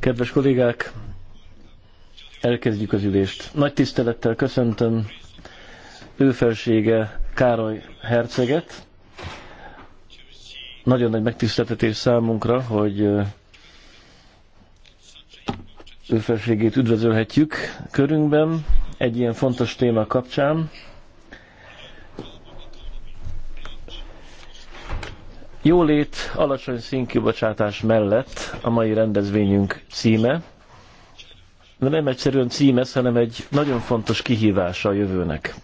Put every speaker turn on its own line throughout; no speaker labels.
Kedves kollégák, elkezdjük az ülést. Nagy tisztelettel köszöntöm őfelsége Károly herceget. Nagyon nagy megtiszteltetés számunkra, hogy őfelségét üdvözölhetjük körünkben egy ilyen fontos téma kapcsán. Jólét alacsony színkibocsátás mellett a mai rendezvényünk címe, de nem egyszerűen címe, hanem egy nagyon fontos kihívása a jövőnek.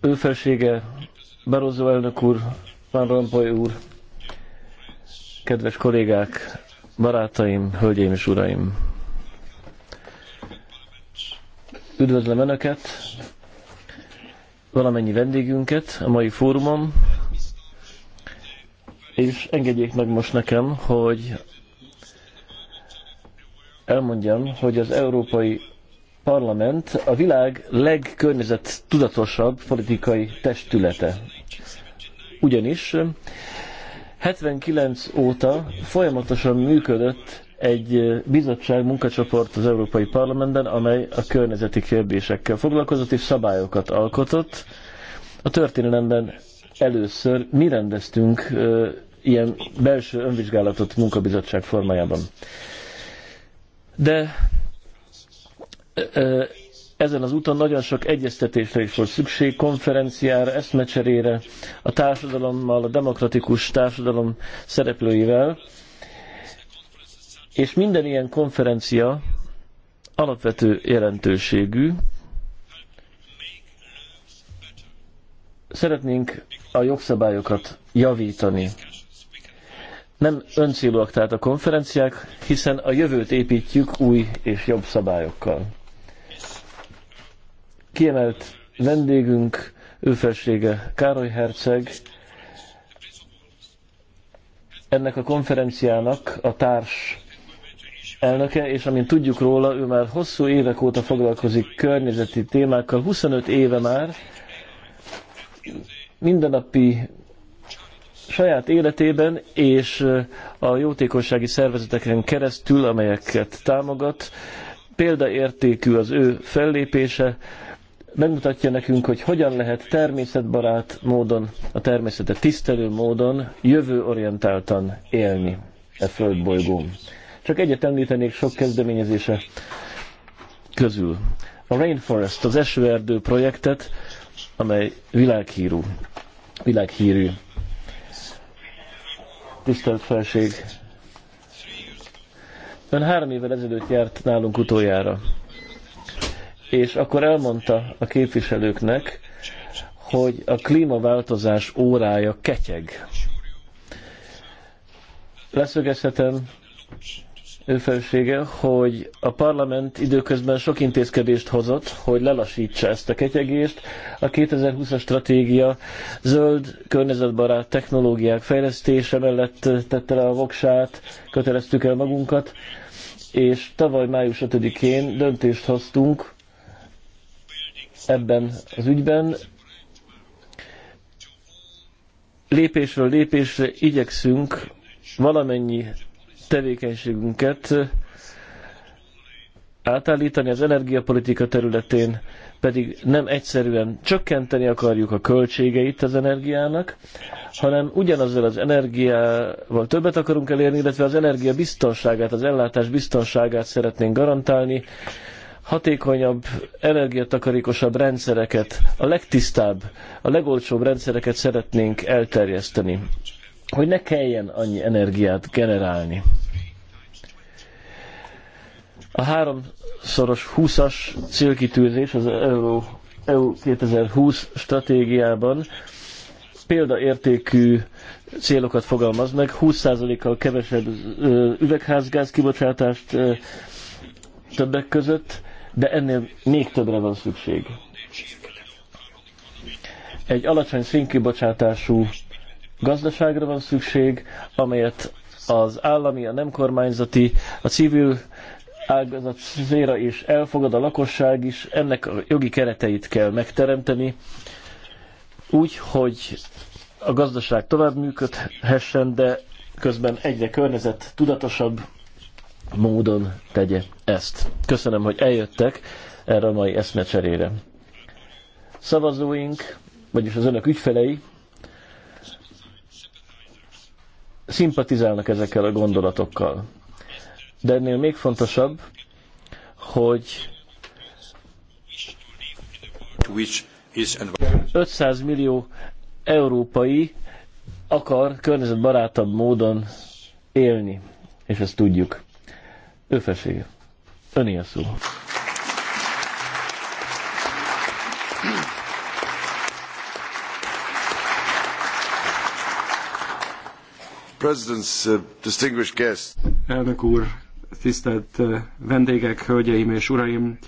Őfelsége, Barozó elnök úr, Van Rompuy úr, kedves kollégák, barátaim, hölgyeim és uraim! Üdvözlöm Önöket! valamennyi vendégünket a mai fórumon, és engedjék meg most nekem, hogy elmondjam, hogy az Európai Parlament a világ legkörnyezet tudatosabb politikai testülete. Ugyanis 79 óta folyamatosan működött egy bizottság munkacsoport az Európai Parlamentben, amely a környezeti kérdésekkel foglalkozott és szabályokat alkotott. A történelemben először mi rendeztünk ilyen belső önvizsgálatot munkabizottság formájában. De ezen az úton nagyon sok egyeztetésre is volt szükség, konferenciára, eszmecserére, a társadalommal, a demokratikus társadalom szereplőivel, és minden ilyen konferencia alapvető jelentőségű. Szeretnénk a jogszabályokat javítani. Nem öncélúak tehát a konferenciák, hiszen a jövőt építjük új és jobb szabályokkal. Kiemelt vendégünk, őfelsége Károly Herceg, ennek a konferenciának a társ elnöke, és amint tudjuk róla, ő már hosszú évek óta foglalkozik környezeti témákkal, 25 éve már mindennapi saját életében és eh, a jótékonysági szervezeteken keresztül, amelyeket támogat, példaértékű az ő fellépése, megmutatja nekünk, hogy hogyan lehet természetbarát módon, a természetet tisztelő módon, jövőorientáltan élni e földbolygón. Csak egyet említenék sok kezdeményezése közül. A Rainforest, az esőerdő projektet, amely világhírű. világhírű. Tisztelt felség! Ön három évvel ezelőtt járt nálunk utoljára. És akkor elmondta a képviselőknek, hogy a klímaváltozás órája ketyeg. Leszögezhetem, önfelsége, hogy a parlament időközben sok intézkedést hozott, hogy lelassítsa ezt a ketyegést. A 2020-as stratégia zöld, környezetbarát technológiák fejlesztése mellett tette le a voksát, köteleztük el magunkat, és tavaly május 5-én döntést hoztunk ebben az ügyben. Lépésről lépésre igyekszünk valamennyi tevékenységünket átállítani az energiapolitika területén, pedig nem egyszerűen csökkenteni akarjuk a költségeit az energiának, hanem ugyanazzal az energiával többet akarunk elérni, illetve az energia biztonságát, az ellátás biztonságát szeretnénk garantálni, hatékonyabb, energiatakarékosabb rendszereket, a legtisztább, a legolcsóbb rendszereket szeretnénk elterjeszteni, hogy ne kelljen annyi energiát generálni. A háromszoros 20-as célkitűzés az Euró, EU 2020 stratégiában példaértékű célokat fogalmaz meg, 20%-kal kevesebb üvegházgáz kibocsátást többek között, de ennél még többre van szükség. Egy alacsony szénkibocsátású gazdaságra van szükség, amelyet az állami, a nem kormányzati, a civil ágazat szféra és elfogad, a lakosság is, ennek a jogi kereteit kell megteremteni, úgy, hogy a gazdaság tovább működhessen, de közben egyre környezet tudatosabb módon tegye ezt. Köszönöm, hogy eljöttek erre a mai eszmecserére. Szavazóink, vagyis az önök ügyfelei, szimpatizálnak ezekkel a gondolatokkal de ennél még fontosabb, hogy 500 millió európai akar környezetbarátabb módon élni, és ezt tudjuk. Ő felsége. Öné a szó.
Uh,
Elnök úr, tisztelt eh, vendégek, hölgyeim és uraim!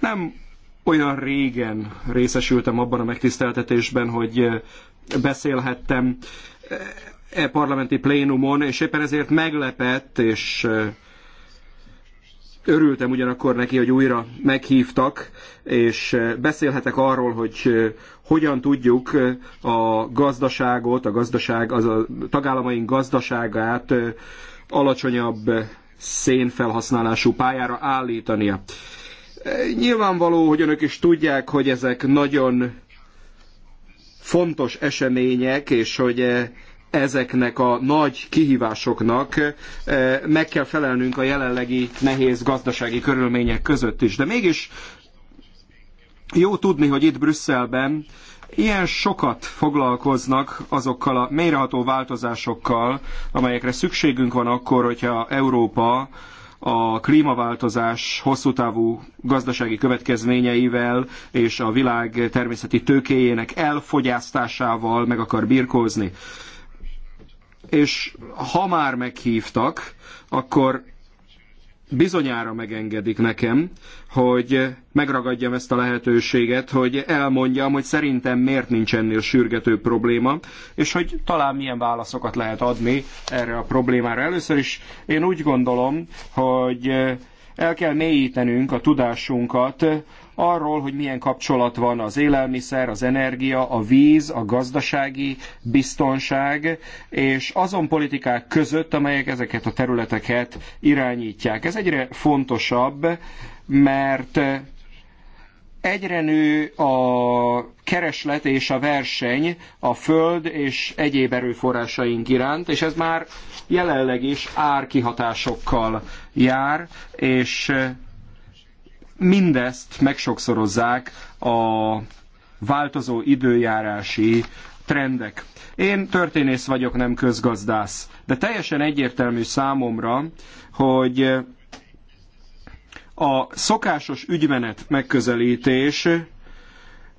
Nem olyan régen részesültem abban a megtiszteltetésben, hogy eh, beszélhettem eh, e parlamenti plénumon, és éppen ezért meglepett, és örültem ugyanakkor neki, hogy újra meghívtak, és beszélhetek arról, hogy hogyan tudjuk a gazdaságot, a gazdaság, az a tagállamaink gazdaságát alacsonyabb szénfelhasználású pályára állítania. E, nyilvánvaló, hogy önök is tudják, hogy ezek nagyon fontos események, és hogy e, ezeknek a nagy kihívásoknak e, meg kell felelnünk a jelenlegi nehéz gazdasági körülmények között is. De mégis jó tudni, hogy itt Brüsszelben ilyen sokat foglalkoznak azokkal a mélyreható változásokkal, amelyekre szükségünk van akkor, hogyha Európa a klímaváltozás hosszú távú gazdasági következményeivel és a világ természeti tőkéjének elfogyasztásával meg akar birkózni. És ha már meghívtak, akkor bizonyára megengedik nekem, hogy megragadjam ezt a lehetőséget, hogy elmondjam, hogy szerintem miért nincs ennél sürgető probléma, és hogy talán milyen válaszokat lehet adni erre a problémára. Először is én úgy gondolom, hogy el kell mélyítenünk a tudásunkat arról, hogy milyen kapcsolat van az élelmiszer, az energia, a víz, a gazdasági biztonság, és azon politikák között, amelyek ezeket a területeket irányítják. Ez egyre fontosabb, mert egyre nő a kereslet és a verseny a föld és egyéb erőforrásaink iránt, és ez már jelenleg is árkihatásokkal jár, és mindezt megsokszorozzák a változó időjárási trendek. Én történész vagyok, nem közgazdász, de teljesen egyértelmű számomra, hogy a szokásos ügymenet megközelítés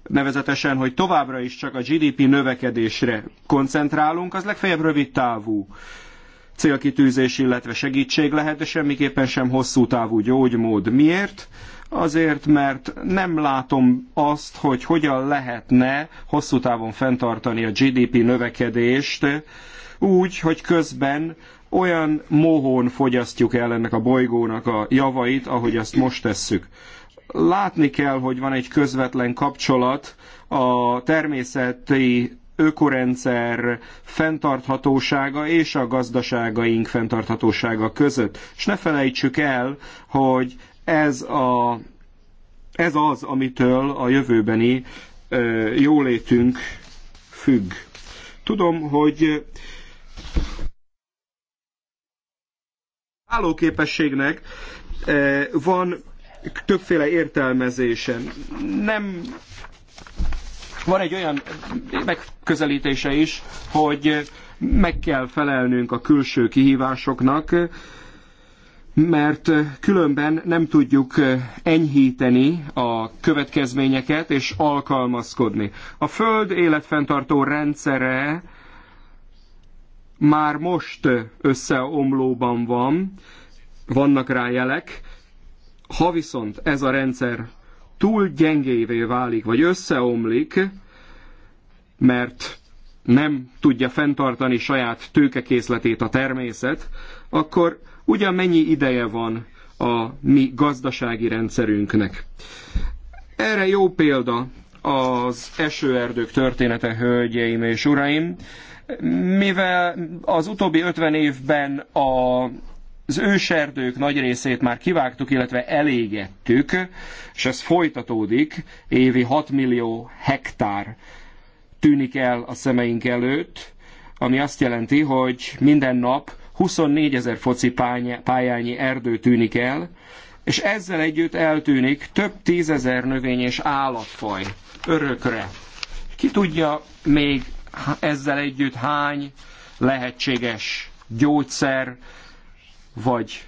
nevezetesen, hogy továbbra is csak a GDP növekedésre koncentrálunk, az legfeljebb rövid távú célkitűzés, illetve segítség lehet, de semmiképpen sem hosszú távú gyógymód. Miért? azért, mert nem látom azt, hogy hogyan lehetne hosszú távon fenntartani a GDP növekedést úgy, hogy közben olyan mohón fogyasztjuk el ennek a bolygónak a javait, ahogy azt most tesszük. Látni kell, hogy van egy közvetlen kapcsolat a természeti ökorendszer fenntarthatósága és a gazdaságaink fenntarthatósága között. És ne felejtsük el, hogy ez, a, ez az, amitől a jövőbeni jólétünk függ. Tudom, hogy állóképességnek van többféle értelmezése. Nem van egy olyan megközelítése is, hogy meg kell felelnünk a külső kihívásoknak, mert különben nem tudjuk enyhíteni a következményeket és alkalmazkodni. A Föld életfenntartó rendszere már most összeomlóban van, vannak rá jelek, ha viszont ez a rendszer túl gyengévé válik, vagy összeomlik, mert nem tudja fenntartani saját tőkekészletét a természet, akkor ugyan mennyi ideje van a mi gazdasági rendszerünknek. Erre jó példa az esőerdők története, hölgyeim és uraim, mivel az utóbbi 50 évben a az őserdők nagy részét már kivágtuk, illetve elégettük, és ez folytatódik, évi 6 millió hektár tűnik el a szemeink előtt, ami azt jelenti, hogy minden nap 24 ezer foci pályányi erdő tűnik el, és ezzel együtt eltűnik több tízezer növény és állatfaj örökre. Ki tudja még ezzel együtt hány lehetséges gyógyszer vagy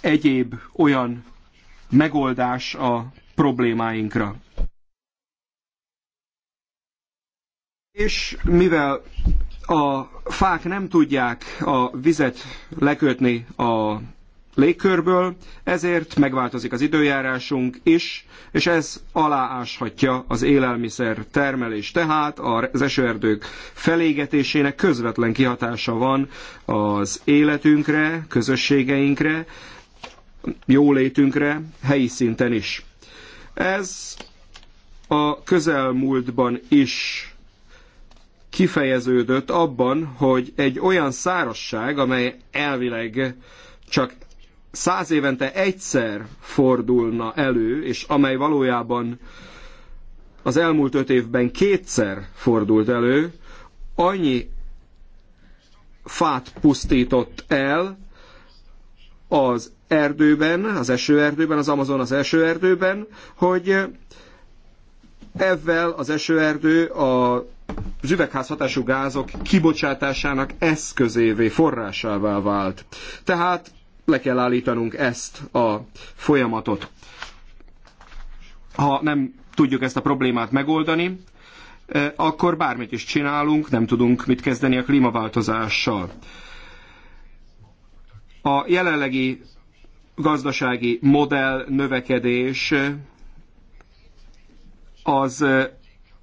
egyéb olyan megoldás a problémáinkra. És mivel a fák nem tudják a vizet lekötni a légkörből, ezért megváltozik az időjárásunk is, és ez alááshatja az élelmiszer termelés. Tehát az esőerdők felégetésének közvetlen kihatása van az életünkre, közösségeinkre, jólétünkre, helyi szinten is. Ez a közelmúltban is kifejeződött abban, hogy egy olyan szárazság, amely elvileg csak száz évente egyszer fordulna elő, és amely valójában az elmúlt öt évben kétszer fordult elő, annyi fát pusztított el az erdőben, az esőerdőben, az Amazon az esőerdőben, hogy ezzel az esőerdő a az üvegházhatású gázok kibocsátásának eszközévé, forrásává vált. Tehát le kell állítanunk ezt a folyamatot. Ha nem tudjuk ezt a problémát megoldani, eh, akkor bármit is csinálunk, nem tudunk mit kezdeni a klímaváltozással. A jelenlegi gazdasági modell növekedés eh, az eh,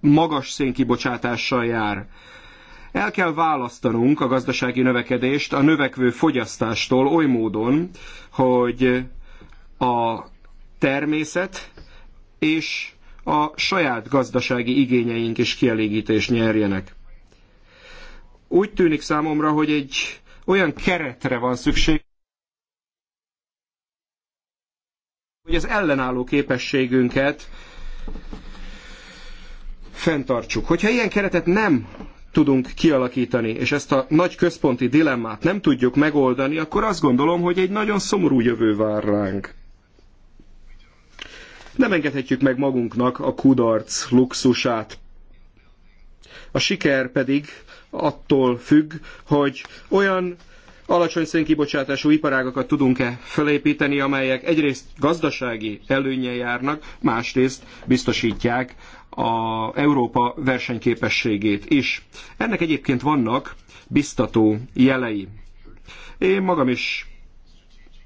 magas szénkibocsátással jár. El kell választanunk a gazdasági növekedést a növekvő fogyasztástól oly módon, hogy a természet és a saját gazdasági igényeink is kielégítés nyerjenek. Úgy tűnik számomra, hogy egy olyan keretre van szükség, hogy az ellenálló képességünket fenntartsuk. Hogyha ilyen keretet nem tudunk kialakítani, és ezt a nagy központi dilemmát nem tudjuk megoldani, akkor azt gondolom, hogy egy nagyon szomorú jövő vár ránk. Nem engedhetjük meg magunknak a kudarc luxusát. A siker pedig attól függ, hogy olyan alacsony szénkibocsátású iparágakat tudunk-e felépíteni, amelyek egyrészt gazdasági előnye járnak, másrészt biztosítják a Európa versenyképességét is. Ennek egyébként vannak biztató jelei. Én magam is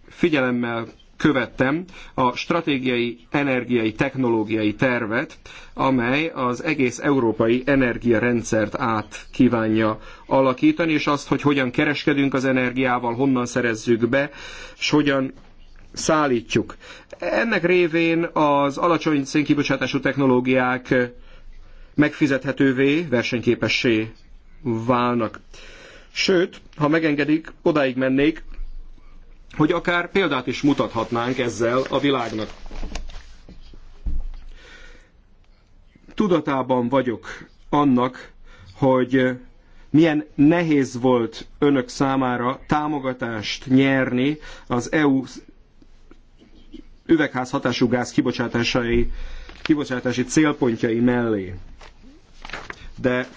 figyelemmel követtem a stratégiai energiai technológiai tervet, amely az egész európai energiarendszert át kívánja alakítani, és azt, hogy hogyan kereskedünk az energiával, honnan szerezzük be, és hogyan szállítjuk. Ennek révén az alacsony szénkibocsátású technológiák megfizethetővé, versenyképessé válnak. Sőt, ha megengedik, odáig mennék, hogy akár példát is mutathatnánk ezzel a világnak. Tudatában vagyok annak, hogy milyen nehéz volt önök számára támogatást nyerni az EU üvegház hatású gáz kibocsátásai, kibocsátási célpontjai mellé. De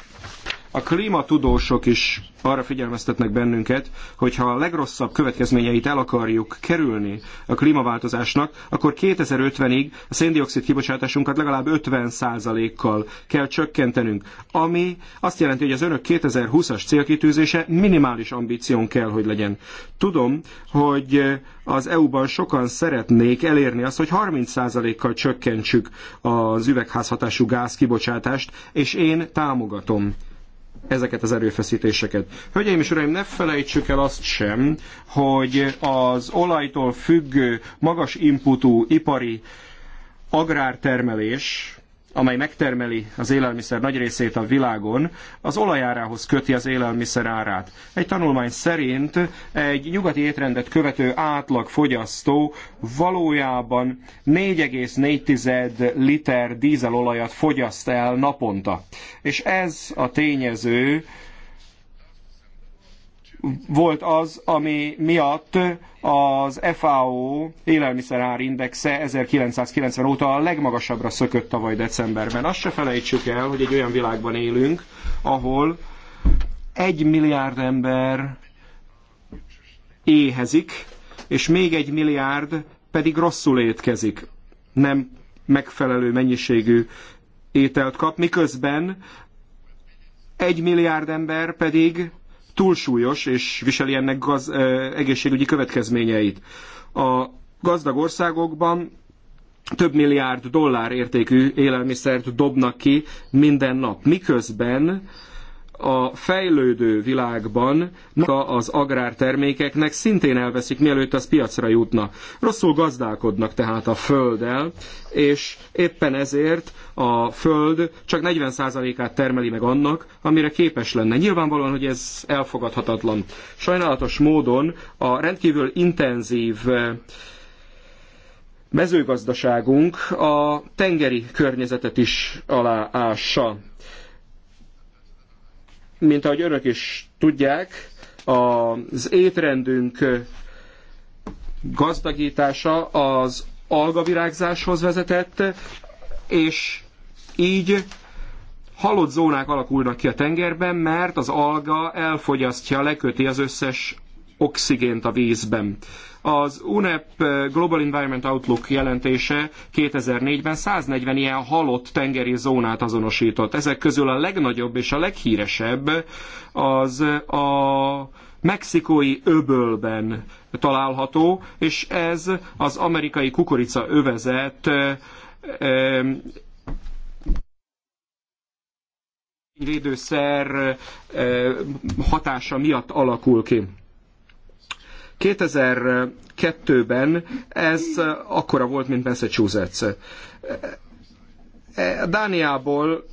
a klímatudósok is arra figyelmeztetnek bennünket, hogy ha a legrosszabb következményeit el akarjuk kerülni a klímaváltozásnak, akkor 2050-ig a széndiokszid kibocsátásunkat legalább 50%-kal kell csökkentenünk, ami azt jelenti, hogy az önök 2020-as célkitűzése minimális ambíción kell, hogy legyen. Tudom, hogy az EU-ban sokan szeretnék elérni azt, hogy 30%-kal csökkentsük az üvegházhatású gáz kibocsátást, és én támogatom ezeket az erőfeszítéseket. Hölgyeim és uraim, ne felejtsük el azt sem, hogy az olajtól függő, magas inputú ipari agrártermelés amely megtermeli az élelmiszer nagy részét a világon, az olajárához köti az élelmiszer árát. Egy tanulmány szerint egy nyugati étrendet követő átlagfogyasztó valójában 4,4 liter dízelolajat fogyaszt el naponta. És ez a tényező volt az, ami miatt az FAO élelmiszerárindexe 1990 óta a legmagasabbra szökött tavaly decemberben. Azt se felejtsük el, hogy egy olyan világban élünk, ahol egy milliárd ember éhezik, és még egy milliárd pedig rosszul étkezik. Nem megfelelő mennyiségű ételt kap, miközben egy milliárd ember pedig túlsúlyos, és viseli ennek gaz, egészségügyi következményeit. A gazdag országokban több milliárd dollár értékű élelmiszert dobnak ki minden nap, miközben a fejlődő világban az agrártermékeknek szintén elveszik, mielőtt az piacra jutna. Rosszul gazdálkodnak tehát a földdel, és éppen ezért a föld csak 40%-át termeli meg annak, amire képes lenne. Nyilvánvalóan, hogy ez elfogadhatatlan. Sajnálatos módon a rendkívül intenzív eh, mezőgazdaságunk a tengeri környezetet is aláássa mint ahogy önök is tudják, az étrendünk gazdagítása az algavirágzáshoz vezetett, és így halott zónák alakulnak ki a tengerben, mert az alga elfogyasztja, leköti az összes oxigént a vízben. Az UNEP Global Environment Outlook jelentése 2004-ben 140 ilyen halott tengeri zónát azonosított. Ezek közül a legnagyobb és a leghíresebb az a mexikói öbölben található, és ez az amerikai kukorica övezet védőszer hatása miatt alakul ki. 2002-ben ez akkora volt, mint Massachusetts. Dániából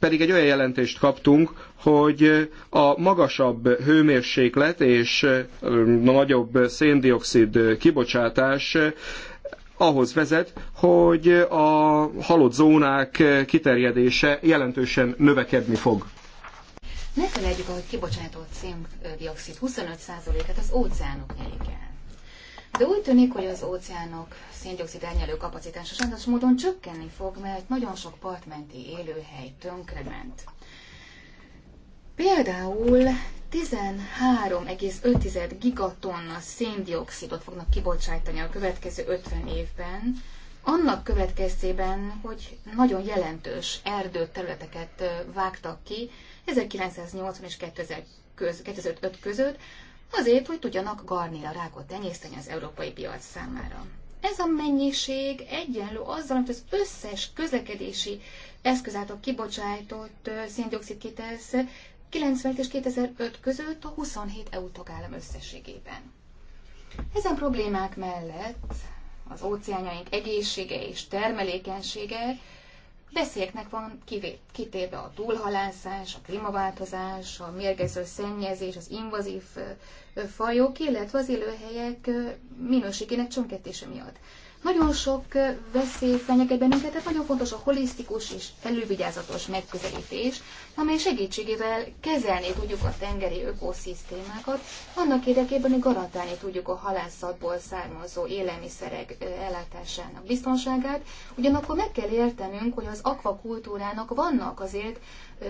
pedig egy olyan jelentést kaptunk, hogy a magasabb hőmérséklet és nagyobb nagyobb széndiokszid kibocsátás ahhoz vezet, hogy a halott zónák kiterjedése jelentősen növekedni fog.
Ne felejtjük, hogy kibocsátott széndiokszid 25%-át az óceánok nyerik el. De úgy tűnik, hogy az óceánok széndiokszid elnyelő kapacitása sajnos módon csökkenni fog, mert nagyon sok partmenti élőhely tönkrement. Például 13,5 gigatonna széndiokszidot fognak kibocsátani a következő 50 évben, annak következtében, hogy nagyon jelentős erdőterületeket vágtak ki, 1980 és 2000 köz, 2005 között, azért, hogy tudjanak garnéla rákot tenyészteni az európai piac számára. Ez a mennyiség egyenlő azzal, amit az összes közlekedési eszköz által kibocsájtott széndiokszid kitesz 90 és 2005 között a 27 EU tagállam összességében. Ezen problémák mellett az óceánjaink egészsége és termelékenysége veszélyeknek van kitéve a túlhalászás, a klímaváltozás, a mérgező szennyezés, az invazív fajok, illetve az élőhelyek minőségének csökkentése miatt. Nagyon sok veszély fenyeget bennünket, tehát nagyon fontos a holisztikus és elővigyázatos megközelítés, amely segítségével kezelni tudjuk a tengeri ökoszisztémákat, annak érdekében, hogy garantálni tudjuk a halászatból származó élelmiszerek ellátásának biztonságát. Ugyanakkor meg kell értenünk, hogy az akvakultúrának vannak azért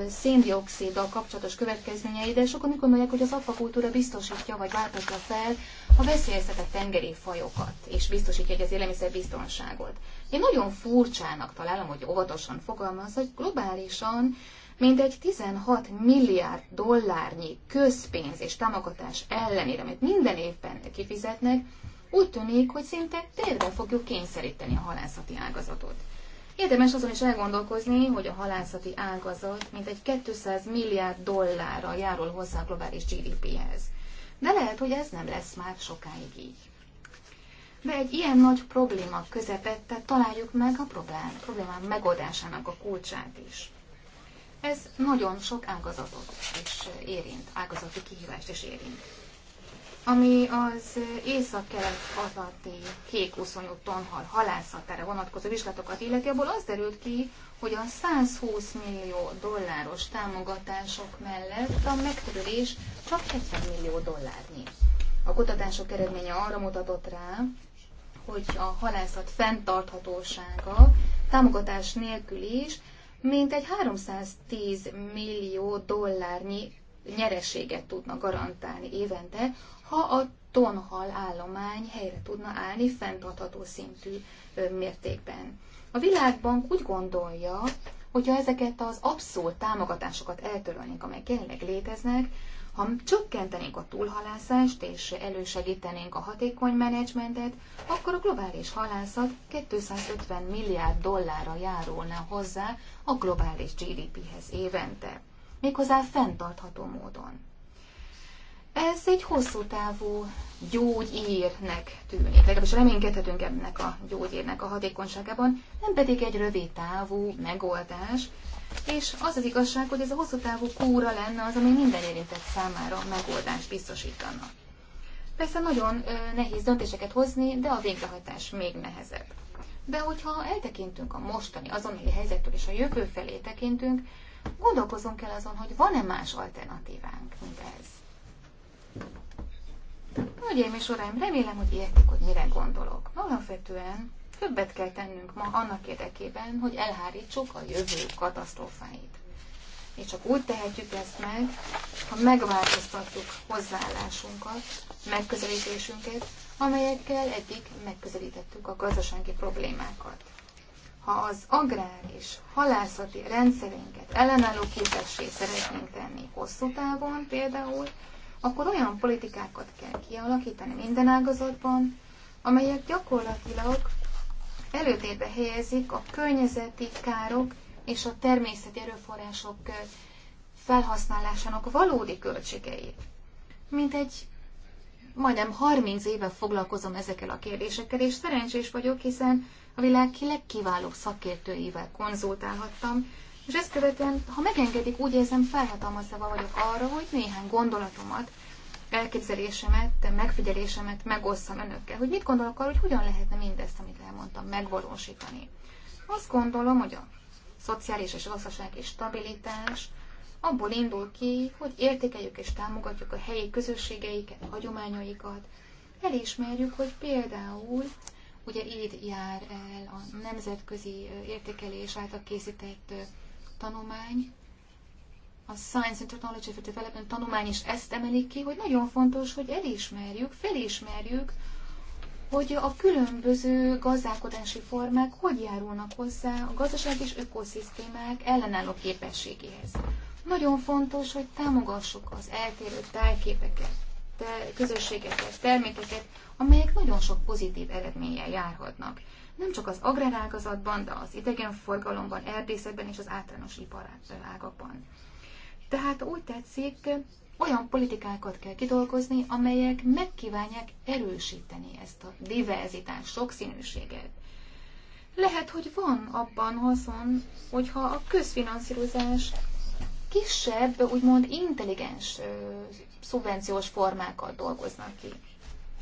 széndioksziddal kapcsolatos következményei, de sokan úgy gondolják, hogy az akvakultúra biztosítja vagy váltatja fel a veszélyeztetett tengeri fajokat, és biztosítja egy az biztonságot. Én nagyon furcsának találom, hogy óvatosan fogalmaz, hogy globálisan mintegy 16 milliárd dollárnyi közpénz és támogatás ellenére, amit minden évben kifizetnek, úgy tűnik, hogy szinte térdre fogjuk kényszeríteni a halászati ágazatot. Érdemes azon is elgondolkozni, hogy a halászati ágazat mintegy 200 milliárd dollárral járul hozzá a globális GDP-hez. De lehet, hogy ez nem lesz már sokáig így. De egy ilyen nagy probléma közepette találjuk meg a problém, problémám megoldásának a kulcsát is. Ez nagyon sok ágazatot is érint, ágazati kihívást is érint. Ami az észak-kelet atlanti kék úszonyú tonhal halászatára vonatkozó vizsgálatokat illeti, abból az derült ki, hogy a 120 millió dolláros támogatások mellett a megtörülés csak 70 millió dollárnyi. A kutatások eredménye arra mutatott rá, hogy a halászat fenntarthatósága támogatás nélkül is mint egy 310 millió dollárnyi nyereséget tudna garantálni évente, ha a tonhal állomány helyre tudna állni fenntartható szintű mértékben. A Világbank úgy gondolja, hogyha ezeket az abszolút támogatásokat eltörölnénk, amelyek jelenleg léteznek, ha csökkentenénk a túlhalászást és elősegítenénk a hatékony menedzsmentet, akkor a globális halászat 250 milliárd dollárra járulna hozzá a globális GDP-hez évente, méghozzá fenntartható módon. Ez egy hosszú távú gyógyírnek tűnik, legalábbis reménykedhetünk ennek a gyógyírnek a hatékonyságában, nem pedig egy rövid távú megoldás, és az az igazság, hogy ez a hosszú távú kúra lenne az, ami minden érintett számára megoldást biztosítana. Persze nagyon nehéz döntéseket hozni, de a végrehajtás még nehezebb. De hogyha eltekintünk a mostani azonnali helyzettől és a jövő felé tekintünk, gondolkozunk el azon, hogy van-e más alternatívánk, mint ez. Hölgyeim és uraim, remélem, hogy értik, hogy mire gondolok. Alapvetően többet kell tennünk ma annak érdekében, hogy elhárítsuk a jövő katasztrófáit. És csak úgy tehetjük ezt meg, ha megváltoztatjuk hozzáállásunkat, megközelítésünket, amelyekkel eddig megközelítettük a gazdasági problémákat. Ha az agrár és halászati rendszerünket ellenálló képessé szeretnénk tenni hosszú távon például, akkor olyan politikákat kell kialakítani minden ágazatban, amelyek gyakorlatilag előtérbe helyezik a környezeti károk és a természeti erőforrások felhasználásának valódi költségeit. Mint egy majdnem 30 éve foglalkozom ezekkel a kérdésekkel, és szerencsés vagyok, hiszen a világ legkiválóbb szakértőivel konzultálhattam, és ezt követően, ha megengedik, úgy érzem, felhatalmazva vagyok arra, hogy néhány gondolatomat elképzelésemet, megfigyelésemet megosszam önökkel, hogy mit gondolok arról, hogy hogyan lehetne mindezt, amit elmondtam, megvalósítani. Azt gondolom, hogy a szociális és gazdasági stabilitás abból indul ki, hogy értékeljük és támogatjuk a helyi közösségeiket, hagyományaikat, elismerjük, hogy például ugye így jár el a nemzetközi értékelés által készített tanulmány, a Science and Technology for Development tanulmány is ezt emelik ki, hogy nagyon fontos, hogy elismerjük, felismerjük, hogy a különböző gazdálkodási formák hogy járulnak hozzá a gazdaság és ökoszisztémák ellenálló képességéhez. Nagyon fontos, hogy támogassuk az eltérő tájképeket, közösségeket, termékeket, amelyek nagyon sok pozitív eredménnyel járhatnak. Nem csak az agrárágazatban, de az idegenforgalomban, erdészetben és az általános iparágakban. Tehát úgy tetszik, olyan politikákat kell kidolgozni, amelyek megkívánják erősíteni ezt a diverzitás sokszínűséget. Lehet, hogy van abban haszon, hogyha a közfinanszírozás kisebb, úgymond intelligens szubvenciós formákat dolgoznak ki.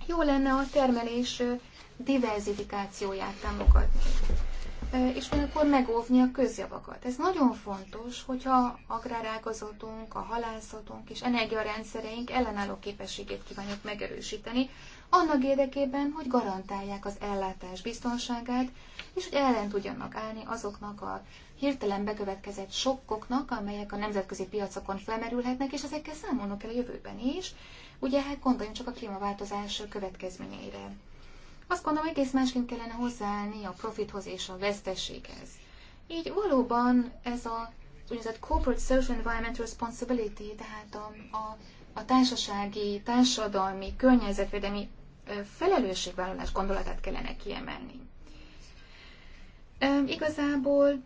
Jó lenne a termelés diverzifikációját támogatni és ugyanakkor megóvni a közjavakat. Ez nagyon fontos, hogyha agrárágazatunk, a halászatunk és energiarendszereink ellenálló képességét kívánjuk megerősíteni, annak érdekében, hogy garantálják az ellátás biztonságát, és hogy ellen tudjanak állni azoknak a hirtelen bekövetkezett sokkoknak, amelyek a nemzetközi piacokon felmerülhetnek, és ezekkel számolnunk kell a jövőben is. Ugye hát gondoljunk csak a klímaváltozás következményeire. Azt gondolom, egész másként kellene hozzáállni a profithoz és a veszteséghez. Így valóban ez a úgynevezett Corporate Social Environmental Responsibility, tehát a, a, a társasági, társadalmi, környezetvédelmi felelősségvállalás gondolatát kellene kiemelni. Igazából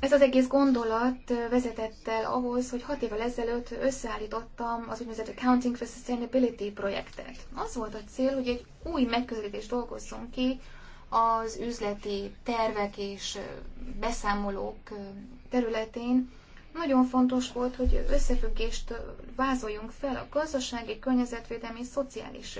ez az egész gondolat vezetett el ahhoz, hogy hat évvel ezelőtt összeállítottam az úgynevezett Accounting for Sustainability projektet. Az volt a cél, hogy egy új megközelítést dolgozzunk ki az üzleti tervek és beszámolók területén. Nagyon fontos volt, hogy összefüggést vázoljunk fel a gazdasági, környezetvédelmi és szociális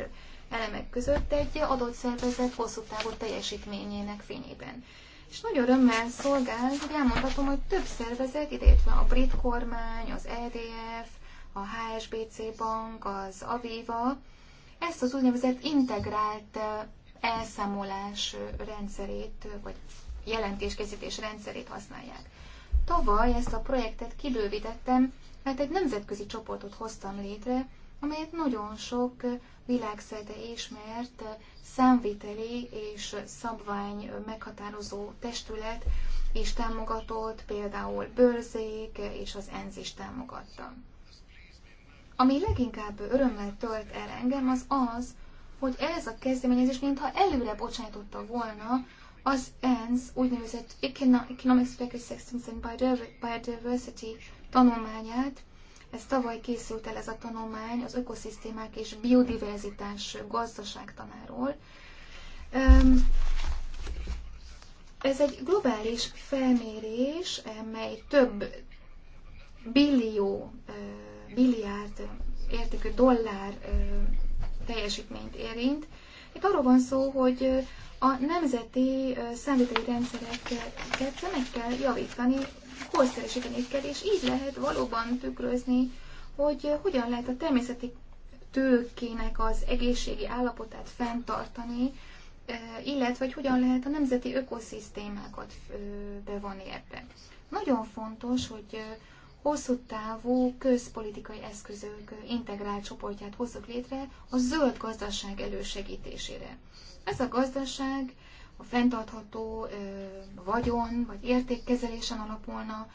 elemek között egy adott szervezet hosszú távú teljesítményének fényében és nagy örömmel szolgál, hogy elmondhatom, hogy több szervezet, ideértve a brit kormány, az EDF, a HSBC bank, az Aviva, ezt az úgynevezett integrált elszámolás rendszerét, vagy jelentéskészítés rendszerét használják. Tavaly ezt a projektet kibővítettem, mert egy nemzetközi csoportot hoztam létre, amelyet nagyon sok világszerte ismert szemviteli és szabvány meghatározó testület és támogatott, például Bőrzék és az ENZ is támogatta. Ami leginkább örömmel tölt el engem, az az, hogy ez a kezdeményezés mintha előre bocsájtotta volna az ENSZ úgynevezett Economic Statistics and Biodiversity tanulmányát, ez tavaly készült el ez a tanulmány az ökoszisztémák és biodiverzitás gazdaságtanáról. Ez egy globális felmérés, mely több billió, billiárd értékű dollár teljesítményt érint. Itt arról van szó, hogy a nemzeti számviteli rendszereket meg kell javítani korszerűsíteni kell, és így lehet valóban tükrözni, hogy hogyan lehet a természeti tőkének az egészségi állapotát fenntartani, eh, illetve hogy hogyan lehet a nemzeti ökoszisztémákat eh, bevonni ebbe. Nagyon fontos, hogy eh, hosszú távú közpolitikai eszközök integrált csoportját hozzuk létre a zöld gazdaság elősegítésére. Ez a gazdaság a fenntartható vagyon vagy értékkezelésen alapulna,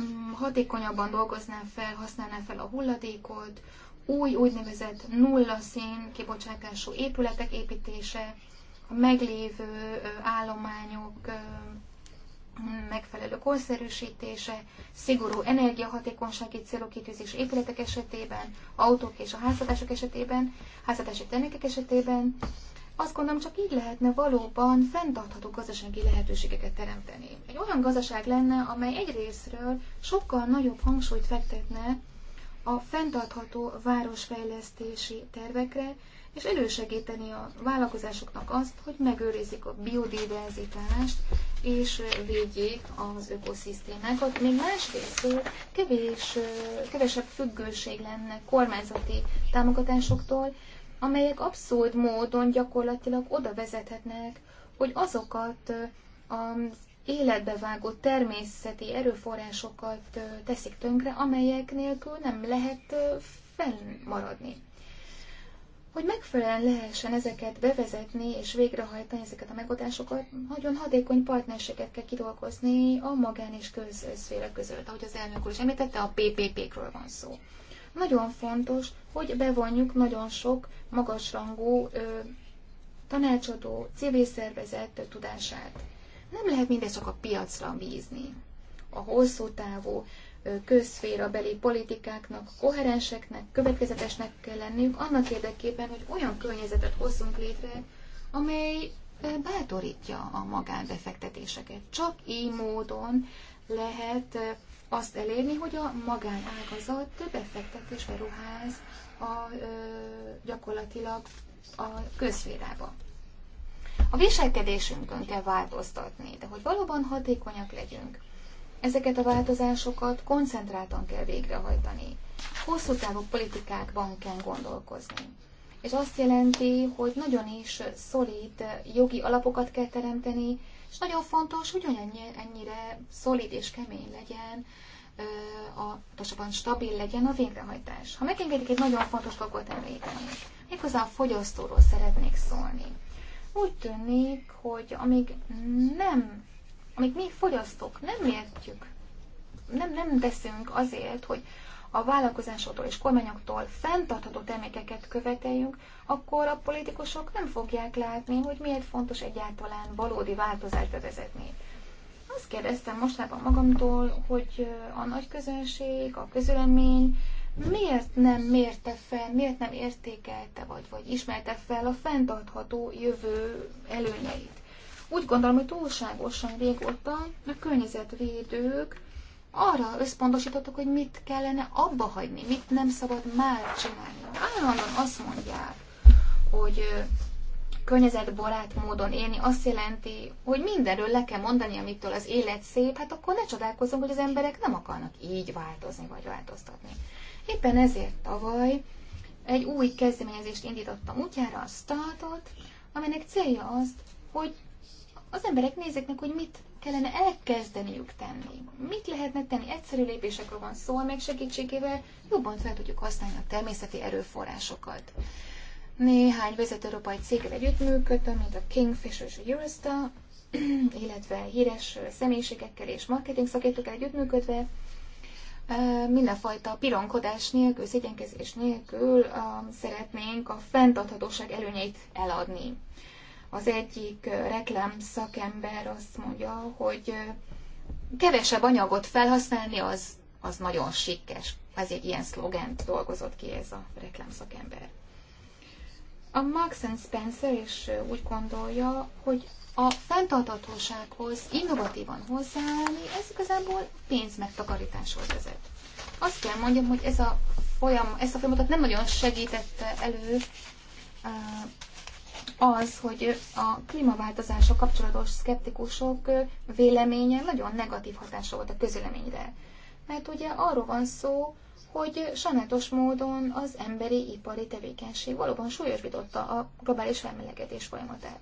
mm, hatékonyabban dolgozná fel, használná fel a hulladékot, új úgynevezett nulla szín kibocsátású épületek építése, a meglévő állományok megfelelő korszerűsítése, szigorú energiahatékonysági célok kitűzés épületek esetében, autók és a háztartások esetében, háztartási termékek esetében, azt gondolom, csak így lehetne valóban fenntartható gazdasági lehetőségeket teremteni. Egy olyan gazdaság lenne, amely egyrésztről sokkal nagyobb hangsúlyt fektetne a fenntartható városfejlesztési tervekre, és elősegíteni a vállalkozásoknak azt, hogy megőrizzék a biodiverzitást, és védjék az ökoszisztémákat. Még másrészt kevés, kevesebb függőség lenne kormányzati támogatásoktól, amelyek abszurd módon gyakorlatilag oda vezethetnek, hogy azokat az életbe vágó természeti erőforrásokat teszik tönkre, amelyek nélkül nem lehet fennmaradni. Hogy megfelelően lehessen ezeket bevezetni és végrehajtani ezeket a megoldásokat, nagyon hatékony partnerséget kell kidolgozni a magán és közszféra között. Ahogy az elnök úr is említette, a PPP-kről van szó. Nagyon fontos, hogy bevonjuk nagyon sok magasrangú ö, tanácsadó, civil szervezet tudását. Nem lehet mindezt csak a piacra bízni. A hosszú távú közféra beli politikáknak, koherenseknek, következetesnek kell lenniük annak érdekében, hogy olyan környezetet hozzunk létre, amely bátorítja a magánbefektetéseket. Csak így módon lehet azt elérni, hogy a magánágazat befektetés beruház a, ö, gyakorlatilag a közférába. A viselkedésünkön kell változtatni, de hogy valóban hatékonyak legyünk. Ezeket a változásokat koncentráltan kell végrehajtani. Hosszú távú politikákban kell gondolkozni. És azt jelenti, hogy nagyon is szolid jogi alapokat kell teremteni, és nagyon fontos, hogy ennyire szolid és kemény legyen a pontosabban stabil legyen a végrehajtás. Ha megengedik, egy nagyon fontos dolgot említenék. Méghozzá a fogyasztóról szeretnék szólni. Úgy tűnik, hogy amíg nem, amíg mi fogyasztók nem értjük, nem, nem teszünk azért, hogy a vállalkozásoktól és kormányoktól fenntartható termékeket követeljünk, akkor a politikusok nem fogják látni, hogy miért fontos egyáltalán valódi változást bevezetni. Azt kérdeztem mostában magamtól, hogy a nagy közönség, a közölemény miért nem mérte fel, miért nem értékelte, vagy, vagy ismerte fel a fenntartható jövő előnyeit. Úgy gondolom, hogy túlságosan régóta a környezetvédők arra összpontosítottak, hogy mit kellene abba hagyni, mit nem szabad már csinálni. Állandóan azt mondják, hogy környezetbarát módon élni azt jelenti, hogy mindenről le kell mondani, amitől az élet szép, hát akkor ne csodálkozzunk, hogy az emberek nem akarnak így változni vagy változtatni. Éppen ezért tavaly egy új kezdeményezést indítottam útjára, a Startot, amelynek célja az, hogy az emberek nézzék meg, hogy mit kellene elkezdeniük tenni. Mit lehetne tenni? Egyszerű lépésekről van szó, amelyek segítségével jobban fel tudjuk használni a természeti erőforrásokat. Néhány vezető európai céggel együttműködtem, mint a Kingfisher és a Eurostar, illetve híres személyiségekkel és marketing szakértőkkel együttműködve, mindenfajta pironkodás nélkül, szégyenkezés nélkül szeretnénk a fenntarthatóság előnyeit eladni. Az egyik reklám szakember azt mondja, hogy kevesebb anyagot felhasználni az, az nagyon sikkes. egy ilyen szlogent dolgozott ki ez a reklámszakember. A Max and Spencer is úgy gondolja, hogy a fenntarthatósághoz innovatívan hozzáállni, ez igazából pénz megtakarításhoz vezet. Azt kell mondjam, hogy ez a folyam, ezt a folyamatot nem nagyon segítette elő az, hogy a klímaváltozások kapcsolatos szkeptikusok véleménye nagyon negatív hatása volt a közöleményre. Mert ugye arról van szó, hogy sajnálatos módon az emberi ipari tevékenység valóban súlyosbította a globális felmelegedés folyamatát.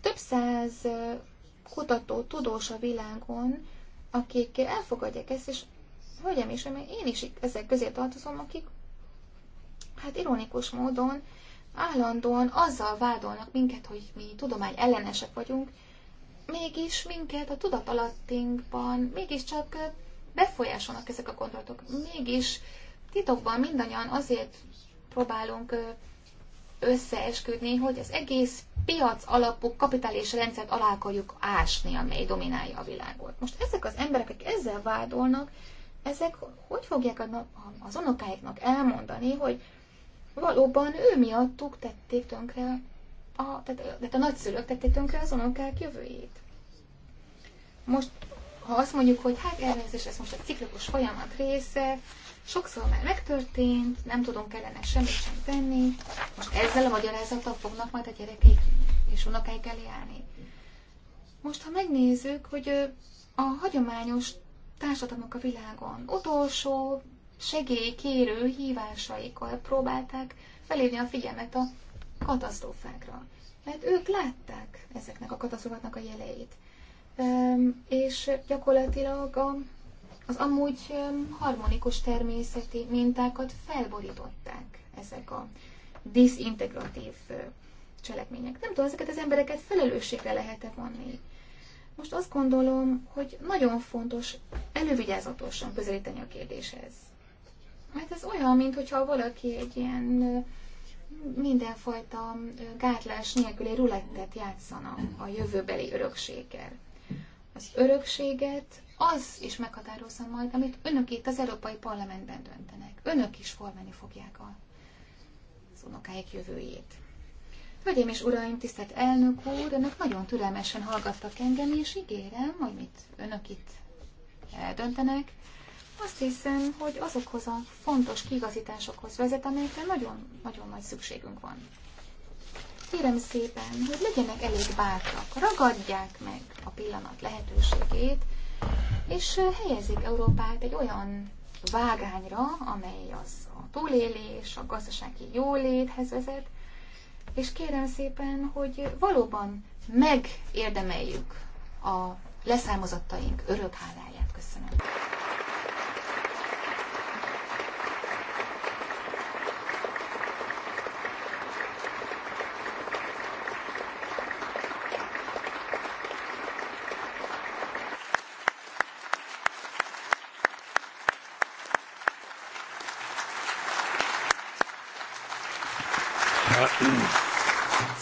Több száz kutató, tudós a világon, akik elfogadják ezt, és hölgyem is, mert én is ezek közé tartozom, akik hát ironikus módon állandóan azzal vádolnak minket, hogy mi tudomány ellenesek vagyunk, mégis minket a tudatalattinkban mégiscsak befolyásolnak ezek a gondolatok. Mégis titokban mindannyian azért próbálunk összeesküdni, hogy az egész piac alapú kapitális rendszert alá akarjuk ásni, amely dominálja a világot. Most ezek az emberek, akik ezzel vádolnak, ezek hogy fogják az unokáiknak elmondani, hogy valóban ő miattuk tették tönkre, a, tehát, tehát a nagyszülők tették tönkre az unokák jövőjét. Most ha azt mondjuk, hogy hát elnézés, ez most a ciklikus folyamat része, sokszor már megtörtént, nem tudunk ellene semmit sem tenni, most ezzel a magyarázattal fognak majd a gyerekek és unokáik elé állni. Most, ha megnézzük, hogy a hagyományos társadalmak a világon utolsó segélykérő hívásaikkal próbálták felhívni a figyelmet a katasztrófákra. Mert hát ők látták ezeknek a katasztrófáknak a jeleit és gyakorlatilag az amúgy harmonikus természeti mintákat felborították ezek a diszintegratív cselekmények. Nem tudom, ezeket az embereket felelősségre lehet-e vonni. Most azt gondolom, hogy nagyon fontos elővigyázatosan közelíteni a kérdéshez. Mert hát ez olyan, mintha valaki egy ilyen mindenfajta gátlás nélküli rulettet játszana a jövőbeli örökséggel. Az örökséget az is meghatározza majd, amit önök itt az Európai Parlamentben döntenek. Önök is formálni fogják a, az unokáik jövőjét. Hölgyeim és uraim, tisztelt elnök úr, önök nagyon türelmesen hallgattak engem, és ígérem, hogy mit önök itt döntenek. Azt hiszem, hogy azokhoz a fontos kigazításokhoz vezet, amelyekre nagyon-nagyon nagy szükségünk van. Kérem szépen, hogy legyenek elég bátrak, ragadják meg a pillanat lehetőségét, és helyezik Európát egy olyan vágányra, amely az a túlélés, a gazdasági jóléthez vezet, és kérem szépen, hogy valóban megérdemeljük a leszármazottaink örök háláját. Köszönöm.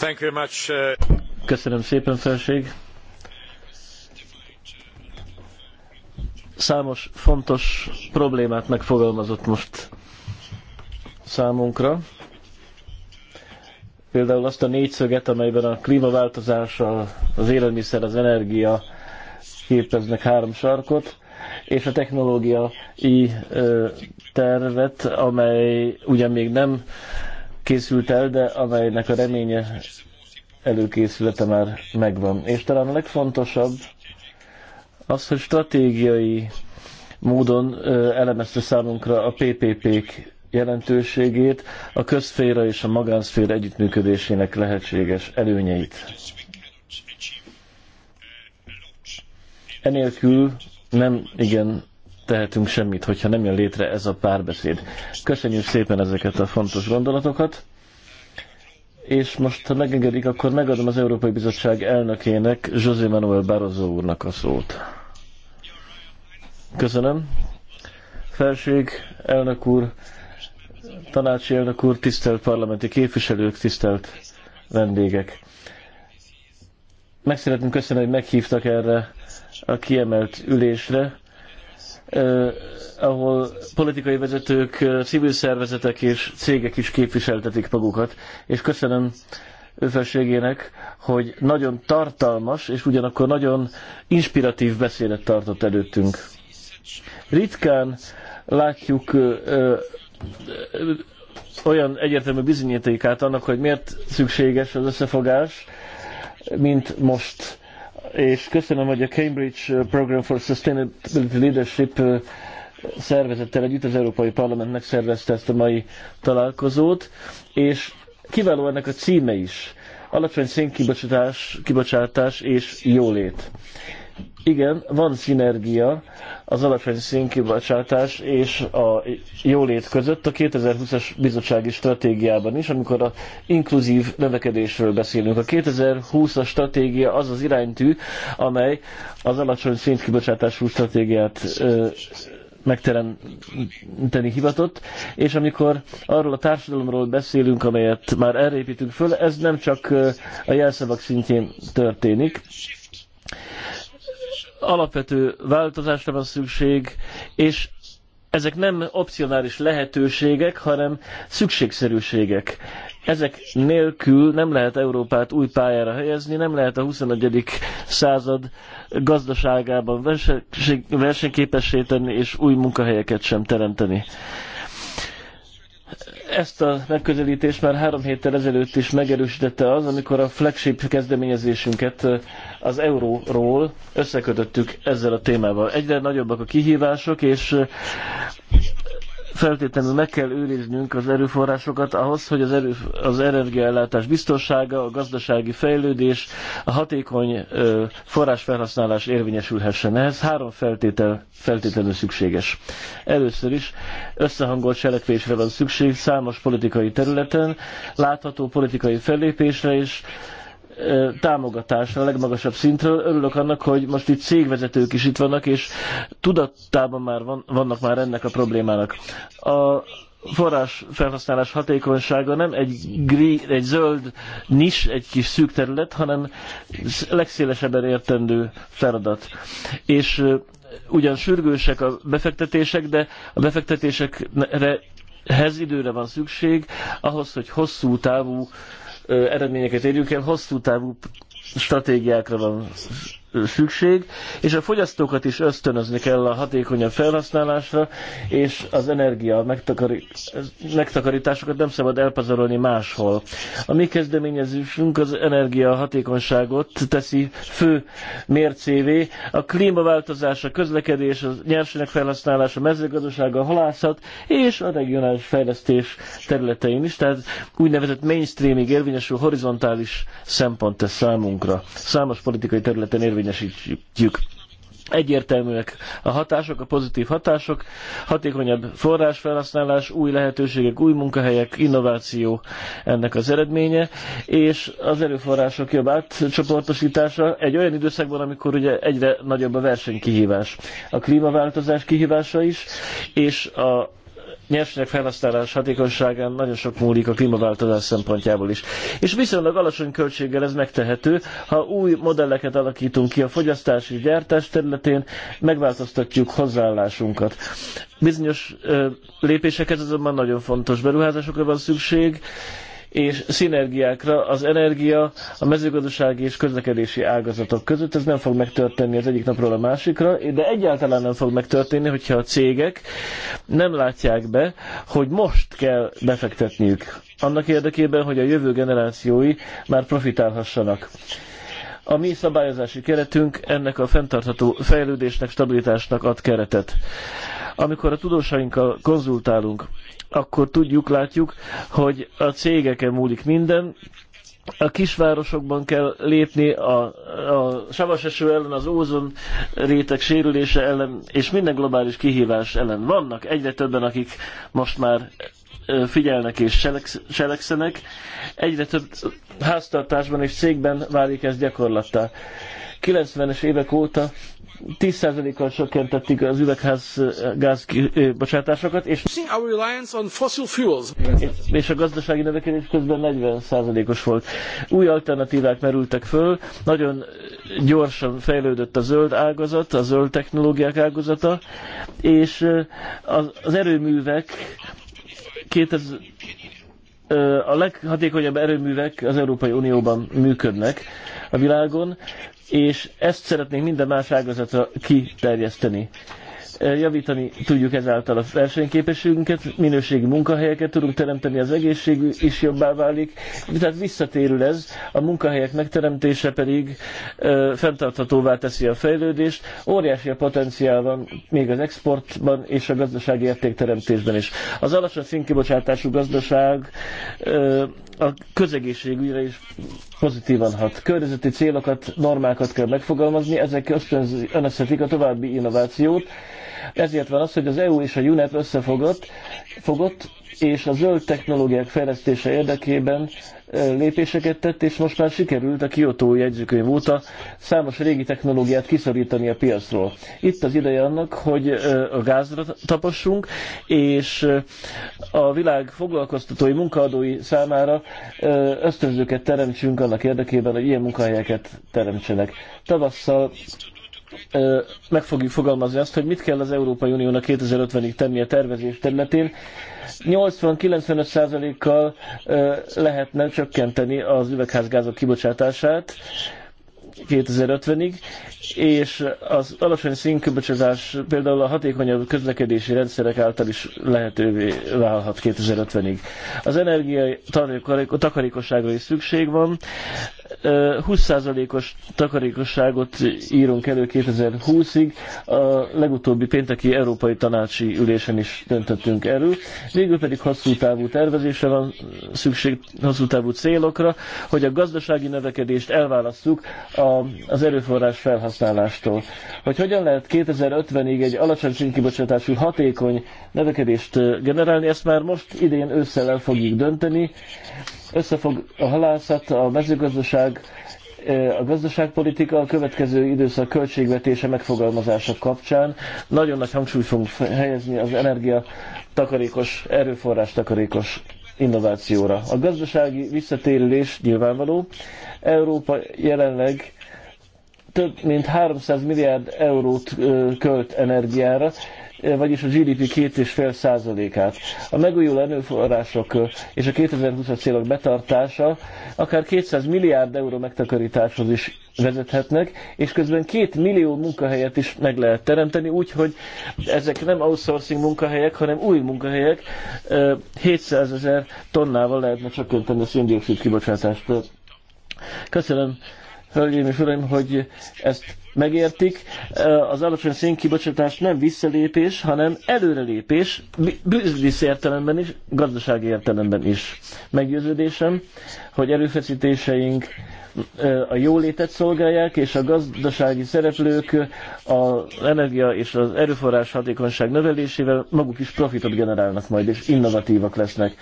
Thank you much. Uh,
Köszönöm szépen, felség. Számos fontos problémát megfogalmazott most számunkra. Például azt a négyszöget, amelyben a klímaváltozás, az élelmiszer, az energia képeznek három sarkot, és a technológiai tervet, amely ugyan még nem készült el, de amelynek a reménye előkészülete már megvan. És talán a legfontosabb az, hogy stratégiai módon elemezte számunkra a PPP-k jelentőségét, a közféra és a magánszféra együttműködésének lehetséges előnyeit. Enélkül nem igen tehetünk semmit, hogyha nem jön létre ez a párbeszéd. Köszönjük szépen ezeket a fontos gondolatokat, és most, ha megengedik, akkor megadom az Európai Bizottság elnökének, José Manuel Barroso úrnak a szót. Köszönöm. Felség, elnök úr, tanácsi elnök úr, tisztelt parlamenti képviselők, tisztelt vendégek. Meg szeretném köszönni, hogy meghívtak erre a kiemelt ülésre ahol politikai vezetők, civil szervezetek és cégek is képviseltetik magukat. És köszönöm őfelségének, hogy nagyon tartalmas és ugyanakkor nagyon inspiratív beszédet tartott előttünk. Ritkán látjuk olyan egyértelmű bizonyítékát annak, hogy miért szükséges az összefogás, mint most és köszönöm, hogy a Cambridge uh, Program for Sustainability Leadership uh, szervezettel együtt az Európai Parlament megszervezte ezt a mai találkozót, és kiváló ennek a címe is. Alacsony szénkibocsátás kibocsátás és jólét igen, van szinergia az alacsony színkibocsátás és a jólét között a 2020-as bizottsági stratégiában is, amikor a inkluzív növekedésről beszélünk. A 2020-as stratégia az az iránytű, amely az alacsony szénkibocsátású stratégiát ö, megteremteni hivatott, és amikor arról a társadalomról beszélünk, amelyet már elrépítünk föl, ez nem csak a jelszavak szintjén történik, alapvető változásra van szükség, és ezek nem opcionális lehetőségek, hanem szükségszerűségek. Ezek nélkül nem lehet Európát új pályára helyezni, nem lehet a 21. század gazdaságában versenyképessé tenni, és új munkahelyeket sem teremteni. Ezt a megközelítést már három héttel ezelőtt is megerősítette az, amikor a flagship kezdeményezésünket az euróról összekötöttük ezzel a témával. Egyre nagyobbak a kihívások, és feltétlenül meg kell őriznünk az erőforrásokat ahhoz, hogy az, erő, az energiaellátás biztonsága, a gazdasági fejlődés, a hatékony ö, forrásfelhasználás érvényesülhessen. Ehhez három feltétel feltétlenül szükséges. Először is összehangolt cselekvésre van szükség számos politikai területen, látható politikai fellépésre is támogatásra a legmagasabb szintről. Örülök annak, hogy most itt cégvezetők is itt vannak, és tudattában már van, vannak már ennek a problémának. A forrás felhasználás hatékonysága nem egy, green, egy zöld nis, egy kis szűk terület, hanem legszélesebben értendő feladat. És ugyan sürgősek a befektetések, de a befektetésekre hez időre van szükség, ahhoz, hogy hosszú távú eredményeket érjük el, hosszú távú stratégiákra van szükség, és a fogyasztókat is ösztönözni kell a hatékonyabb felhasználásra, és az energia megtakari, megtakarításokat nem szabad elpazarolni máshol. A mi kezdeményezésünk az energia hatékonyságot teszi fő mércévé, a klímaváltozás, a közlekedés, a nyersanyag felhasználás, a mezőgazdaság, a halászat és a regionális fejlesztés területein is, tehát úgynevezett mainstreaming érvényesül horizontális szempont tesz számunkra. Számos politikai területen érvényesül érvényesítjük. Egyértelműek a hatások, a pozitív hatások, hatékonyabb forrásfelhasználás, új lehetőségek, új munkahelyek, innováció ennek az eredménye, és az erőforrások jobb átcsoportosítása egy olyan időszakban, amikor ugye egyre nagyobb a versenykihívás. A klímaváltozás kihívása is, és a nyersanyag felhasználás hatékonyságán nagyon sok múlik a klímaváltozás szempontjából is. És viszonylag alacsony költséggel ez megtehető, ha új modelleket alakítunk ki a fogyasztás és gyártás területén, megváltoztatjuk hozzáállásunkat. Bizonyos ö, lépéseket azonban nagyon fontos beruházásokra van szükség, és szinergiákra az energia, a mezőgazdasági és közlekedési ágazatok között. Ez nem fog megtörténni az egyik napról a másikra, de egyáltalán nem fog megtörténni, hogyha a cégek nem látják be, hogy most kell befektetniük annak érdekében, hogy a jövő generációi már profitálhassanak. A mi szabályozási keretünk ennek a fenntartható fejlődésnek, stabilitásnak ad keretet. Amikor a tudósainkkal konzultálunk, akkor tudjuk, látjuk, hogy a cégeken múlik minden, a kisvárosokban kell lépni a, a savas eső ellen, az ózon réteg sérülése ellen, és minden globális kihívás ellen. Vannak egyre többen, akik most már figyelnek és cselekszenek. Egyre több háztartásban és cégben válik ez gyakorlattá. 90-es évek óta 10%-kal csökkentették az üvegház gáz bocsátásokat, és, és a gazdasági növekedés közben 40%-os volt. Új alternatívák merültek föl, nagyon gyorsan fejlődött a zöld ágazat, a zöld technológiák ágazata, és az, az erőművek 2000, a leghatékonyabb erőművek az Európai Unióban működnek a világon, és ezt szeretnénk minden más ágazatra kiterjeszteni javítani tudjuk ezáltal a versenyképességünket, minőségi munkahelyeket tudunk teremteni, az egészség is jobbá válik, tehát visszatérül ez, a munkahelyek megteremtése pedig ö, fenntarthatóvá teszi a fejlődést, óriási a potenciál van még az exportban és a gazdasági értékteremtésben is. Az alacsony színkibocsátású gazdaság ö, a közegészségügyre is pozitívan hat. Környezeti célokat, normákat kell megfogalmazni, ezek ösztönözhetik a további innovációt. Ezért van az, hogy az EU és a UNEP összefogott, fogott, és a zöld technológiák fejlesztése érdekében lépéseket tett, és most már sikerült a Kyoto jegyzőkönyv óta számos régi technológiát kiszorítani a piacról. Itt az ideje annak, hogy a gázra tapassunk, és a világ foglalkoztatói munkaadói számára ösztönzőket teremtsünk annak érdekében, hogy ilyen munkahelyeket teremtsenek. Tavasszal meg fogjuk fogalmazni azt, hogy mit kell az Európai Uniónak 2050-ig tenni a tervezés területén. 80-95%-kal lehetne csökkenteni az üvegházgázok kibocsátását, 2050-ig, és az alacsony színköbcsözás például a hatékonyabb közlekedési rendszerek által is lehetővé válhat 2050-ig. Az energia takarékosságra is szükség van. 20%-os takarékosságot írunk elő 2020-ig, a legutóbbi pénteki Európai Tanácsi ülésen is döntöttünk erről. Végül pedig hosszú távú tervezésre van szükség, hosszú távú célokra, hogy a gazdasági növekedést elválasztjuk a a, az erőforrás felhasználástól. Hogy hogyan lehet 2050-ig egy alacsony színkibocsátású hatékony növekedést generálni, ezt már most idén ősszel el fogjuk dönteni. Összefog a halászat, a mezőgazdaság, a gazdaságpolitika a következő időszak költségvetése megfogalmazása kapcsán nagyon nagy hangsúlyt fogunk helyezni az energia takarékos, erőforrás takarékos innovációra. A gazdasági visszatérülés nyilvánvaló. Európa jelenleg több mint 300 milliárd eurót költ energiára, vagyis a GDP 2,5 százalékát. A megújuló erőforrások és a 2020-as célok betartása akár 200 milliárd euró megtakarításhoz is vezethetnek, és közben két millió munkahelyet is meg lehet teremteni, úgyhogy ezek nem outsourcing munkahelyek, hanem új munkahelyek, 700 ezer tonnával lehetne csökkenteni a széndiokszid kibocsátást. Köszönöm, hölgyeim és uraim, hogy ezt megértik, az alacsony szénkibocsátás nem visszalépés, hanem előrelépés, biznisz értelemben is, gazdasági értelemben is. Meggyőződésem, hogy erőfeszítéseink a jólétet szolgálják, és a gazdasági szereplők az energia és az erőforrás hatékonyság növelésével maguk is profitot generálnak majd, és innovatívak lesznek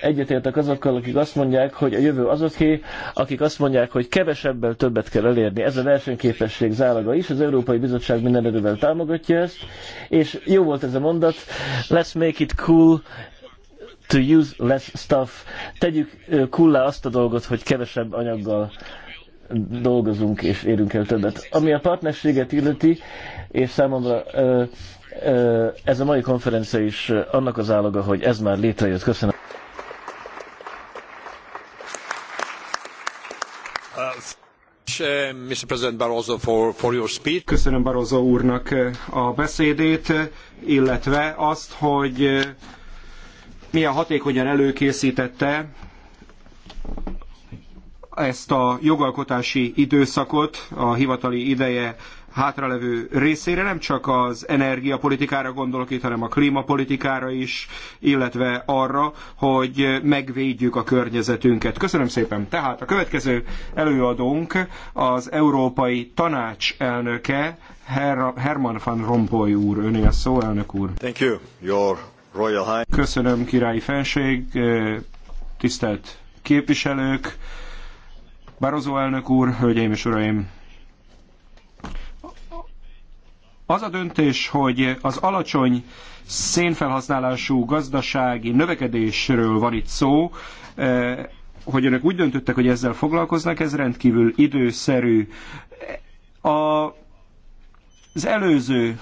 egyetértek azokkal, akik azt mondják, hogy a jövő oké, akik azt mondják, hogy kevesebbel többet kell elérni. Ez a versenyképesség zálaga is, az Európai Bizottság minden erővel támogatja ezt, és jó volt ez a mondat, let's make it cool to use less stuff. Tegyük kullá azt a dolgot, hogy kevesebb anyaggal dolgozunk és érünk el többet. Ami a partnerséget illeti, és számomra ez a mai konferencia is annak az állaga, hogy ez már létrejött. Köszönöm.
Köszönöm Barroso úrnak eh, a beszédét, eh, illetve azt, hogy eh, milyen hatékonyan előkészítette ezt a jogalkotási időszakot, a hivatali ideje hátralevő részére, nem csak az energiapolitikára gondolok itt, hanem a klímapolitikára is, illetve arra, hogy megvédjük a környezetünket. Köszönöm szépen. Tehát a következő előadónk az Európai Tanács elnöke, Her- Herman van Rompuy úr, öné a szó, elnök úr. Thank you, your royal high. Köszönöm, királyi fenség, tisztelt képviselők, Barozó elnök úr, hölgyeim és uraim, Az a döntés, hogy az alacsony szénfelhasználású gazdasági növekedésről van itt szó, eh, hogy önök úgy döntöttek, hogy ezzel foglalkoznak, ez rendkívül időszerű. A, az előző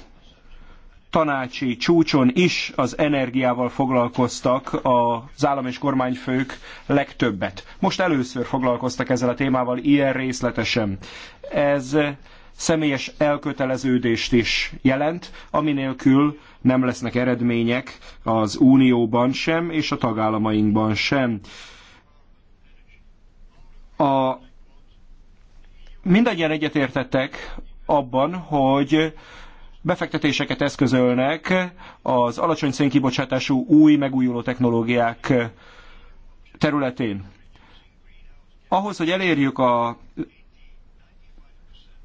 tanácsi csúcson is az energiával foglalkoztak az állam és kormányfők legtöbbet. Most először foglalkoztak ezzel a témával ilyen részletesen. Ez személyes elköteleződést is jelent, aminélkül nem lesznek eredmények az unióban sem, és a tagállamainkban sem. A... Mindannyian egyetértettek abban, hogy befektetéseket eszközölnek az alacsony szénkibocsátású új megújuló technológiák területén. Ahhoz, hogy elérjük a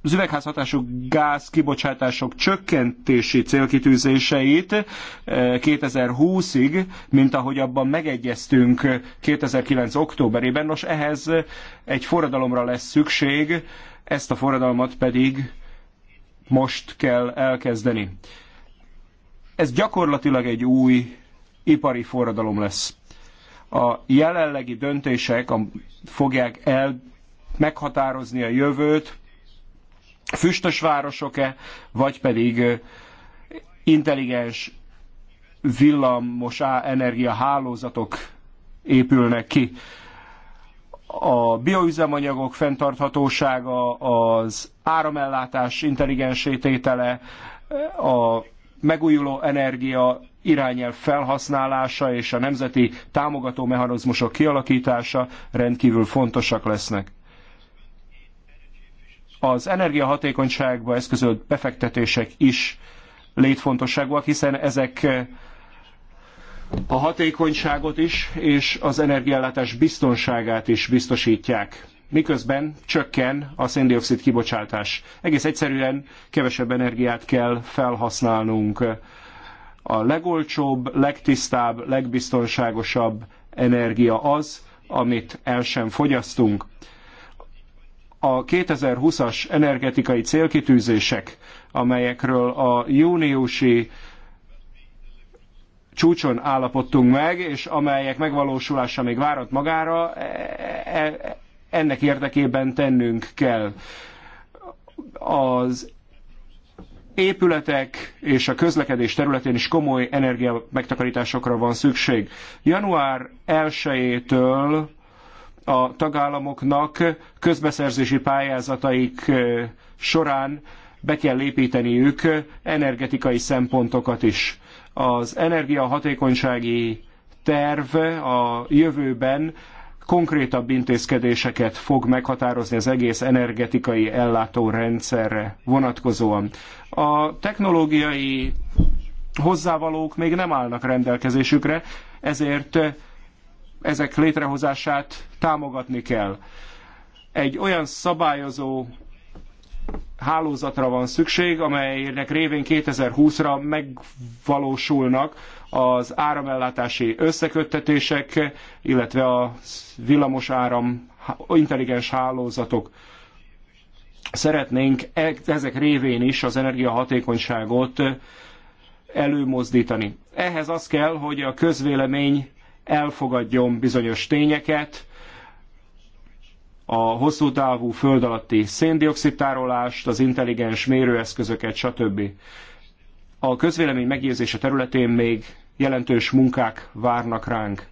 az üvegházhatású gáz kibocsátások csökkentési célkitűzéseit 2020-ig, eh, mint ahogy abban megegyeztünk 2009. októberében. Nos, ehhez egy forradalomra lesz szükség, ezt a forradalmat pedig most kell elkezdeni. Ez gyakorlatilag egy új ipari forradalom lesz. A jelenlegi döntések fogják el meghatározni a jövőt, füstös városok-e, vagy pedig intelligens villamos energiahálózatok épülnek ki. A bioüzemanyagok fenntarthatósága, az áramellátás intelligensítétele, a megújuló energia irányelv felhasználása és a nemzeti támogató mechanizmusok kialakítása rendkívül fontosak lesznek. Az energiahatékonyságba eszközölt befektetések is létfontosságúak, hiszen ezek eh, a hatékonyságot is és az energiállátás biztonságát is biztosítják miközben csökken a széndiokszid kibocsátás. Egész egyszerűen kevesebb energiát kell felhasználnunk. A legolcsóbb, legtisztább, legbiztonságosabb energia az, amit el sem fogyasztunk a 2020-as energetikai célkitűzések, amelyekről a júniusi csúcson állapodtunk meg, és amelyek megvalósulása még várat magára, e, e, ennek érdekében tennünk kell. Az épületek és a közlekedés területén is komoly energia megtakarításokra van szükség. Január 1-től a tagállamoknak közbeszerzési pályázataik során be kell építeniük energetikai szempontokat is. Az energiahatékonysági terv a jövőben konkrétabb intézkedéseket fog meghatározni az egész energetikai ellátórendszerre vonatkozóan. A technológiai hozzávalók még nem állnak rendelkezésükre, ezért ezek létrehozását támogatni kell. Egy olyan szabályozó hálózatra van szükség, amelynek révén 2020-ra megvalósulnak az áramellátási összeköttetések, illetve a villamos áram intelligens hálózatok. Szeretnénk e- ezek révén is az energiahatékonyságot előmozdítani. Ehhez az kell, hogy a közvélemény elfogadjon bizonyos tényeket, a hosszú távú föld alatti széndiokszid tárolást, az intelligens mérőeszközöket, stb. A közvélemény meggyőzése területén még jelentős munkák várnak ránk.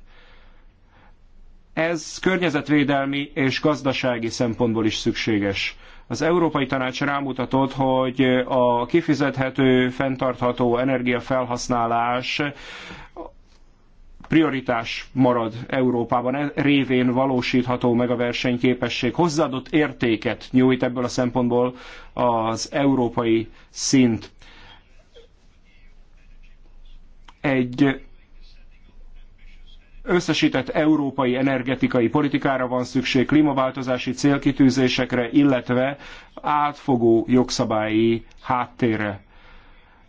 Ez környezetvédelmi és gazdasági szempontból is szükséges. Az Európai Tanács rámutatott, hogy a kifizethető, fenntartható energiafelhasználás prioritás marad Európában. E révén valósítható meg a versenyképesség. Hozzáadott értéket nyújt ebből a szempontból az európai szint. Egy összesített európai energetikai politikára van szükség, klímaváltozási célkitűzésekre, illetve átfogó jogszabályi háttérre.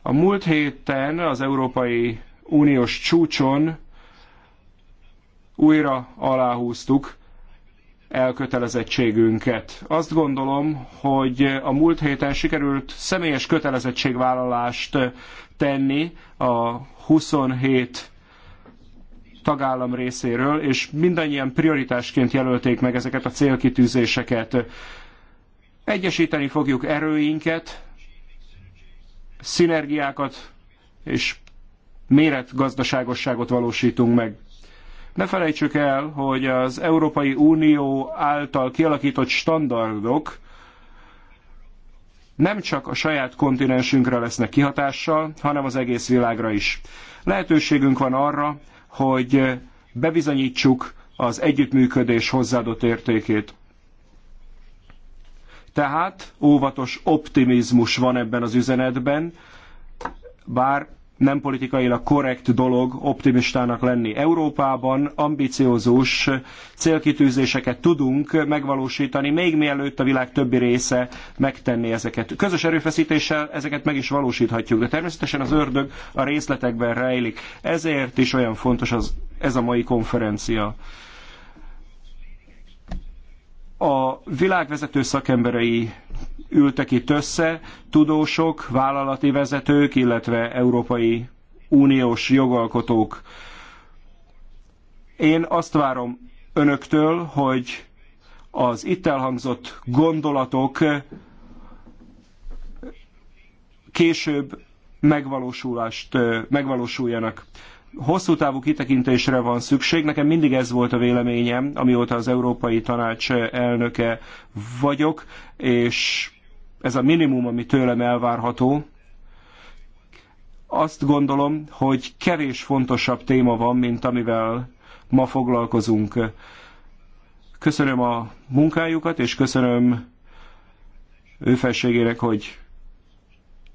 A múlt héten az Európai Uniós csúcson újra aláhúztuk elkötelezettségünket. Azt gondolom, hogy a múlt héten sikerült személyes kötelezettségvállalást tenni a 27 tagállam részéről, és mindannyian prioritásként jelölték meg ezeket a célkitűzéseket. Egyesíteni fogjuk erőinket, szinergiákat és méretgazdaságosságot valósítunk meg. Ne felejtsük el, hogy az Európai Unió által kialakított standardok nem csak a saját kontinensünkre lesznek kihatással, hanem az egész világra is. Lehetőségünk van arra, hogy bebizonyítsuk az együttműködés hozzáadott értékét. Tehát óvatos optimizmus van ebben az üzenetben, bár nem politikailag korrekt dolog optimistának lenni. Európában ambiciózus célkitűzéseket tudunk megvalósítani, még mielőtt a világ többi része megtenni ezeket. Közös erőfeszítéssel ezeket meg is valósíthatjuk, de természetesen az ördög a részletekben rejlik. Ezért is olyan fontos az, ez a mai konferencia a világvezető szakemberei ültek itt össze, tudósok, vállalati vezetők, illetve Európai Uniós jogalkotók. Én azt várom önöktől, hogy az itt elhangzott gondolatok később megvalósulást, megvalósuljanak. Hosszú távú kitekintésre van szükség. Nekem mindig ez volt a véleményem, amióta az Európai Tanács elnöke vagyok, és ez a minimum, ami tőlem elvárható. Azt gondolom, hogy kevés fontosabb téma van, mint amivel ma foglalkozunk. Köszönöm a munkájukat, és köszönöm ő felségének, hogy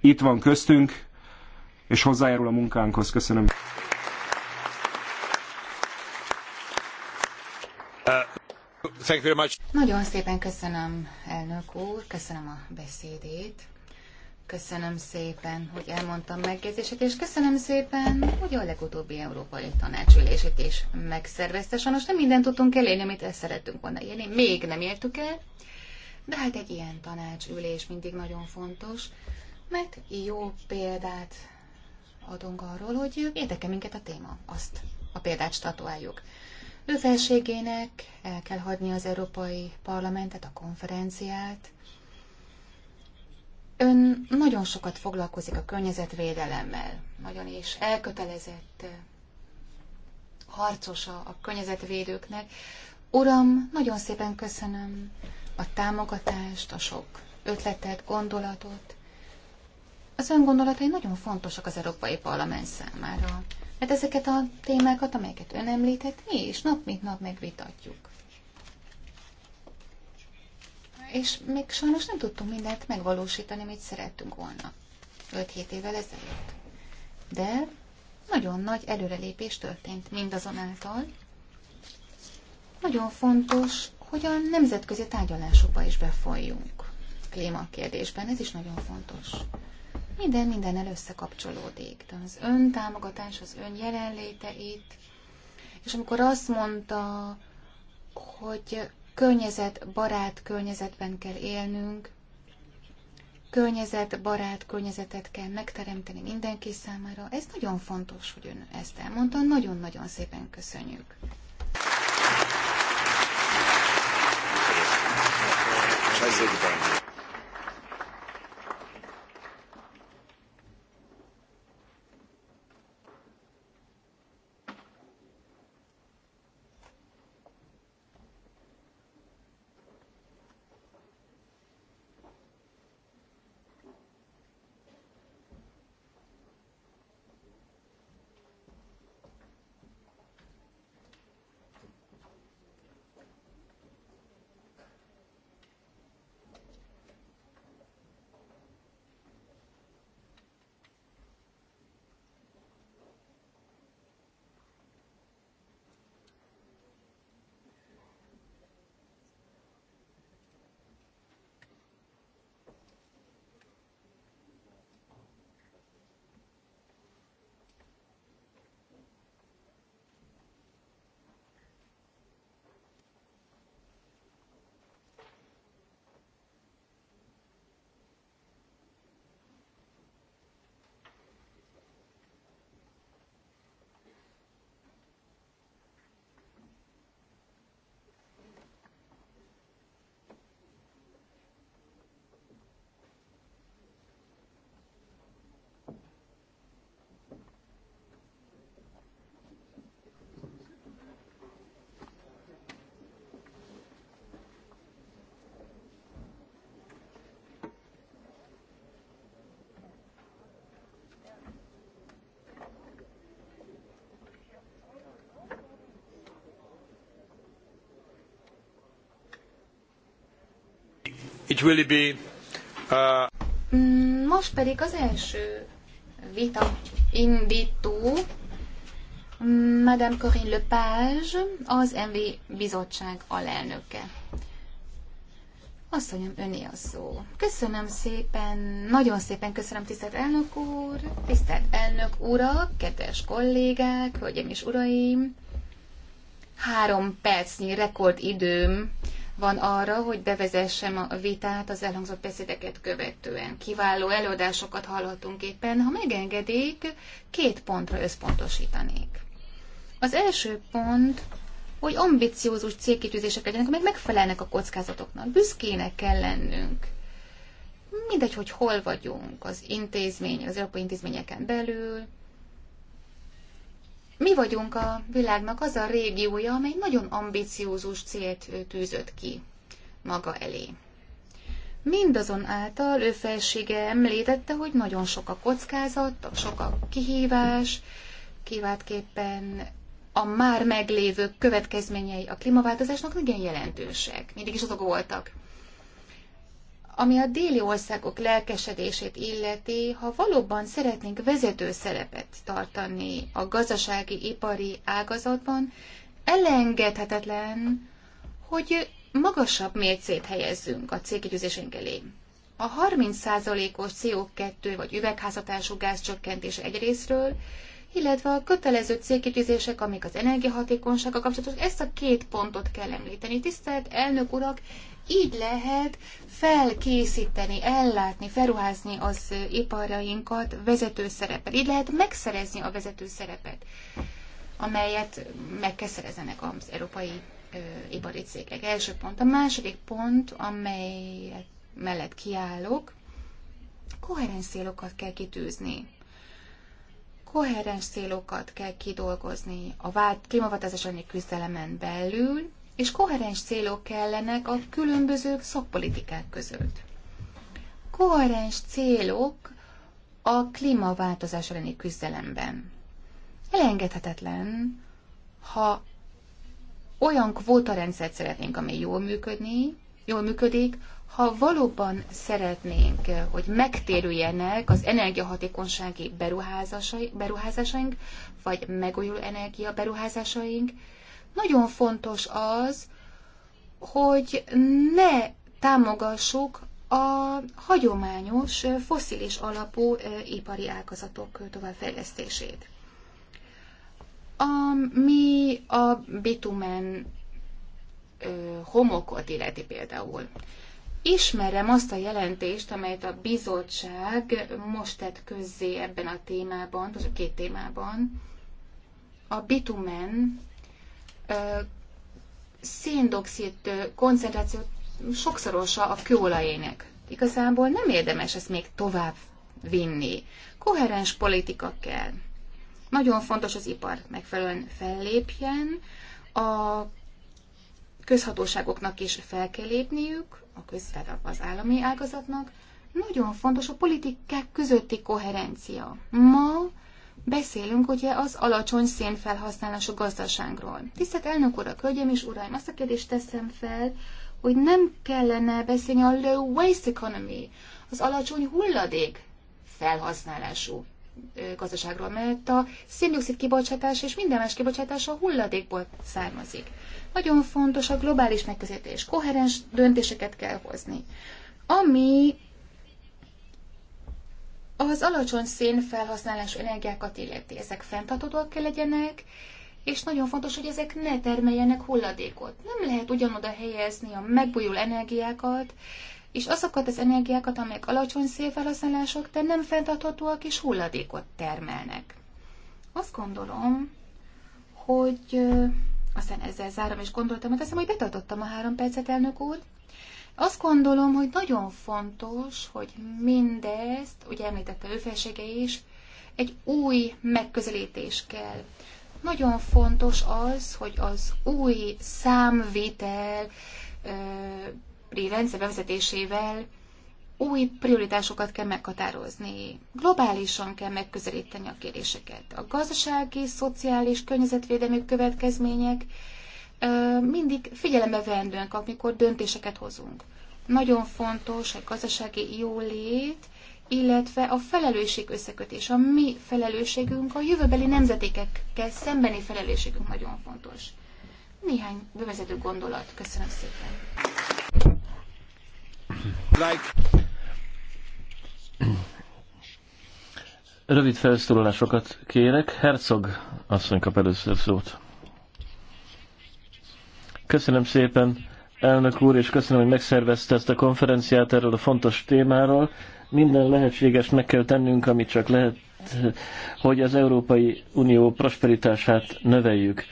itt van köztünk, és hozzájárul a munkánkhoz. Köszönöm.
Nagyon szépen köszönöm, elnök úr, köszönöm a beszédét. Köszönöm szépen, hogy elmondtam megjegyzését, és köszönöm szépen, hogy a legutóbbi európai tanácsülését is megszervezte. Sajnos nem mindent tudtunk elérni, amit el szerettünk volna érni, még nem értük el, de hát egy ilyen tanácsülés mindig nagyon fontos, mert jó példát adunk arról, hogy érdekel minket a téma, azt a példát statuáljuk. Ő felségének el kell hagyni az Európai Parlamentet, a konferenciát. Ön nagyon sokat foglalkozik a környezetvédelemmel, nagyon is elkötelezett eh, harcosa a környezetvédőknek. Uram, nagyon szépen köszönöm a támogatást, a sok ötletet, gondolatot. Az ön gondolatai nagyon fontosak az Európai Parlament számára. Mert hát ezeket a témákat, amelyeket ön említett, mi is nap mint nap megvitatjuk. És még sajnos nem tudtunk mindent megvalósítani, amit szerettünk volna. 5-7 évvel ezelőtt. De nagyon nagy előrelépés történt mindazonáltal. Nagyon fontos, hogy a nemzetközi tárgyalásokba is befolyjunk. Klímakérdésben ez is nagyon fontos. Minden mindennel összekapcsolódik. De az ön támogatás, az ön jelenléte itt, és amikor azt mondta, hogy környezet barát környezetben kell élnünk, környezet barát környezetet kell megteremteni mindenki számára, ez nagyon fontos, hogy ön ezt elmondta. Nagyon-nagyon szépen köszönjük. Köszönjük.
It will be,
uh...
Most pedig az első vita indító Madame Corinne Lepage, az MV bizottság alelnöke. mondjam, öné a szó. Köszönöm szépen, nagyon szépen köszönöm, tisztelt elnök úr, tisztelt elnök urak, kedves kollégák, hölgyeim és uraim. Három percnyi rekordidőm van arra, hogy bevezessem a vitát az elhangzott beszédeket követően. Kiváló előadásokat hallhatunk éppen. Ha megengedik, két pontra összpontosítanék. Az első pont, hogy ambiciózus célkitűzések legyenek, amelyek megfelelnek a kockázatoknak. Büszkének kell lennünk. Mindegy, hogy hol vagyunk, az intézmény, az európai intézményeken belül, mi vagyunk a világnak az a régiója, amely nagyon ambiciózus célt tűzött ki maga elé. Mindazonáltal ő felsége említette, hogy nagyon sok a kockázat, sok a kihívás, kiváltképpen a már meglévő következményei a klímaváltozásnak igen jelentősek. Mindig is azok voltak. Ami a déli országok lelkesedését illeti, ha valóban szeretnénk vezető szerepet tartani a gazdasági, ipari ágazatban, elengedhetetlen, hogy magasabb mércét helyezzünk a célkigyőzésünk elé. A 30%-os CO2 vagy üvegházatású gázcsökkentés egyrésztről, illetve a kötelező célkitűzések, amik az energiahatékonysággal kapcsolatos, ezt a két pontot kell említeni. Tisztelt elnök urak, így lehet felkészíteni, ellátni, felruházni az iparainkat vezető szerepet. Így lehet megszerezni a vezető szerepet, amelyet meg kell szerezenek az európai ö, ipari cégek. Első pont. A második pont, amely mellett kiállok, koherens célokat kell kitűzni. Koherens célokat kell kidolgozni a klímaváltozás elleni küzdelemen belül, és koherens célok kellenek a különböző szakpolitikák között. Koherens célok a klímaváltozás elleni küzdelemben. Elengedhetetlen, ha olyan kvótarendszert szeretnénk, ami jól működni, jól működik, ha valóban szeretnénk, hogy megtérüljenek az energiahatékonysági beruházásaink, vagy megújuló energia beruházásaink, nagyon fontos az, hogy ne támogassuk a hagyományos, foszilis alapú ipari ágazatok továbbfejlesztését. Ami a bitumen homokot illeti például. Ismerem azt a jelentést, amelyet a bizottság most tett közzé ebben a témában, az a két témában. A bitumen széndoxid koncentráció sokszorosa a kőolajének. Igazából nem érdemes ezt még tovább vinni. Koherens politika kell. Nagyon fontos az ipar megfelelően fellépjen, a közhatóságoknak is fel kell lépniük, a közfeladat az állami ágazatnak. Nagyon fontos a politikák közötti koherencia. Ma Beszélünk ugye az alacsony szénfelhasználású gazdaságról. Tisztelt elnök urak, hölgyeim és uraim, azt a kérdést teszem fel, hogy nem kellene beszélni a low waste economy, az alacsony hulladék felhasználású gazdaságról, mert a széndiokszid kibocsátás és minden más kibocsátás a hulladékból származik. Nagyon fontos a globális megközelítés, koherens döntéseket kell hozni, ami az alacsony szénfelhasználású energiákat illeti, ezek fenntarthatóak kell legyenek, és nagyon fontos, hogy ezek ne termeljenek hulladékot. Nem lehet ugyanoda helyezni a megbújul energiákat, és azokat az energiákat, amelyek alacsony szélfelhasználások, de nem fenntarthatóak és hulladékot termelnek. Azt gondolom, hogy aztán ezzel zárom és gondoltam, hogy azt hiszem, hogy betartottam a három percet, elnök úr. Azt gondolom, hogy nagyon fontos, hogy mindezt, ugye említette ő felsége is, egy új megközelítés kell. Nagyon fontos az, hogy az új számvitel rendszer bevezetésével új prioritásokat kell meghatározni. Globálisan kell megközelíteni a kérdéseket. A gazdasági, szociális, környezetvédelmi következmények mindig figyelembe vendőnk, amikor döntéseket hozunk. Nagyon fontos a gazdasági jólét, illetve a felelősség összekötés. A mi felelősségünk, a jövőbeli nemzetékekkel szembeni felelősségünk nagyon fontos. Néhány bevezető gondolat. Köszönöm szépen. Like.
Rövid felszólalásokat kérek. Herzog asszony kap először szót. Köszönöm szépen, elnök úr, és köszönöm, hogy megszervezte ezt a konferenciát erről a fontos témáról. Minden lehetséges meg kell tennünk, amit csak lehet, hogy az Európai Unió prosperitását növeljük.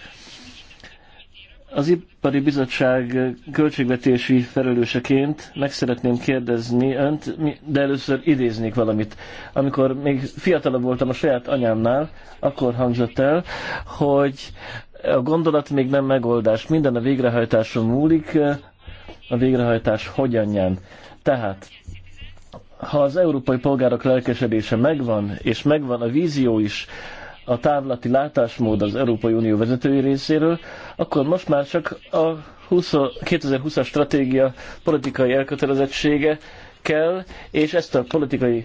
Az Ipari Bizottság költségvetési felelőseként meg szeretném kérdezni önt, de először idéznék valamit. Amikor még fiatalabb voltam a saját anyámnál, akkor hangzott el, hogy a gondolat még nem megoldás. Minden a végrehajtáson múlik, a végrehajtás Nyen. Tehát, ha az európai polgárok lelkesedése megvan, és megvan a vízió is, a távlati látásmód az Európai Unió vezetői részéről, akkor most már csak a 2020-as stratégia politikai elkötelezettsége kell, és ezt a politikai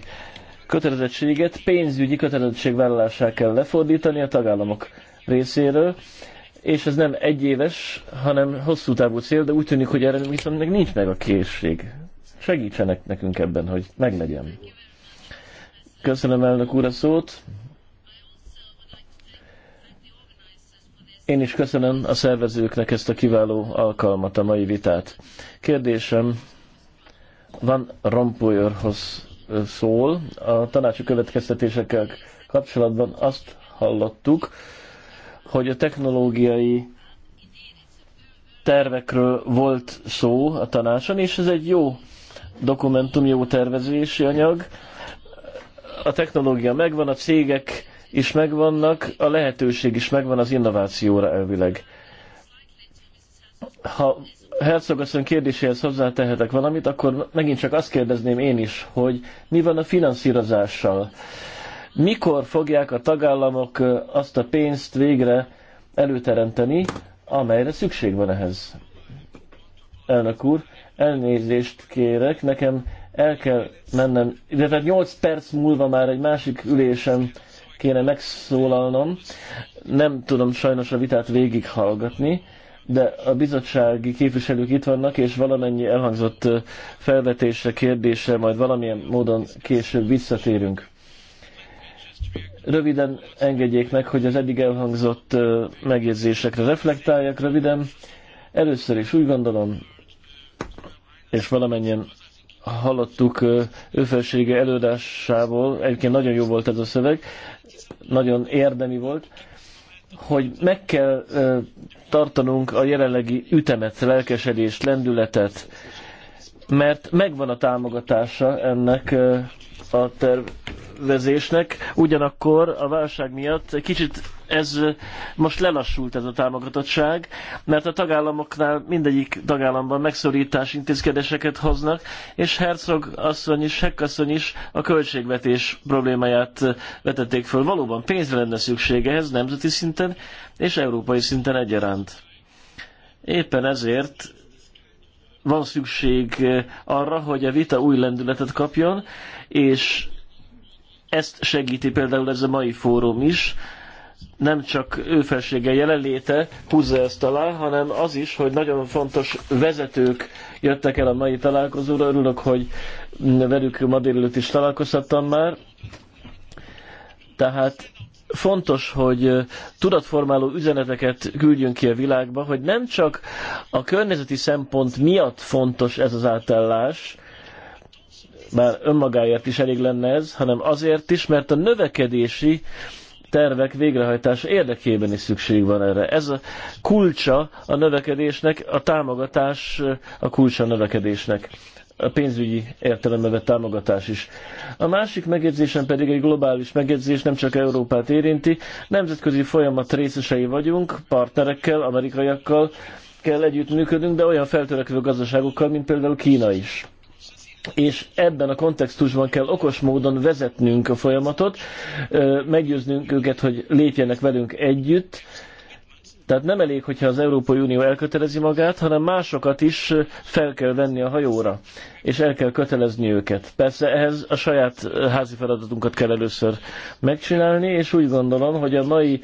kötelezettséget pénzügyi kötelezettségvállalásá kell lefordítani a tagállamok részéről, és ez nem egyéves, hanem hosszú távú cél, de úgy tűnik, hogy erre viszont még nincs meg a készség. Segítsenek nekünk ebben, hogy meglegyen. Köszönöm elnök úr a szót. Én is köszönöm a szervezőknek ezt a kiváló alkalmat, a mai vitát. Kérdésem Van Rompuyerhoz szól. A tanácsi következtetésekkel kapcsolatban azt hallottuk, hogy a technológiai tervekről volt szó a tanácson, és ez egy jó dokumentum, jó tervezési anyag. A technológia megvan, a cégek is megvannak, a lehetőség is megvan az innovációra elvileg. Ha Herzogasszony kérdéséhez hozzátehetek valamit, akkor megint csak azt kérdezném én is, hogy mi van a finanszírozással? mikor fogják a tagállamok azt a pénzt végre előteremteni, amelyre szükség van ehhez. Elnök úr, elnézést kérek, nekem el kell mennem, illetve 8 perc múlva már egy másik ülésem kéne megszólalnom. Nem tudom sajnos a vitát végighallgatni, de a bizottsági képviselők itt vannak, és valamennyi elhangzott felvetése, kérdése majd valamilyen módon később visszatérünk. Röviden engedjék meg, hogy az eddig elhangzott megjegyzésekre reflektáljak röviden. Először is úgy gondolom, és valamennyien hallottuk őfelsége előadásából, egyébként nagyon jó volt ez a szöveg, nagyon érdemi volt, hogy meg kell tartanunk a jelenlegi ütemet, lelkesedést, lendületet, mert megvan a támogatása ennek a tervezésnek. Ugyanakkor a válság miatt kicsit ez most lelassult ez a támogatottság, mert a tagállamoknál mindegyik tagállamban megszorítás intézkedéseket hoznak, és Herzog asszony is, Heck asszony is a költségvetés problémáját vetették föl. Valóban pénzre lenne szüksége ehhez nemzeti szinten és európai szinten egyaránt. Éppen ezért van szükség eh, arra, hogy a vita új lendületet kapjon, és ezt segíti például ez a mai fórum is, nem csak ő felsége jelenléte húzza ezt alá, hanem az is, hogy nagyon fontos vezetők jöttek el a mai találkozóra. Örülök, hogy velük ma délelőtt is találkozhattam már. Tehát fontos, hogy tudatformáló üzeneteket küldjünk ki a világba, hogy nem csak a környezeti szempont miatt fontos ez az átállás, bár önmagáért is elég lenne ez, hanem azért is, mert a növekedési tervek végrehajtása érdekében is szükség van erre. Ez a kulcsa a növekedésnek, a támogatás a kulcsa a növekedésnek a pénzügyi értelembe vett támogatás is. A másik megjegyzésem pedig egy globális megjegyzés, nem csak Európát érinti. Nemzetközi folyamat részesei vagyunk, partnerekkel, amerikaiakkal kell együttműködünk, de olyan feltörekvő gazdaságokkal, mint például Kína is és ebben a kontextusban kell okos módon vezetnünk a folyamatot, meggyőznünk őket, hogy lépjenek velünk együtt, tehát nem elég, hogyha az Európai Unió elkötelezi magát, hanem másokat is fel kell venni a hajóra, és el kell kötelezni őket. Persze ehhez a saját házi feladatunkat kell először megcsinálni, és úgy gondolom, hogy a mai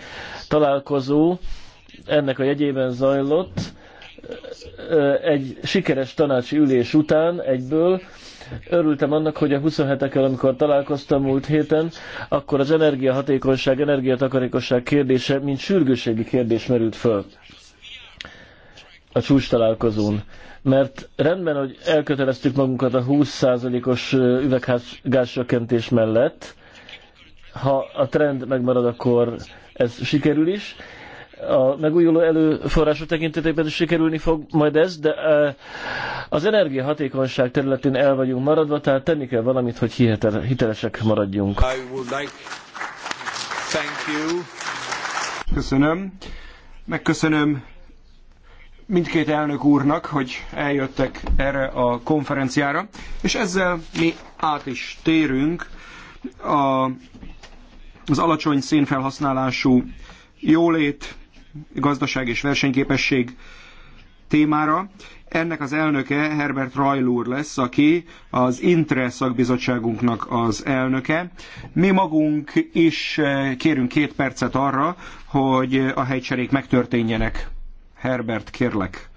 találkozó ennek a jegyében zajlott, egy sikeres tanácsi ülés után egyből örültem annak, hogy a 27-ekkel, amikor találkoztam múlt héten, akkor az energiahatékonyság, energiatakarékosság kérdése, mint sürgőségi kérdés merült föl a csúcs találkozón. Mert rendben, hogy elköteleztük magunkat a 20%-os üveggázsökkentés mellett, ha a trend megmarad, akkor ez sikerül is, a megújuló előforrások tekintetében is sikerülni fog majd ez, de e, az energiahatékonyság területén el vagyunk maradva, tehát tenni kell valamit, hogy hitelesek maradjunk. Köszönöm. Megköszönöm mindkét
elnök úrnak, hogy eljöttek erre a konferenciára, és ezzel mi át is térünk a, az alacsony szénfelhasználású jólét gazdaság és versenyképesség témára. Ennek az elnöke Herbert Rajl úr lesz, aki az Intre szakbizottságunknak az elnöke. Mi magunk is eh, kérünk két percet arra, hogy a helycserék megtörténjenek. Herbert, kérlek.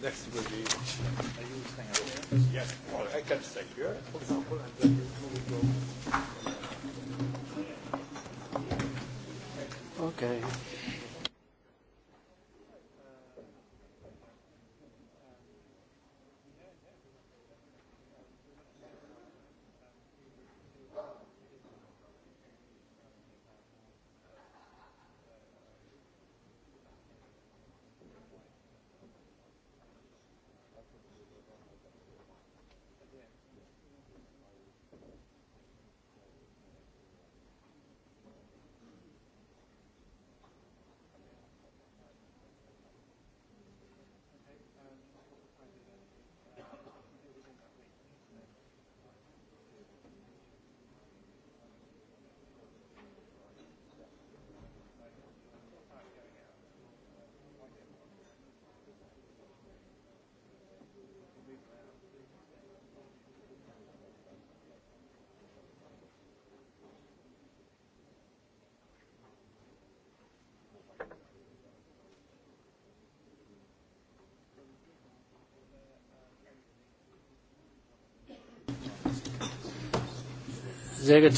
Next will be. Yes, well, I can stay here, for example, and then you. Okay.
Sehr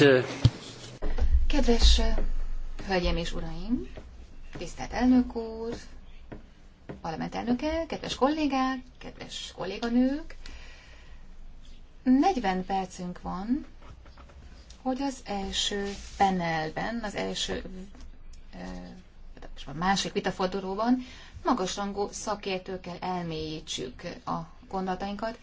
Kedves Hölgyeim és Uraim, tisztelt elnök úr, parlament elnöke, kedves kollégák, kedves kolléganők, 40 percünk van, hogy az első panelben, az első a másik vitafordulóban magasrangú szakértőkkel elmélyítsük a gondolatainkat.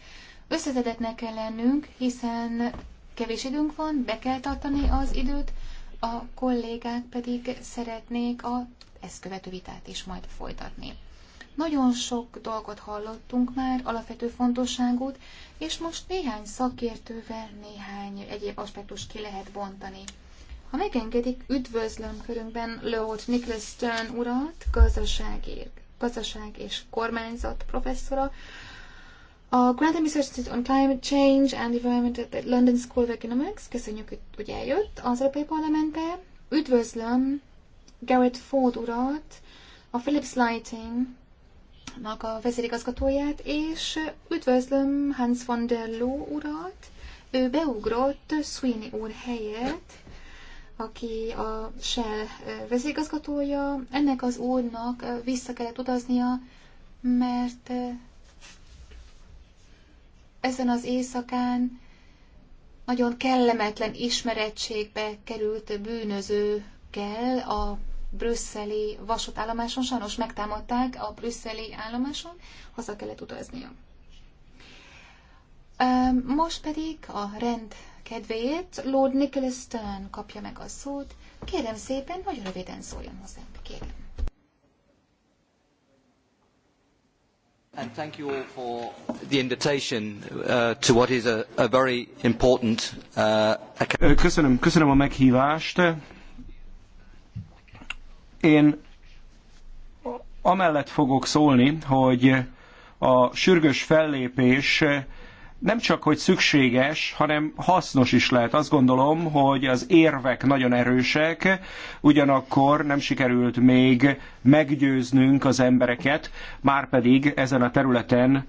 összetetetnek kell lennünk, hiszen kevés időnk van, be kell tartani az időt, a kollégák pedig szeretnék a ezt követő vitát is majd folytatni. Nagyon sok dolgot hallottunk már, alapvető fontosságút, és most néhány szakértővel néhány egyéb aspektus ki lehet bontani. Ha megengedik, üdvözlöm körünkben Lord Nicholas Stern urat, gazdaság és kormányzat professzora, a Grantham Research on Climate Change and Environment at the London School of Economics, köszönjük, hogy eljött az Európai Parlamentbe. Üdvözlöm Garrett Ford urat, a Philips Lighting nak a vezérigazgatóját, és üdvözlöm Hans von der Lo urat. Ő beugrott Sweeney úr helyett, aki a Shell vezérigazgatója. Ennek az úrnak vissza kellett utaznia, mert ezen az éjszakán nagyon kellemetlen ismerettségbe került bűnözőkkel a brüsszeli vasútállomáson, sajnos megtámadták a brüsszeli állomáson, haza kellett utaznia. Most pedig a rend kedvéért Lord Nicholas Stern kapja meg a szót. Kérem szépen, hogy röviden szóljon hozzánk, kérem. and thank you all for
the invitation uh, to what is a, a very important uh, köszönöm, köszönöm a meghívást. Én amellett fogok szólni, hogy a sürgős fellépés nem csak, hogy szükséges, hanem hasznos is lehet. Azt gondolom, hogy az érvek nagyon erősek, ugyanakkor nem sikerült még meggyőznünk az embereket, márpedig ezen a területen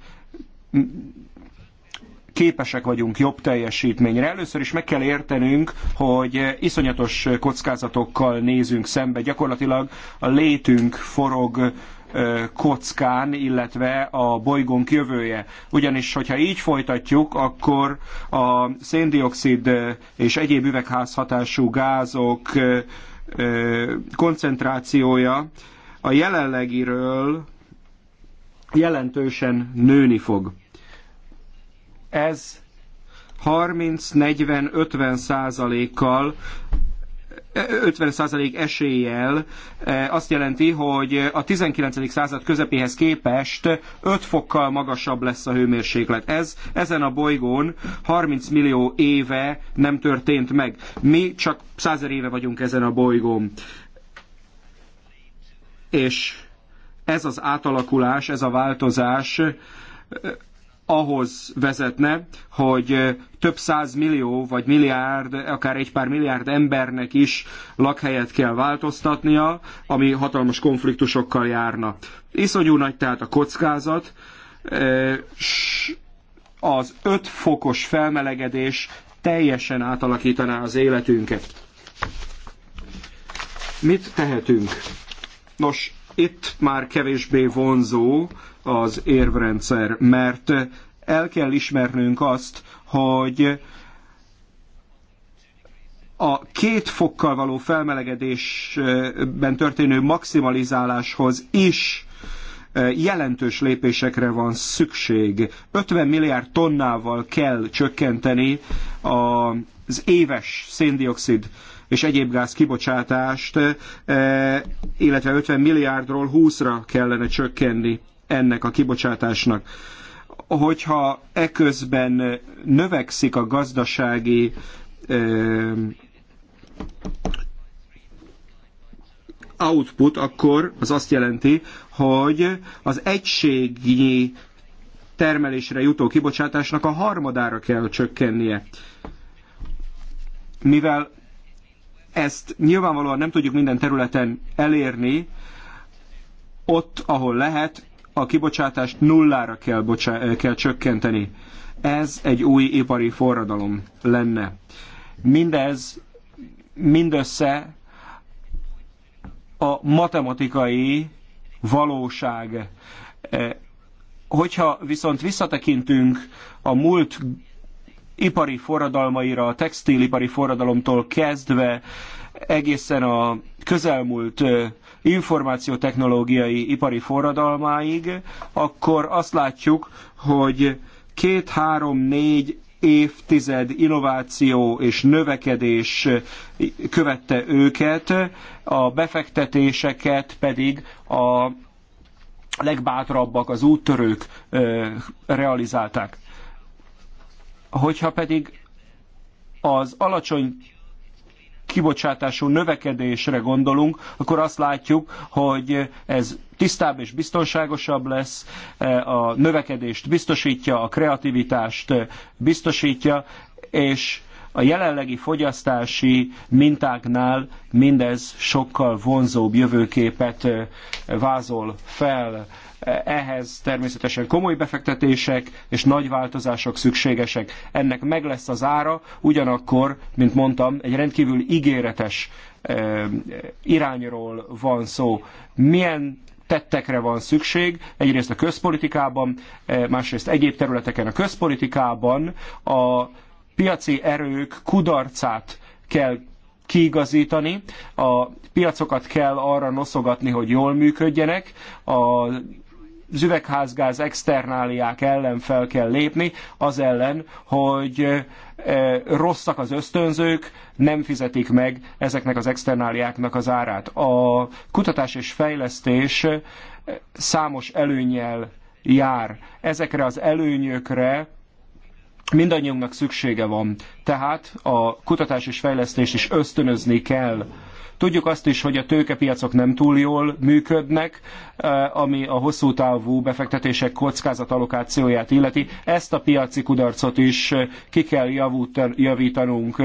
képesek vagyunk jobb teljesítményre. Először is meg kell értenünk, hogy iszonyatos kockázatokkal nézünk szembe. Gyakorlatilag a létünk forog kockán, illetve a bolygónk jövője. Ugyanis, hogyha így folytatjuk, akkor a széndiokszid és egyéb üvegházhatású gázok koncentrációja a jelenlegiről jelentősen nőni fog. Ez 30-40-50 százalékkal 50% eséllyel eh, azt jelenti, hogy a 19. század közepéhez képest 5 fokkal magasabb lesz a hőmérséklet. Ez ezen a bolygón 30 millió éve nem történt meg. Mi csak 100 éve vagyunk ezen a bolygón. És ez az átalakulás, ez a változás ahhoz vezetne, hogy több száz millió vagy milliárd, akár egy pár milliárd embernek is lakhelyet kell változtatnia, ami hatalmas konfliktusokkal járna. Iszonyú nagy tehát a kockázat, az öt fokos felmelegedés teljesen átalakítaná az életünket. Mit tehetünk? Nos, itt már kevésbé vonzó az érvrendszer, mert el kell ismernünk azt, hogy a két fokkal való felmelegedésben történő maximalizáláshoz is e, jelentős lépésekre van szükség. 50 milliárd tonnával kell csökkenteni az éves széndiokszid és egyéb gáz kibocsátást, e, illetve 50 milliárdról 20-ra kellene csökkenni ennek a kibocsátásnak. Hogyha eközben növekszik a gazdasági output, akkor az azt jelenti, hogy az egységnyi termelésre jutó kibocsátásnak a harmadára kell csökkennie. Mivel ezt nyilvánvalóan nem tudjuk minden területen elérni, ott, ahol lehet, a kibocsátást nullára kell, bocsá- kell csökkenteni. Ez egy új ipari forradalom lenne. Mindez mindössze a matematikai valóság. E, hogyha viszont visszatekintünk a múlt ipari forradalmaira, a textilipari forradalomtól kezdve egészen a közelmúlt információtechnológiai ipari forradalmáig, akkor azt látjuk, hogy két, három, négy évtized innováció és növekedés követte őket, a befektetéseket pedig a legbátrabbak, az úttörők realizálták. Hogyha pedig az alacsony kibocsátású növekedésre gondolunk, akkor azt látjuk, hogy ez tisztább és biztonságosabb lesz, eh, a növekedést biztosítja, a kreativitást eh, biztosítja, és a jelenlegi fogyasztási mintáknál mindez sokkal vonzóbb jövőképet eh, vázol fel. Ehhez természetesen komoly befektetések és nagy változások szükségesek. Ennek meg lesz az ára, ugyanakkor, mint mondtam, egy rendkívül ígéretes irányról van szó. Milyen tettekre van szükség, egyrészt a közpolitikában, másrészt egyéb területeken a közpolitikában a piaci erők kudarcát kell kiigazítani, a piacokat kell arra noszogatni, hogy jól működjenek, a az üvegházgáz externáliák ellen fel kell lépni, az ellen, hogy rosszak az ösztönzők, nem fizetik meg ezeknek az externáliáknak az árát. A kutatás és fejlesztés számos előnyel jár. Ezekre az előnyökre mindannyiunknak szüksége van. Tehát a kutatás és fejlesztést is ösztönözni kell Tudjuk azt is, hogy a tőkepiacok nem túl jól működnek, eh, ami a hosszú távú befektetések kockázatalokációját illeti. Ezt a piaci kudarcot is eh, ki kell javítanunk.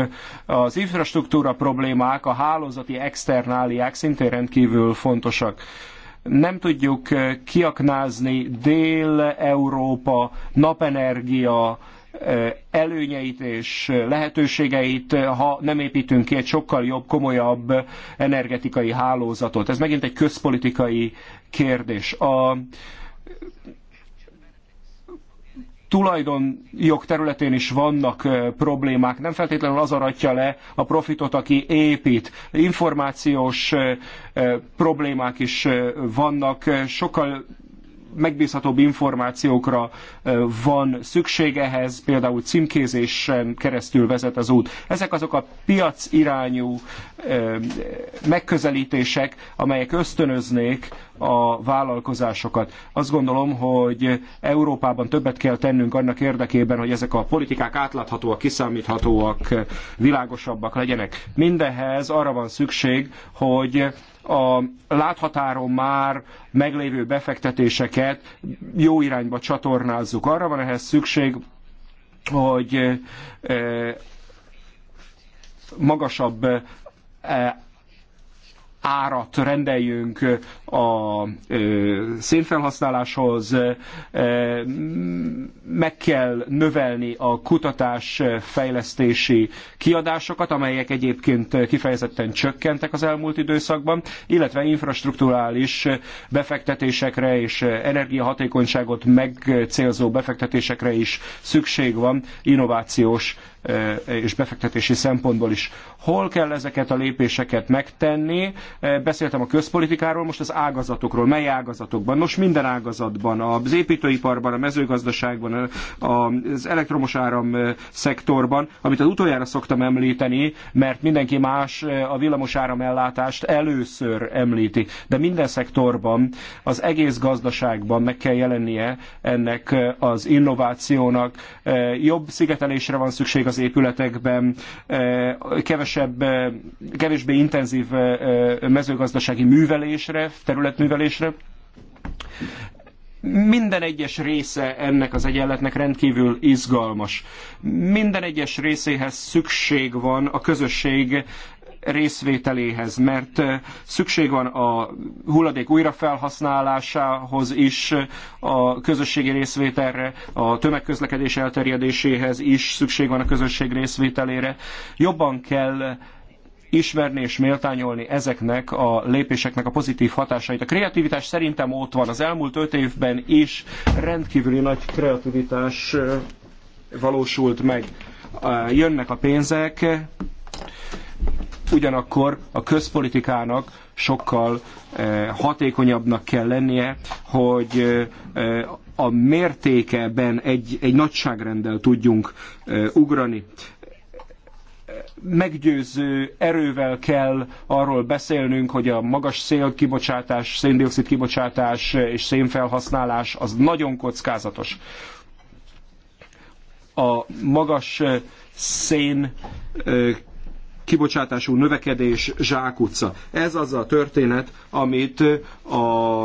Az infrastruktúra problémák, a hálózati externáliák szintén rendkívül fontosak nem tudjuk eh, kiaknázni Dél-Európa napenergia előnyeit és lehetőségeit, ha nem építünk ki egy sokkal jobb, komolyabb energetikai hálózatot. Ez megint egy közpolitikai kérdés. A tulajdonjog területén is vannak problémák. Nem feltétlenül az aratja le a profitot, aki épít. Információs problémák is vannak. Sokkal megbízhatóbb információkra van szükség ehhez, például címkézésen keresztül vezet az út. Ezek azok a piac irányú megközelítések, amelyek ösztönöznék a vállalkozásokat. Azt gondolom, hogy Európában többet kell tennünk annak érdekében, hogy ezek a politikák átláthatóak, kiszámíthatóak, világosabbak legyenek. Mindenhez arra van szükség, hogy a láthatáron már meglévő befektetéseket jó irányba csatornázzuk. Arra van ehhez szükség, hogy eh, magasabb eh, árat rendeljünk a szénfelhasználáshoz, meg kell növelni a kutatás fejlesztési kiadásokat, amelyek egyébként kifejezetten csökkentek az elmúlt időszakban, illetve infrastrukturális befektetésekre és energiahatékonyságot megcélzó befektetésekre is szükség van innovációs és befektetési szempontból is. Hol kell ezeket a lépéseket megtenni? Beszéltem a közpolitikáról, most az ágazatokról. Mely ágazatokban? Nos, minden ágazatban. Az építőiparban, a mezőgazdaságban, az elektromos áram szektorban, amit az utoljára szoktam említeni, mert mindenki más a villamos áram ellátást először említi. De minden szektorban, az egész gazdaságban meg kell jelennie ennek az innovációnak. Jobb szigetelésre van szükség az az épületekben, eh, kevesebb, eh, kevésbé intenzív eh, mezőgazdasági művelésre, területművelésre. Minden egyes része ennek az egyenletnek rendkívül izgalmas. Minden egyes részéhez szükség van a közösség részvételéhez, mert szükség van a hulladék újrafelhasználásához is, a közösségi részvételre, a tömegközlekedés elterjedéséhez is szükség van a közösség részvételére. Jobban kell ismerni és méltányolni ezeknek a lépéseknek a pozitív hatásait. A kreativitás szerintem ott van. Az elmúlt öt évben is rendkívüli nagy kreativitás valósult meg. Jönnek a pénzek, ugyanakkor a közpolitikának sokkal eh, hatékonyabbnak kell lennie, hogy eh, a mértékeben egy, egy nagyságrendel tudjunk eh, ugrani meggyőző erővel kell arról beszélnünk, hogy a magas szélkibocsátás, széndiokszid kibocsátás és szénfelhasználás az nagyon kockázatos. A magas szén kibocsátású növekedés zsákutca. Ez az a történet, amit a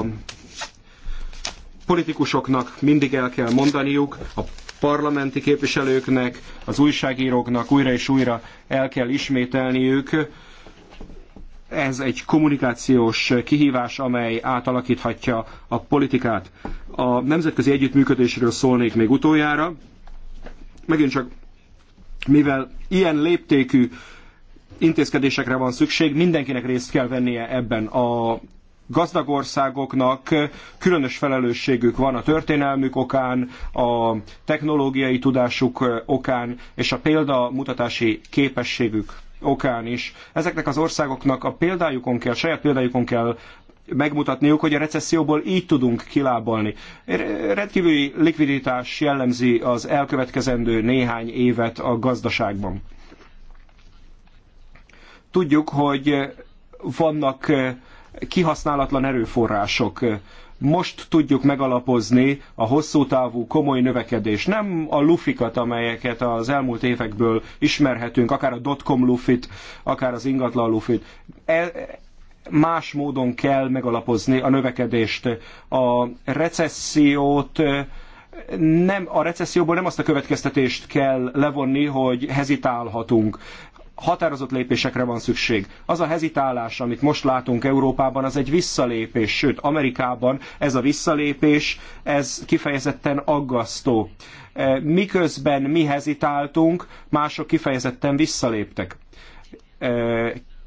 politikusoknak mindig el kell mondaniuk, a parlamenti képviselőknek, az újságíróknak újra és újra el kell ismételniük. Ez egy kommunikációs kihívás, amely átalakíthatja a politikát. A nemzetközi együttműködésről szólnék még utoljára. Megint csak, mivel ilyen léptékű intézkedésekre van szükség, mindenkinek részt kell vennie ebben a gazdag országoknak különös felelősségük van a történelmük okán, a technológiai tudásuk okán és a példamutatási képességük okán is. Ezeknek az országoknak a példájukon kell, saját példájukon kell megmutatniuk, hogy a recesszióból így tudunk kilábalni. Rendkívüli likviditás jellemzi az elkövetkezendő néhány évet a gazdaságban. Tudjuk, hogy vannak eh, kihasználatlan erőforrások. Most tudjuk megalapozni a hosszú távú komoly növekedés. Nem a lufikat, amelyeket az elmúlt évekből ismerhetünk, akár a dotcom lufit, akár az ingatlan lufit. E, más módon kell megalapozni a növekedést. A recessziót eh, nem, a recesszióból nem azt a következtetést kell levonni, hogy hezitálhatunk határozott lépésekre van szükség. Az a hezitálás, amit most látunk Európában, az egy visszalépés, sőt Amerikában ez a visszalépés, ez kifejezetten aggasztó. E, miközben mi hezitáltunk, mások kifejezetten visszaléptek. E,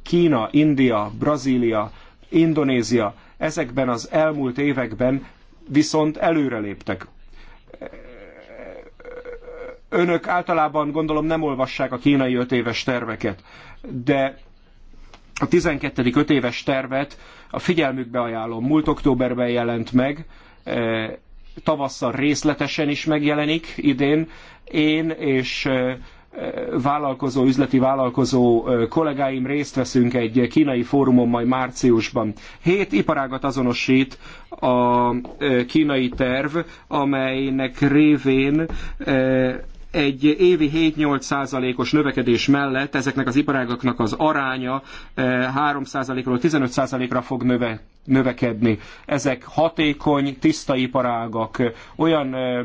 Kína, India, Brazília, Indonézia, ezekben az elmúlt években viszont előreléptek. Önök általában gondolom nem olvassák a kínai ötéves terveket, de a 12. ötéves tervet a figyelmükbe ajánlom. Múlt októberben jelent meg, e, tavasszal részletesen is megjelenik idén. Én és e, e, vállalkozó, üzleti vállalkozó kollégáim részt veszünk egy kínai fórumon majd márciusban. Hét iparágat azonosít a kínai terv, amelynek révén egy évi 7-8 százalékos növekedés mellett ezeknek az iparágaknak az aránya 3 ról 15 százalékra fog növe, növekedni. Ezek hatékony, tiszta iparágak, olyan eh,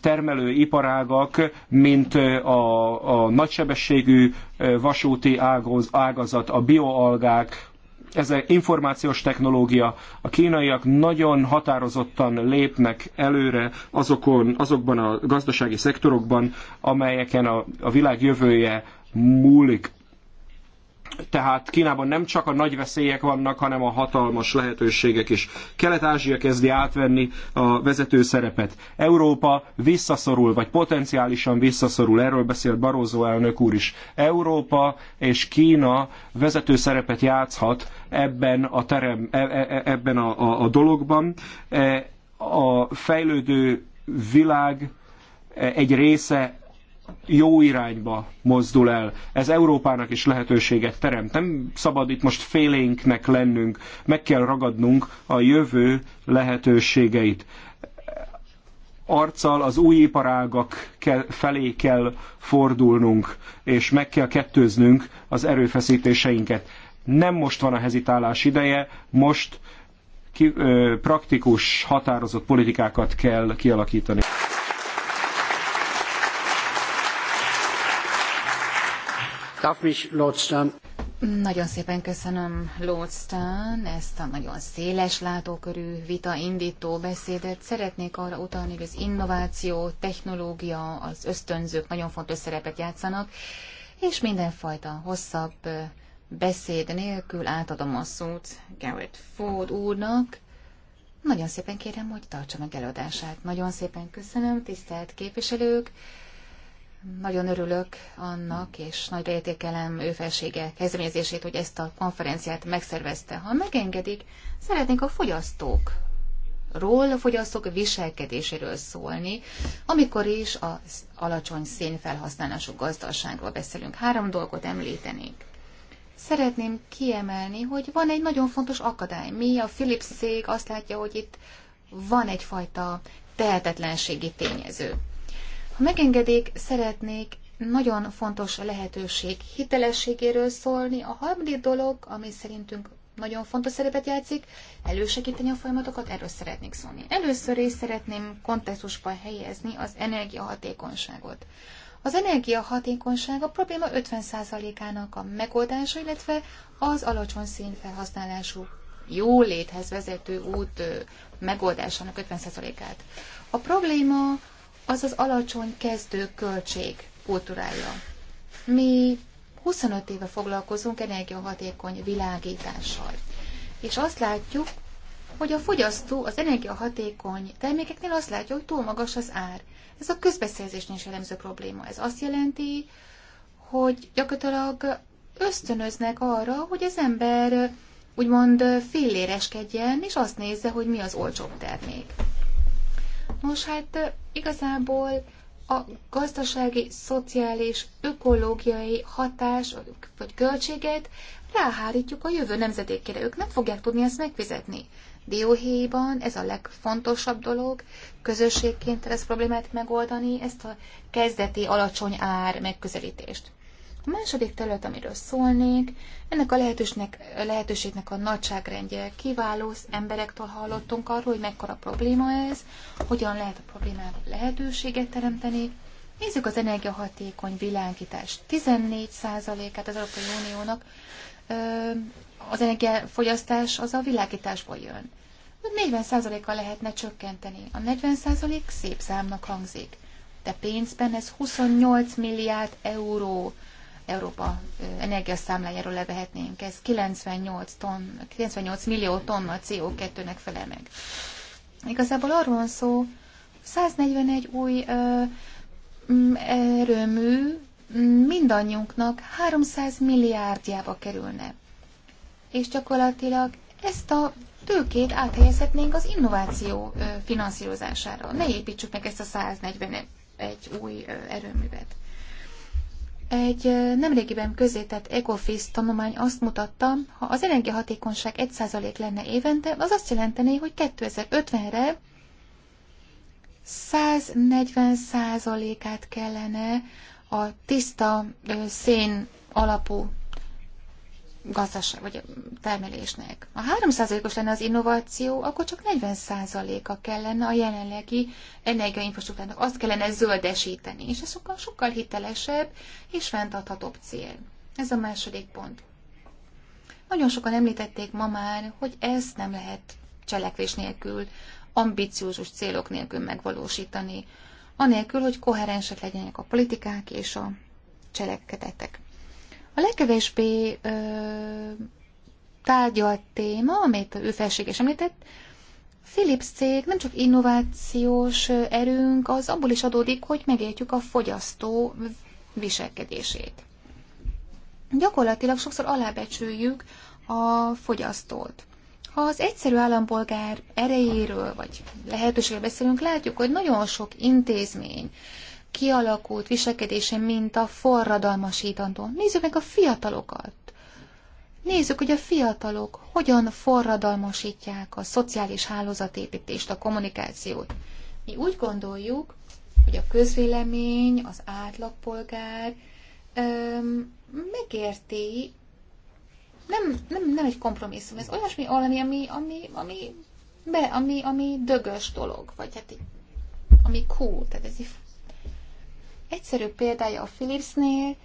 termelő iparágak, mint eh, a, a nagysebességű eh, vasúti ágaz, ágazat, a bioalgák, ez egy információs technológia. A kínaiak nagyon határozottan lépnek előre azokon, azokban a gazdasági szektorokban, amelyeken a, a világ jövője múlik. Tehát Kínában nem csak a nagy veszélyek vannak, hanem a hatalmas lehetőségek is. Kelet-Ázsia kezdi átvenni a vezető szerepet. Európa visszaszorul, vagy potenciálisan visszaszorul, erről beszélt Barroso elnök úr is. Európa és Kína vezető szerepet játszhat ebben a, terem, e, e, e, ebben a, a, a dologban. A fejlődő világ egy része jó irányba mozdul el. Ez Európának is lehetőséget teremt. Nem szabad itt most félénknek lennünk, meg kell ragadnunk a jövő lehetőségeit. Arccal az új iparágak felé kell fordulnunk, és meg kell kettőznünk az erőfeszítéseinket. Nem most van a hezitálás ideje, most ki, ö, praktikus, határozott politikákat kell kialakítani. darf mich, Lord Stern.
Nagyon szépen köszönöm Lord Stern ezt a nagyon széles látókörű vita indító beszédet. Szeretnék arra utalni, hogy az innováció, technológia, az ösztönzők nagyon fontos szerepet játszanak, és mindenfajta hosszabb beszéd nélkül átadom a szót Garrett Ford úrnak. Nagyon szépen kérem, hogy tartsa meg előadását. Nagyon szépen köszönöm, tisztelt képviselők! Nagyon örülök annak, és nagyra értékelem ő felsége kezdeményezését, hogy ezt a konferenciát megszervezte. Ha megengedik, szeretnénk a fogyasztók ról, a fogyasztók viselkedéséről szólni, amikor is az alacsony szénfelhasználású gazdaságról beszélünk. Három dolgot említenék. Szeretném kiemelni, hogy van egy nagyon fontos akadály. Mi a Philips cég azt látja, hogy itt van egyfajta tehetetlenségi tényező. Ha megengedik, szeretnék nagyon fontos lehetőség hitelességéről szólni. A harmadik dolog, ami szerintünk nagyon fontos szerepet játszik, elősegíteni a folyamatokat, erről szeretnék szólni. Először is szeretném kontextusba helyezni az energiahatékonyságot. Az energiahatékonyság a probléma 50%-ának a megoldása, illetve az alacsony színfelhasználású jó léthez vezető út megoldásának 50%-át. A probléma az az alacsony kezdő költség kultúrája. Mi 25 éve foglalkozunk energiahatékony világítással. És azt látjuk, hogy a fogyasztó az energiahatékony termékeknél azt látja, hogy túl magas az ár. Ez a közbeszerzésnél is jellemző probléma. Ez azt jelenti, hogy gyakorlatilag ösztönöznek arra, hogy az ember úgymond filléreskedjen, és azt nézze, hogy mi az olcsóbb termék. Nos, hát igazából a gazdasági, szociális, ökológiai hatás vagy költséget ráhárítjuk a jövő nemzedékére. Ők nem fogják tudni ezt megfizetni. Dióhéjban ez a legfontosabb dolog, közösségként ezt problémát megoldani, ezt a kezdeti alacsony ár megközelítést. A második terület, amiről szólnék, ennek a lehetőségnek, lehetőségnek a nagyságrendje kiváló, emberektől hallottunk arról, hogy mekkora probléma ez, hogyan lehet a problémát lehetőséget teremteni. Nézzük az energiahatékony világítás 14%-át az Európai Uniónak, az energiafogyasztás az a világításból jön. 40%-kal lehetne csökkenteni. A 40% szép számnak hangzik. De pénzben ez 28 milliárd euró. Európa energiaszámlájáról levehetnénk. Ez 98, ton, 98 millió tonna CO2-nek felel meg. Igazából arról van szó, 141 új ö, erőmű mindannyiunknak 300 milliárdjába kerülne. És gyakorlatilag ezt a tőkét áthelyezhetnénk az innováció finanszírozására. Ne építsük meg ezt a 141 új erőművet. Egy nemrégiben közzétett Ecofis tanulmány azt mutatta, ha az energiahatékonyság 1% lenne évente, az azt jelenteni, hogy 2050-re 140%-át kellene a tiszta szén alapú gazdaság vagy termelésnek. Ha 3%-os lenne az innováció, akkor csak 40%-a kellene a jelenlegi energiainfrastruktúrának. Azt kellene zöldesíteni, és ez sokkal, sokkal hitelesebb és fenntarthatóbb cél. Ez a második pont. Nagyon sokan említették ma már, hogy ezt nem lehet cselekvés nélkül, ambiciózus célok nélkül megvalósítani, anélkül, hogy koherensek legyenek a politikák és a cselekedetek. A legkevésbé ö, tárgyalt téma, amit ő felséges említett, Philips cég nem csak innovációs erőnk, az abból is adódik, hogy megértjük a fogyasztó viselkedését. Gyakorlatilag sokszor alábecsüljük a fogyasztót. Ha az egyszerű állampolgár erejéről vagy lehetőségről beszélünk, látjuk, hogy nagyon sok intézmény, kialakult mint minta forradalmasítandó. Nézzük meg a fiatalokat. Nézzük, hogy a fiatalok hogyan forradalmasítják a szociális hálózatépítést, a kommunikációt. Mi úgy gondoljuk, hogy a közvélemény, az átlagpolgár öm, megérti, nem, nem, nem egy kompromisszum, ez olyasmi, valami, ami, ami, ami, be, ami, ami dögös dolog, vagy hát ami cool, tehát ez egy egyszerű példája a Philipsnél,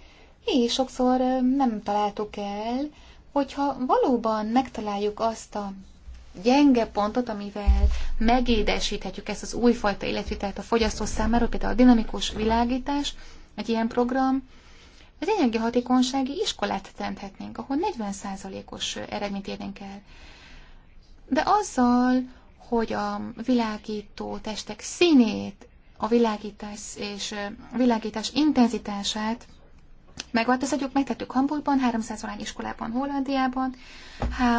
és sokszor nem találtuk el, hogyha valóban megtaláljuk azt a gyenge pontot, amivel megédesíthetjük ezt az újfajta életvitelt a fogyasztó számára, például a dinamikus világítás, egy ilyen program, az hatékonysági iskolát tenthetnénk, ahol 40%-os eredményt érnénk el. De azzal, hogy a világító testek színét, a világítás és a világítás intenzitását megváltoztatjuk, megtettük Hamburgban, 300 valány iskolában, Hollandiában,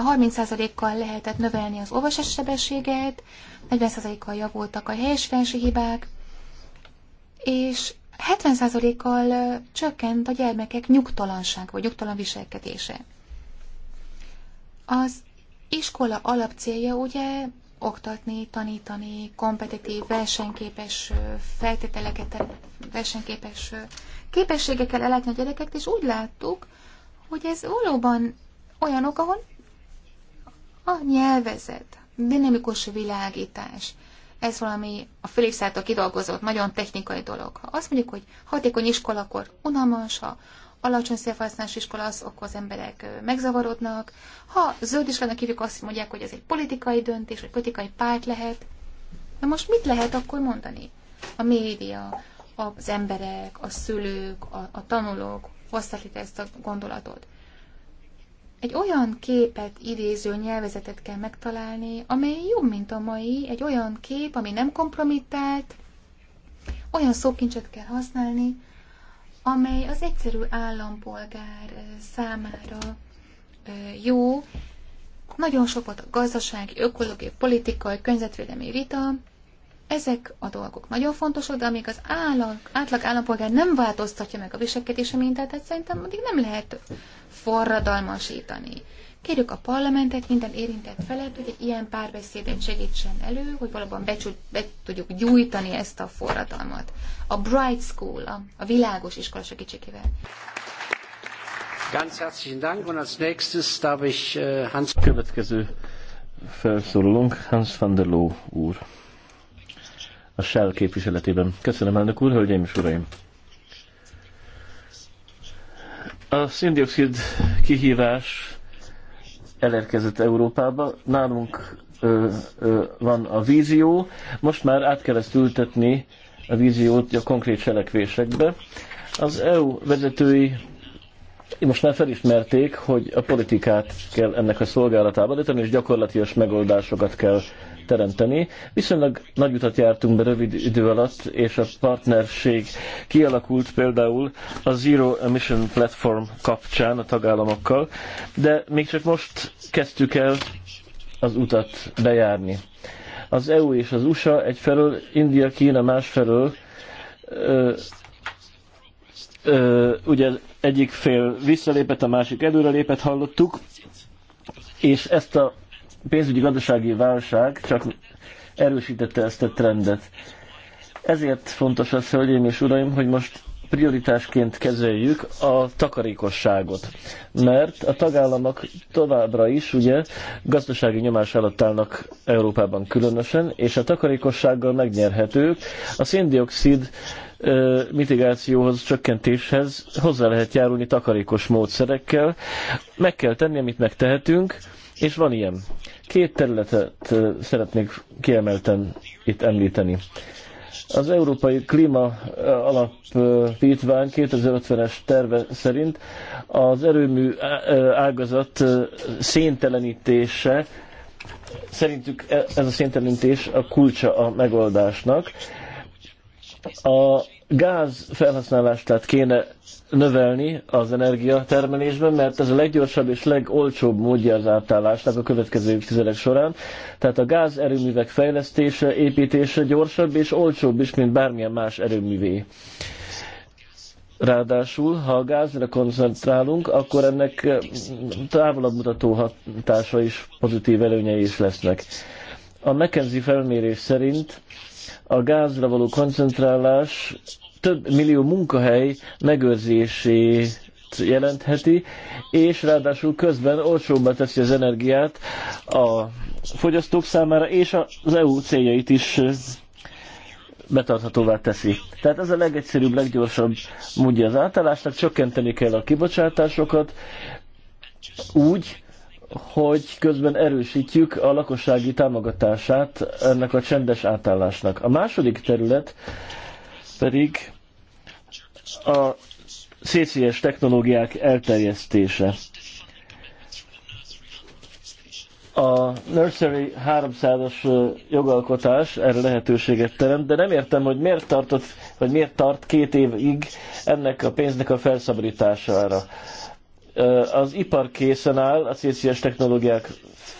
30%-kal lehetett növelni az olvasás sebességet, 40%-kal javultak a helyesfelső hibák, és 70%-kal csökkent a gyermekek nyugtalanság vagy nyugtalan viselkedése. Az iskola alapcélja ugye oktatni, tanítani, kompetitív, versenyképes feltételeket, versenyképes képességekkel elátni a gyerekeket, és úgy láttuk, hogy ez valóban olyanok, ahol a nyelvezet, dinamikus világítás, ez valami a Philips által kidolgozott, nagyon technikai dolog. Ha azt mondjuk, hogy hatékony iskola, akkor unalmas, ha alacsony szélfelhasználás iskola, az okoz emberek megzavarodnak. Ha zöld is lenne, hívjuk, azt mondják, hogy ez egy politikai döntés, vagy politikai párt lehet. Na most mit lehet akkor mondani? A média, az emberek, a szülők, a, a tanulók hozták ezt a gondolatot. Egy olyan képet idéző nyelvezetet kell megtalálni, amely jobb, mint a mai, egy olyan kép, ami nem kompromittált, olyan szókincset kell használni, amely az egyszerű állampolgár számára jó. Nagyon sok volt a gazdasági, ökológiai, politikai, környezetvédelmi vita. Ezek a dolgok nagyon fontosak, de amíg az állag, átlag állampolgár nem változtatja meg a viselkedése mintát, tehát szerintem addig nem lehet forradalmasítani. Kérjük a parlamentet, minden érintett felett, hogy egy ilyen párbeszédet segítsen elő, hogy valóban be, be tudjuk gyújtani ezt a forradalmat. A Bright School, a, a világos iskola segítségével.
Ganz herzlichen Dank und als nächstes darf ich äh, Hans... Következő
felszólalunk Hans van der Loo úr. A Shell képviseletében. Köszönöm, elnök úr, hölgyeim és uraim! A széndiokszid kihívás elérkezett Európába. Nálunk ö, ö, van a vízió, most már át kell ezt ültetni a víziót a konkrét cselekvésekbe. Az EU vezetői most már felismerték, hogy a politikát kell ennek a szolgálatába adni, és gyakorlatilag megoldásokat kell teremteni. Viszonylag nagy utat jártunk be rövid idő alatt, és a partnerség kialakult például a Zero Emission Platform kapcsán a tagállamokkal, de még csak most kezdtük el az utat bejárni. Az EU és az USA egyfelől, India, Kína másfelől ö, ö, ugye egyik fél visszalépett, a másik előrelépett, hallottuk, és ezt a pénzügyi gazdasági válság csak erősítette ezt a trendet. Ezért fontos az, hölgyeim és uraim, hogy most prioritásként kezeljük a takarékosságot, mert a tagállamok továbbra is ugye gazdasági nyomás alatt állnak Európában különösen, és a takarékossággal megnyerhetők. A széndiokszid mitigációhoz, csökkentéshez hozzá lehet járulni takarékos módszerekkel. Meg kell tenni, amit megtehetünk, és van ilyen. Két területet szeretnék kiemelten itt említeni. Az Európai Klíma Alapítvány 2050-es terve szerint az erőmű ágazat széntelenítése, szerintük e, ez a széntelenítés a kulcsa a megoldásnak. A gáz felhasználást tehát kéne növelni az energiatermelésben, mert ez a leggyorsabb és legolcsóbb módja az átállásnak a következő évtizedek során. Tehát a gáz erőművek fejlesztése, építése gyorsabb és olcsóbb is, mint bármilyen más erőművé. Ráadásul, ha a gázra koncentrálunk, akkor ennek eh, távolabb mutató hatása is, pozitív előnyei is lesznek. A McKenzie felmérés szerint a gázra való koncentrálás több millió munkahely megőrzését jelentheti, és ráadásul közben olcsóbbá teszi az energiát a fogyasztók számára, és az EU céljait is betarthatóvá teszi. Tehát ez a legegyszerűbb, leggyorsabb módja az átállásnak, csökkenteni kell a kibocsátásokat úgy, hogy közben erősítjük a lakossági támogatását ennek a csendes átállásnak. A második terület pedig a CCS technológiák elterjesztése. A Nursery 300-as jogalkotás erre lehetőséget teremt, de nem értem, hogy miért tartott, vagy miért tart két évig ennek a pénznek a felszabadítására. Az ipar készen áll a CCS technológiák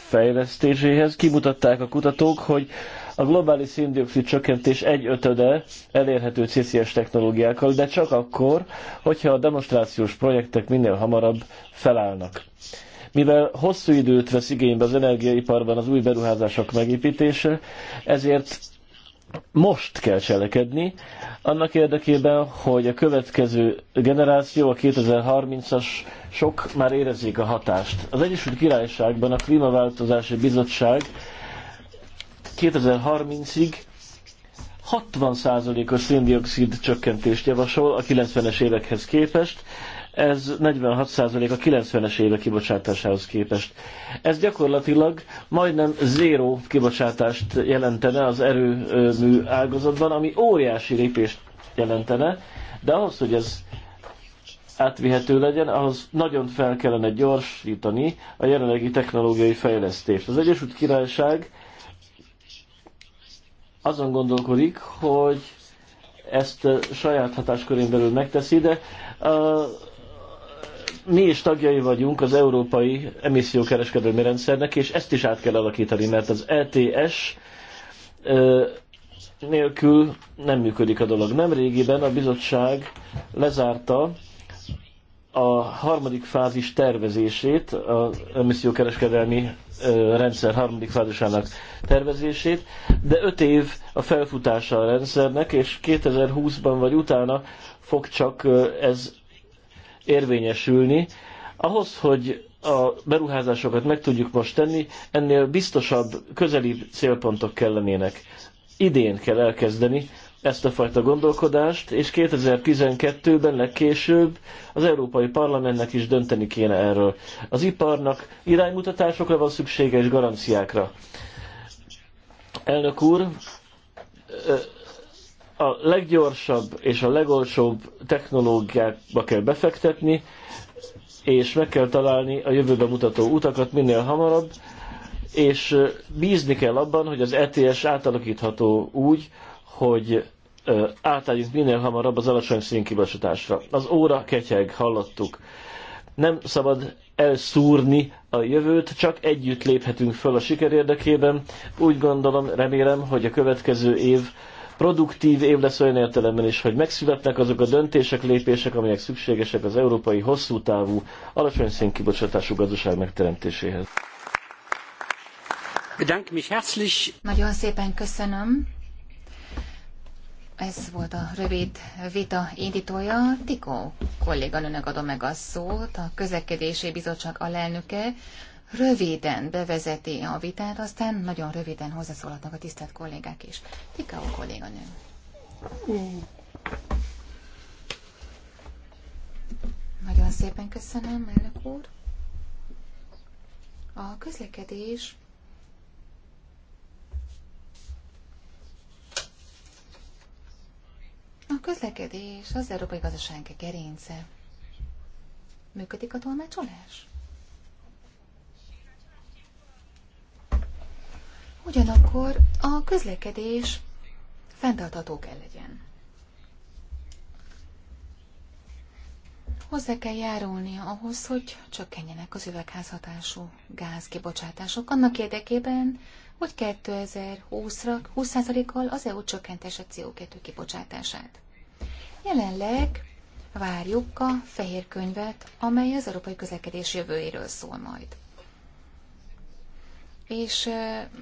fejlesztéséhez. Kimutatták a kutatók, hogy a globális széndiokszid csökkentés egy ötöde elérhető CCS technológiákkal, de csak akkor, hogyha a demonstrációs projektek minél hamarabb felállnak. Mivel hosszú időt vesz igénybe az energiaiparban az új beruházások megépítése, ezért most kell cselekedni, annak érdekében, hogy a következő generáció, a 2030-as sok már érezzék a hatást. Az Egyesült Királyságban a Klímaváltozási Bizottság 2030-ig 60%-os széndiokszid csökkentést javasol a 90-es évekhez képest, ez 46% a 90-es évek kibocsátásához képest. Ez gyakorlatilag majdnem zéró kibocsátást jelentene az erőmű ágazatban, ami óriási lépést jelentene, de ahhoz, hogy ez átvihető legyen, ahhoz nagyon fel kellene gyorsítani a jelenlegi technológiai fejlesztést. Az Egyesült Királyság azon gondolkodik, hogy ezt saját hatáskörén belül megteszi, de uh, mi is tagjai vagyunk az európai emissziókereskedelmi rendszernek, és ezt is át kell alakítani, mert az ETS ö, nélkül nem működik a dolog. Nem régiben a bizottság lezárta a harmadik fázis tervezését az emissziókereskedelmi rendszer harmadik fázisának tervezését, de öt év a felfutása a rendszernek, és 2020-ban vagy utána fog csak ez érvényesülni. Ahhoz, hogy a beruházásokat meg tudjuk most tenni, ennél biztosabb, közelibb célpontok kellenének. Idén kell elkezdeni ezt a fajta gondolkodást, és 2012-ben legkésőbb az Európai Parlamentnek is dönteni kéne erről. Az iparnak iránymutatásokra van szüksége és garanciákra. Elnök úr, a leggyorsabb és a legolcsóbb technológiákba kell befektetni, és meg kell találni a jövőbe mutató utakat minél hamarabb, és bízni kell abban, hogy az ETS átalakítható úgy, hogy átállít minél hamarabb az alacsony színkibocsátásra. Az óra ketyeg, hallottuk. Nem szabad elszúrni a jövőt, csak együtt léphetünk föl a siker érdekében. Úgy gondolom, remélem, hogy a következő év produktív év lesz olyan értelemben is, hogy megszületnek azok a döntések, lépések, amelyek szükségesek az európai hosszú távú, alacsony szénkibocsátású gazdaság megteremtéséhez.
Nagyon szépen köszönöm ez volt a rövid vita indítója. Tikó kolléganőnek adom meg a szót, a közlekedési bizottság alelnöke. Röviden bevezeti a vitát, aztán nagyon röviden hozzászólhatnak a tisztelt kollégák is. Tikó kolléganő. Nagyon szépen köszönöm, elnök úr. A közlekedés A közlekedés az európai gazdaság gerince. Működik a tolmácsolás? Ugyanakkor a közlekedés fenntartható kell legyen. Hozzá kell járulnia ahhoz, hogy csökkenjenek az üvegházhatású gázkibocsátások annak érdekében, hogy 2020-ra 20%-kal az EU csökkentese CO2 kibocsátását. Jelenleg várjuk a fehér könyvet, amely az európai közlekedés jövőjéről szól majd. És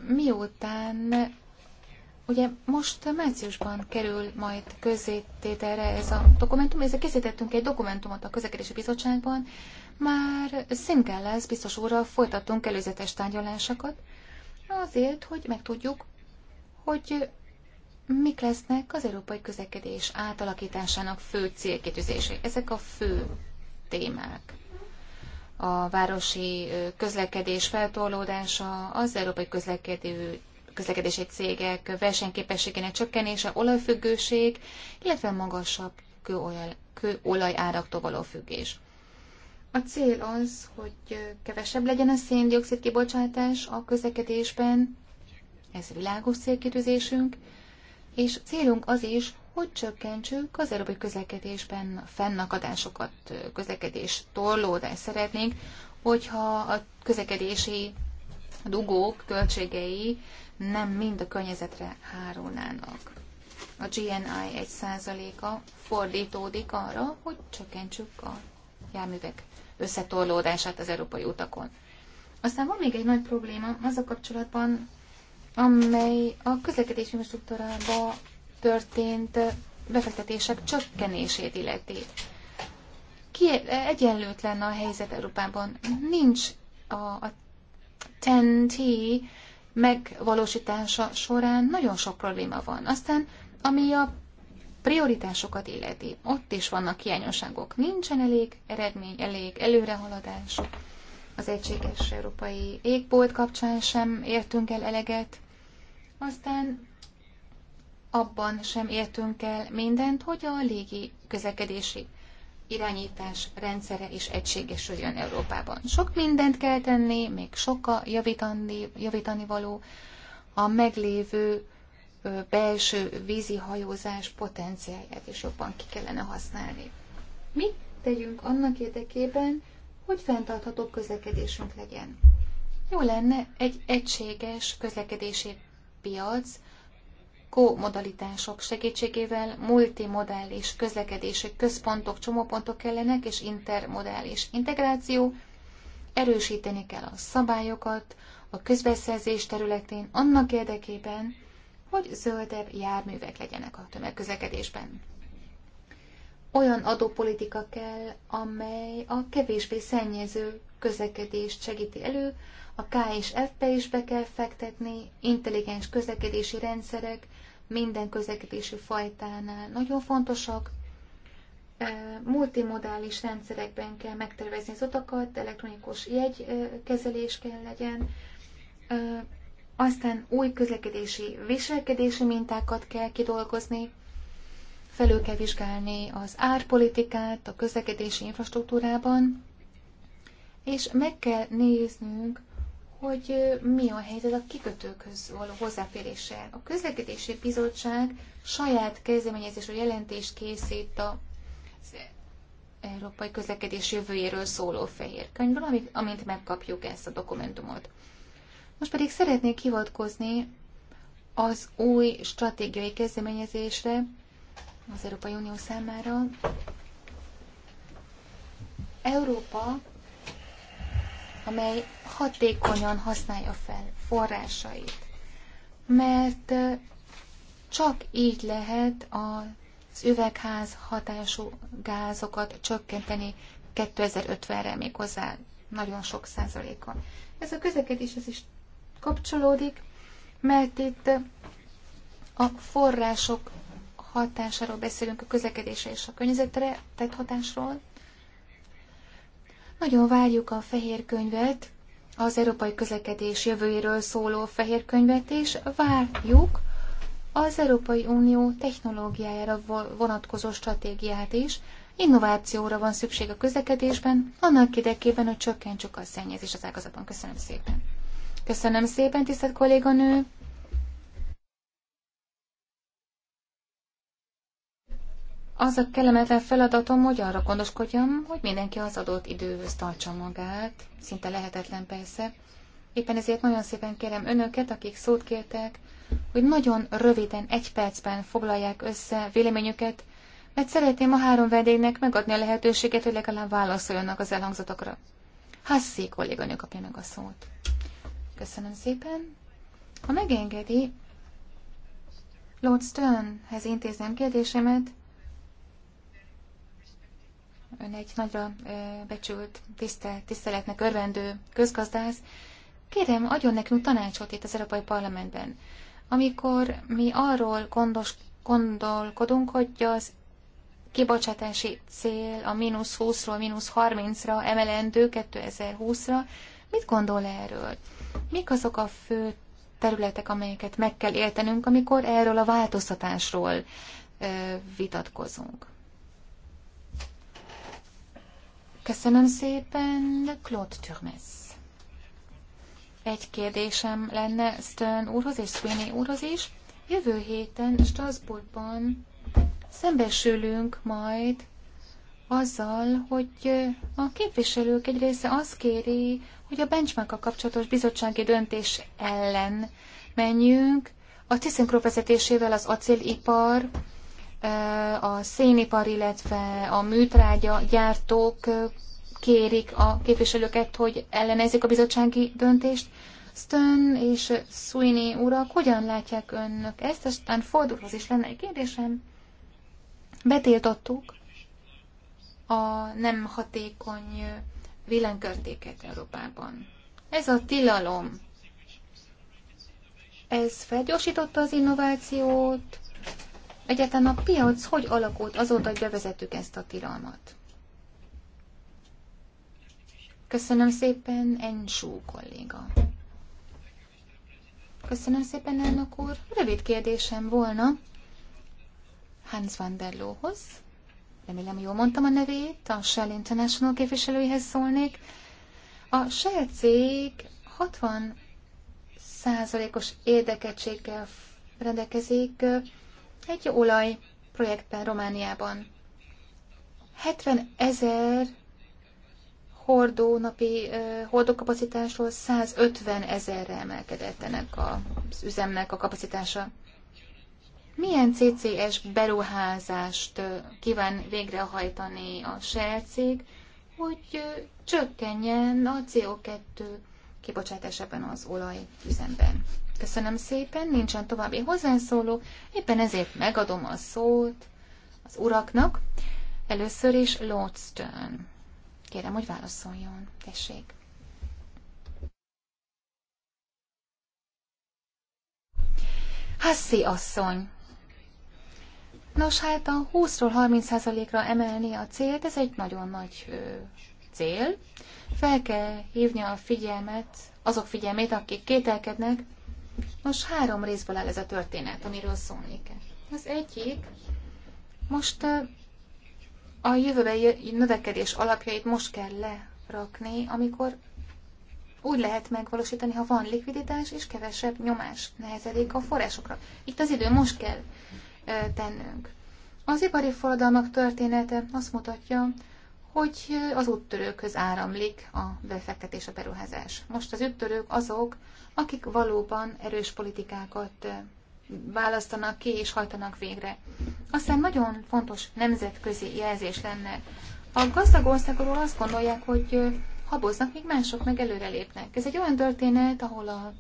miután, ugye most márciusban kerül majd közzétételre ez a dokumentum, ezzel készítettünk egy dokumentumot a közlekedési bizottságban, már lesz biztos úrral folytattunk előzetes tárgyalásokat, azért, hogy megtudjuk, hogy mik lesznek az európai közlekedés átalakításának fő célkitűzései. Ezek a fő témák. A városi közlekedés feltorlódása, az európai közlekedő közlekedési cégek versenyképességének csökkenése, olajfüggőség, illetve magasabb kőolaj, árak való függés. A cél az, hogy kevesebb legyen a széndiokszid kibocsátás a közlekedésben, ez világos célkitűzésünk, és célunk az is, hogy csökkentsük az európai közlekedésben a fennakadásokat, közlekedés torlódást szeretnénk, hogyha a közlekedési dugók költségei nem mind a környezetre hárulnának. A GNI 1%-a fordítódik arra, hogy csökkentsük a járművek összetorlódását az európai utakon. Aztán van még egy nagy probléma az a kapcsolatban, amely a közlekedési infrastruktúrába történt befektetések csökkenését illeti. Ki egyenlőtlen a helyzet Európában. Nincs a, a TEN-T megvalósítása során nagyon sok probléma van. Aztán, ami a prioritásokat illeti, ott is vannak hiányosságok. Nincsen elég eredmény, elég előrehaladás. Az egységes európai égbolt kapcsán sem értünk el eleget. Aztán abban sem értünk el mindent, hogy a légi közlekedési irányítás rendszere is egységesüljön Európában. Sok mindent kell tenni, még sokkal javítani, javítani való. A meglévő belső vízi hajózás potenciáját is jobban ki kellene használni. Mi tegyünk annak érdekében, hogy fenntartható közlekedésünk legyen? Jó lenne egy egységes közlekedési piac, kómodalitások segítségével multimodális közlekedési központok, csomópontok kellenek, és intermodális integráció. Erősíteni kell a szabályokat a közbeszerzés területén annak érdekében, hogy zöldebb járművek legyenek a tömegközlekedésben. Olyan adópolitika kell, amely a kevésbé szennyező közlekedést segíti elő, a K és F-be is be kell fektetni, intelligens közlekedési rendszerek minden közlekedési fajtánál nagyon fontosak, multimodális rendszerekben kell megtervezni az utakat, elektronikus jegykezelés kell legyen, aztán új közlekedési viselkedési mintákat kell kidolgozni, felül kell vizsgálni az árpolitikát a közlekedési infrastruktúrában, és meg kell néznünk, hogy mi a helyzet a kikötőkhöz való hozzáféréssel. A közlekedési bizottság saját kezdeményezésű jelentést készít a Európai Közlekedés jövőjéről szóló fehér könyvből, amint megkapjuk ezt a dokumentumot. Most pedig szeretnék hivatkozni az új stratégiai kezdeményezésre az Európai Unió számára. Európa, amely hatékonyan használja fel forrásait, mert csak így lehet az üvegház hatású gázokat csökkenteni 2050-re még hozzá nagyon sok százalékon. Ez a ez is kapcsolódik, mert itt a források hatásáról beszélünk, a közlekedésre és a környezetre tett hatásról. Nagyon várjuk a fehér könyvet, az európai közlekedés jövőjéről szóló fehér könyvet, és várjuk az Európai Unió technológiájára vonatkozó stratégiát is. Innovációra van szükség a közlekedésben, annak érdekében, hogy csökkentsük a szennyezést az ágazatban. Köszönöm szépen! Köszönöm szépen, tisztelt kolléganő. Az a kellemetlen feladatom, hogy arra gondoskodjam, hogy mindenki az adott időhöz tartsa magát. Szinte lehetetlen persze. Éppen ezért nagyon szépen kérem önöket, akik szót kértek, hogy nagyon röviden, egy percben foglalják össze véleményüket, mert szeretném a három vendégnek megadni a lehetőséget, hogy legalább válaszoljanak az elhangzatokra. Hasszi kolléganő kapja meg a szót. Köszönöm szépen. Ha megengedi, Lord Sternhez intézném kérdésemet. Ön egy nagyra becsült, tisztelt, tiszteletnek örvendő közgazdász. Kérem, adjon nekünk tanácsot itt az Európai Parlamentben. Amikor mi arról gondos, gondolkodunk, hogy az kibocsátási cél a mínusz 20-ról mínusz 30-ra emelendő 2020-ra, mit gondol erről? Mik azok a fő területek, amelyeket meg kell értenünk, amikor erről a változtatásról vitatkozunk? Köszönöm szépen, Claude Turmes. Egy kérdésem lenne Stern úrhoz és Sweeney úrhoz is. Jövő héten Strasbourgban szembesülünk majd azzal, hogy a képviselők egy része azt kéri, hogy a benchmark a kapcsolatos bizottsági döntés ellen menjünk. A ThyssenKrupp vezetésével az acélipar, a szénipar, illetve a műtrágya gyártók kérik a képviselőket, hogy ellenezzék a bizottsági döntést. Stön és Sweeney urak, hogyan látják önök ezt? Aztán fordulhoz is lenne egy kérdésem. Betiltottuk a nem hatékony villanykörtéket Európában. Ez a tilalom, ez felgyorsította az innovációt, Egyáltalán a piac hogy alakult azóta, hogy bevezettük ezt a tilalmat? Köszönöm szépen, Ensú kolléga. Köszönöm szépen, elnök úr. Rövid kérdésem volna Hans van der Lohoz remélem jól mondtam a nevét, a Shell International képviselőihez szólnék. A Shell cég 60 százalékos érdekeltséggel rendelkezik egy olaj projektben Romániában. 70 ezer hordó napi hordókapacitásról 150 ezerre emelkedett ennek az üzemnek a kapacitása. Milyen CCS beruházást kíván végrehajtani a Shell cég, hogy csökkenjen a CO2 kibocsátás ebben az olajüzemben? Köszönöm szépen, nincsen további hozzászóló, éppen ezért megadom a szót az uraknak. Először is Lord Stern. Kérem, hogy válaszoljon. Tessék. Hassi asszony, Nos, hát a 20-ról 30%-ra emelni a célt, ez egy nagyon nagy ö, cél. Fel kell hívni a figyelmet, azok figyelmét, akik kételkednek. Most három részből áll ez a történet, amiről szólni kell. Az egyik, most ö, a jövőbe növekedés alapjait most kell lerakni, amikor úgy lehet megvalósítani, ha van likviditás és kevesebb nyomás nehezedik a forrásokra. Itt az idő most kell tennünk. Az ipari forradalmak története azt mutatja, hogy az úttörőkhöz áramlik a befektetés, a beruházás. Most az úttörők azok, akik valóban erős politikákat választanak ki és hajtanak végre. Aztán nagyon fontos nemzetközi jelzés lenne. A gazdag országokról azt gondolják, hogy haboznak, míg mások meg előrelépnek. Ez egy olyan történet, ahol a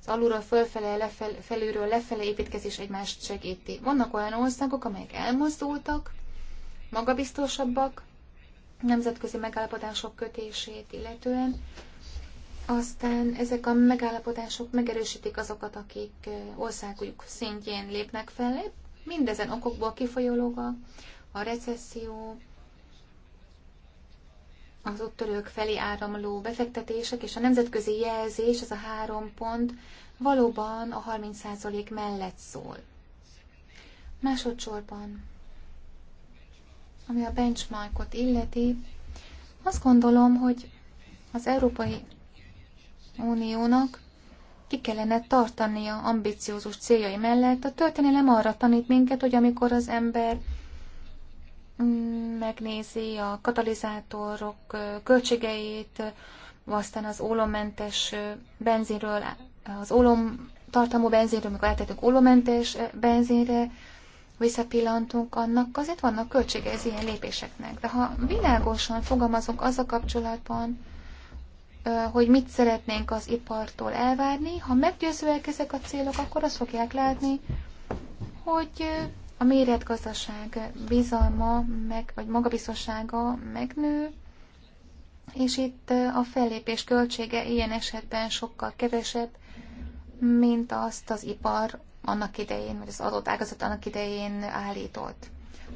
az alulról fölfele, lefel, felülről lefele építkezés egymást segíti. Vannak olyan országok, amelyek elmozdultak, magabiztosabbak, nemzetközi megállapodások kötését illetően, aztán ezek a megállapodások megerősítik azokat, akik országuk szintjén lépnek fel. Mindezen okokból kifolyólag a recesszió, az ott török felé áramló befektetések és a nemzetközi jelzés, ez a három pont valóban a 30% mellett szól. Másodszorban, ami a benchmarkot illeti, azt gondolom, hogy az Európai Uniónak ki kellene tartania ambiciózus céljai mellett. A történelem arra tanít minket, hogy amikor az ember megnézi a katalizátorok költségeit, aztán az ólommentes benzinről, az ólom tartalmú benzinről, amikor eltettünk ólommentes benzinre, visszapillantunk, annak azért vannak költsége az ilyen lépéseknek. De ha világosan fogalmazunk az a kapcsolatban, hogy mit szeretnénk az ipartól elvárni, ha meggyőzőek ezek a célok, akkor azt fogják látni, hogy a méretgazdaság bizalma, meg, vagy magabiztossága megnő, és itt a fellépés költsége ilyen esetben sokkal kevesebb, mint azt az ipar annak idején, vagy az adott ágazat annak idején állított.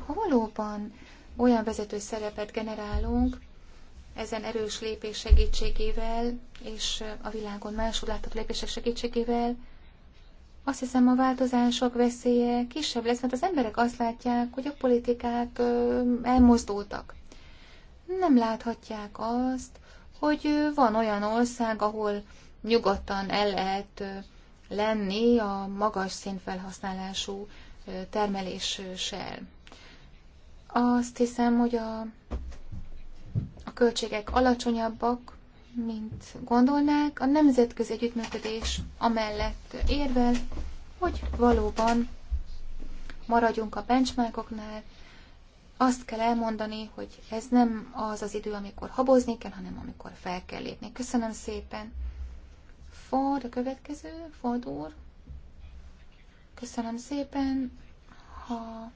Ha valóban olyan vezető szerepet generálunk, ezen erős lépés segítségével, és a világon máshol lépések segítségével, azt hiszem a változások veszélye kisebb lesz, mert az emberek azt látják, hogy a politikák elmozdultak. Nem láthatják azt, hogy van olyan ország, ahol nyugodtan el lehet lenni a magas szénfelhasználású termeléssel. Azt hiszem, hogy a, a költségek alacsonyabbak, mint gondolnák, a nemzetközi együttműködés amellett érvel, hogy valóban maradjunk a benchmarkoknál, azt kell elmondani, hogy ez nem az az idő, amikor habozni kell, hanem amikor fel kell lépni. Köszönöm szépen. Ford, a következő, Ford úr. Köszönöm szépen. Ha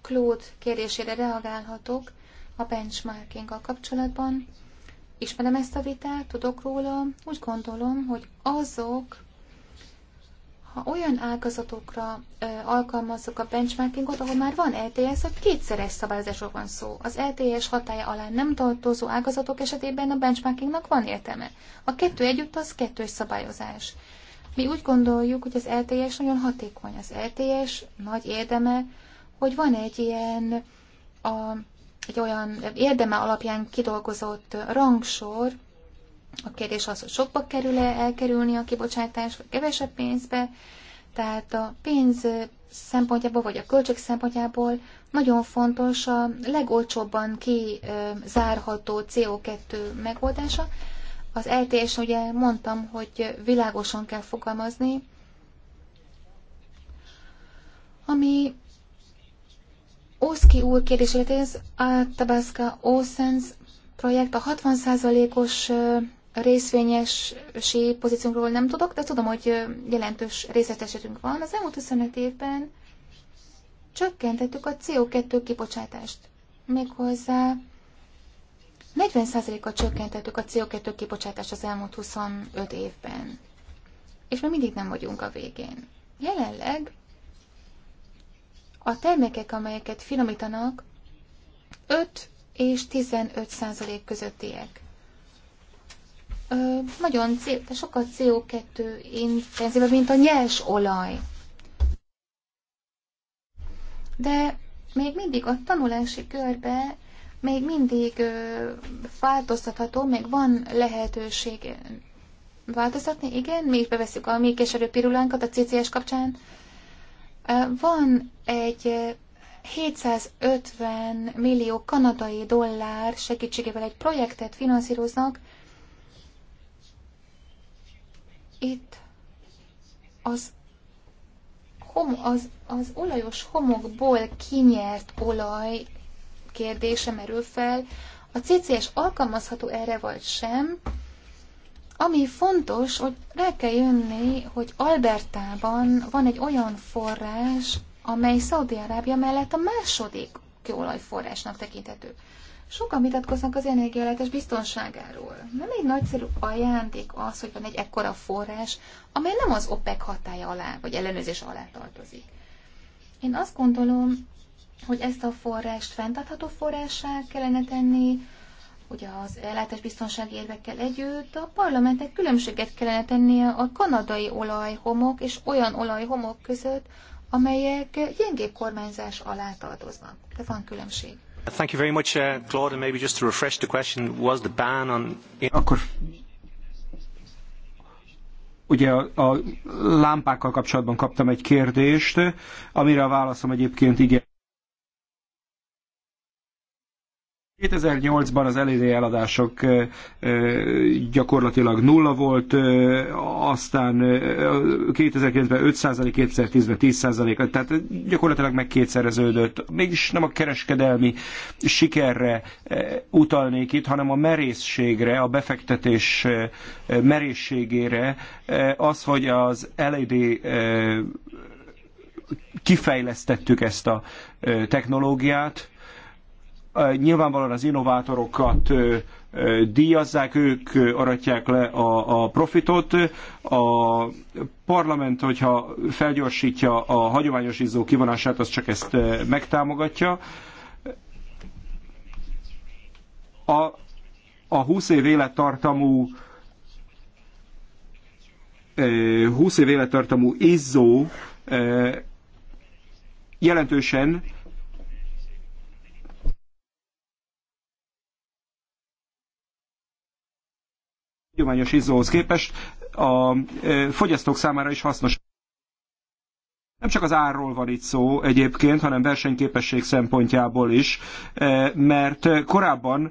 Claude kérdésére reagálhatok a benchmarkinggal kapcsolatban, ismerem ezt a vitát, tudok róla, úgy gondolom, hogy azok, ha olyan ágazatokra ö, alkalmazzuk a benchmarkingot, ahol már van LTS, hogy kétszeres szabályozásról van szó. Az LTS hatája alá nem tartozó ágazatok esetében a benchmarkingnak van értelme. A kettő együtt az kettős szabályozás. Mi úgy gondoljuk, hogy az LTS nagyon hatékony. Az LTS nagy érdeme, hogy van egy ilyen a egy olyan érdeme alapján kidolgozott rangsor, a kérdés az, hogy sokba kerül-e elkerülni a kibocsátás, vagy kevesebb pénzbe, tehát a pénz szempontjából, vagy a költség szempontjából nagyon fontos a legolcsóbban kizárható CO2 megoldása. Az LTS, ugye mondtam, hogy világosan kell fogalmazni, ami Oszki úr kérdését, ez a Tabasca Oceans projekt a 60%-os részvényesi pozíciónkról nem tudok, de tudom, hogy jelentős részletesetünk van. Az elmúlt 25 évben csökkentettük a CO2 kipocsátást. Méghozzá 40%-kal csökkentettük a CO2 kipocsátást az elmúlt 25 évben. És még mindig nem vagyunk a végén. Jelenleg a termékek, amelyeket finomítanak, 5 és 15 százalék közöttiek. Ö, nagyon sokkal CO2 intenzívebb, mint a nyers olaj. De még mindig a tanulási körbe még mindig ö, változtatható, még van lehetőség változtatni, igen, mi is beveszünk a mi keserő pirulánkat a CCS kapcsán, van egy 750 millió kanadai dollár segítségével egy projektet finanszíroznak. Itt az, hom, az, az olajos homokból kinyert olaj kérdése merül fel. A CCS alkalmazható erre vagy sem? Ami fontos, hogy rá kell jönni, hogy Albertában van egy olyan forrás, amely Szaudi-Arábia mellett a második kőolajforrásnak tekinthető. Sokan vitatkoznak az energiállátás biztonságáról. Nem egy nagyszerű ajándék az, hogy van egy ekkora forrás, amely nem az OPEC hatája alá, vagy ellenőrzés alá tartozik. Én azt gondolom, hogy ezt a forrást fenntartható forrássá kellene tenni, hogy az biztonsági érvekkel együtt a parlamentnek különbséget kellene tennie a kanadai olajhomok és olyan olajhomok között, amelyek gyengébb kormányzás alá tartoznak. De van különbség.
Thank you very much, uh, Claude. And maybe just to refresh the question, was the ban on... Akkor ugye a, a lámpákkal kapcsolatban kaptam egy kérdést, amire a válaszom egyébként igen. 2008-ban az LED eladások gyakorlatilag nulla volt, aztán 2009-ben 5%, 2010-ben 10%, tehát gyakorlatilag kétszereződött. Mégis nem a kereskedelmi sikerre utalnék itt, hanem a merészségre, a befektetés merészségére, az, hogy az LED kifejlesztettük ezt a technológiát, nyilvánvalóan az innovátorokat díjazzák, ők aratják le a, a profitot. A parlament, hogyha felgyorsítja a hagyományos izzó kivonását, az csak ezt megtámogatja. A, a 20 év élettartamú 20 év élettartamú izzó jelentősen hagyományos izzóhoz képest a fogyasztók számára is hasznos. Nem csak az árról van itt szó egyébként, hanem versenyképesség szempontjából is, mert korábban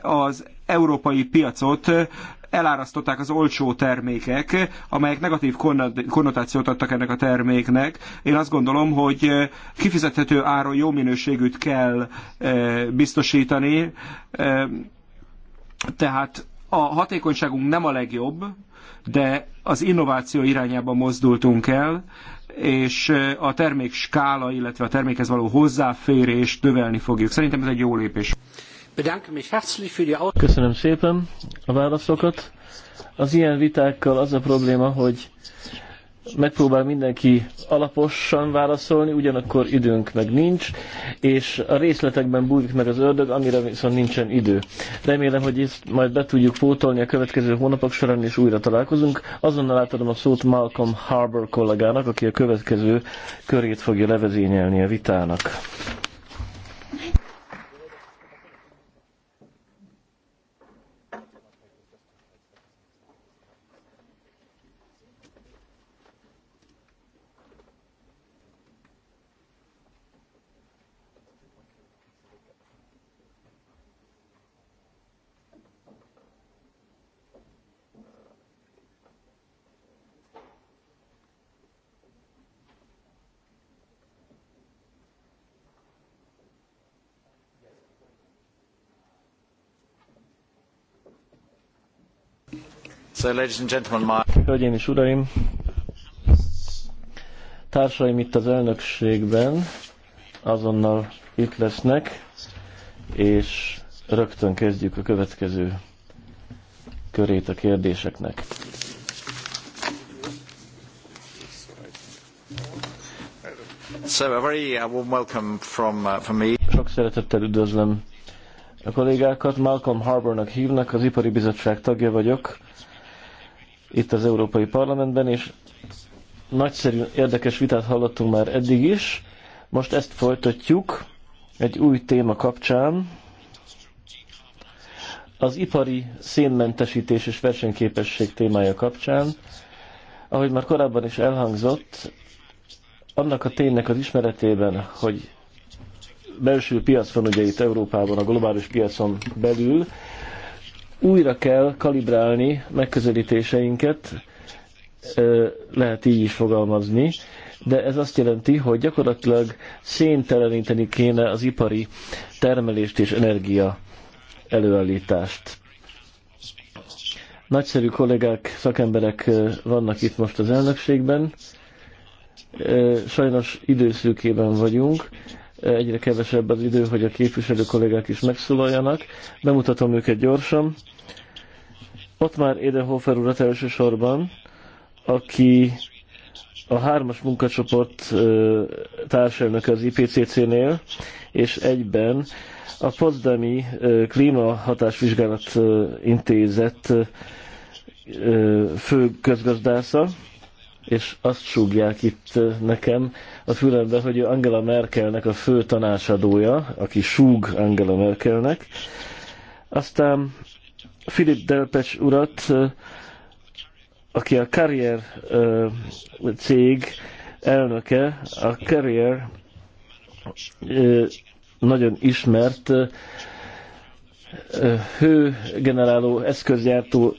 az európai piacot elárasztották az olcsó termékek, amelyek negatív konnotációt adtak ennek a terméknek. Én azt gondolom, hogy kifizethető áron jó minőségűt kell biztosítani, tehát a hatékonyságunk nem a legjobb, de az innováció irányába mozdultunk el, és a termék skála, illetve a termékhez való hozzáférést növelni fogjuk. Szerintem ez egy jó lépés.
Köszönöm szépen a válaszokat. Az ilyen vitákkal az a probléma, hogy megpróbál mindenki alaposan válaszolni, ugyanakkor időnk meg nincs, és a részletekben bújik meg az ördög, amire viszont nincsen idő. Remélem, hogy ezt majd be tudjuk pótolni a következő hónapok során, és újra találkozunk. Azonnal átadom a szót Malcolm Harbour kollégának, aki a következő körét fogja levezényelni a vitának. So, ladies and gentlemen, my... Hölgyeim és uraim, társaim itt az elnökségben azonnal itt lesznek, és rögtön kezdjük a következő körét a kérdéseknek. So a very uh, warm welcome from, uh, from me. Sok szeretettel üdvözlöm a kollégákat. Malcolm Harbornak hívnak, az Ipari Bizottság tagja vagyok itt az Európai Parlamentben, és nagyszerű, érdekes vitát hallottunk már eddig is. Most ezt folytatjuk egy új téma kapcsán. Az ipari szénmentesítés és versenyképesség témája kapcsán, ahogy már korábban is elhangzott, annak a ténynek az ismeretében, hogy belső piac van ugye itt Európában, a globális piacon belül, újra kell kalibrálni megközelítéseinket, lehet így is fogalmazni, de ez azt jelenti, hogy gyakorlatilag szénteleníteni kéne az ipari termelést és energia előállítást. Nagyszerű kollégák, szakemberek vannak itt most az elnökségben. Sajnos időszűkében vagyunk, egyre kevesebb az idő, hogy a képviselő kollégák is megszólaljanak. Bemutatom őket gyorsan. Ott már Edenhofer urat elsősorban, aki a hármas munkacsoport társelnöke az IPCC-nél, és egyben a Potsdami Klímahatásvizsgálat Intézet fő közgazdásza, és azt súgják itt nekem a fülembe, hogy Angela Merkelnek a fő tanácsadója, aki súg Angela Merkelnek. Aztán Philip Delpech urat, aki a Carrier cég elnöke, a Carrier nagyon ismert hőgeneráló eszközgyártó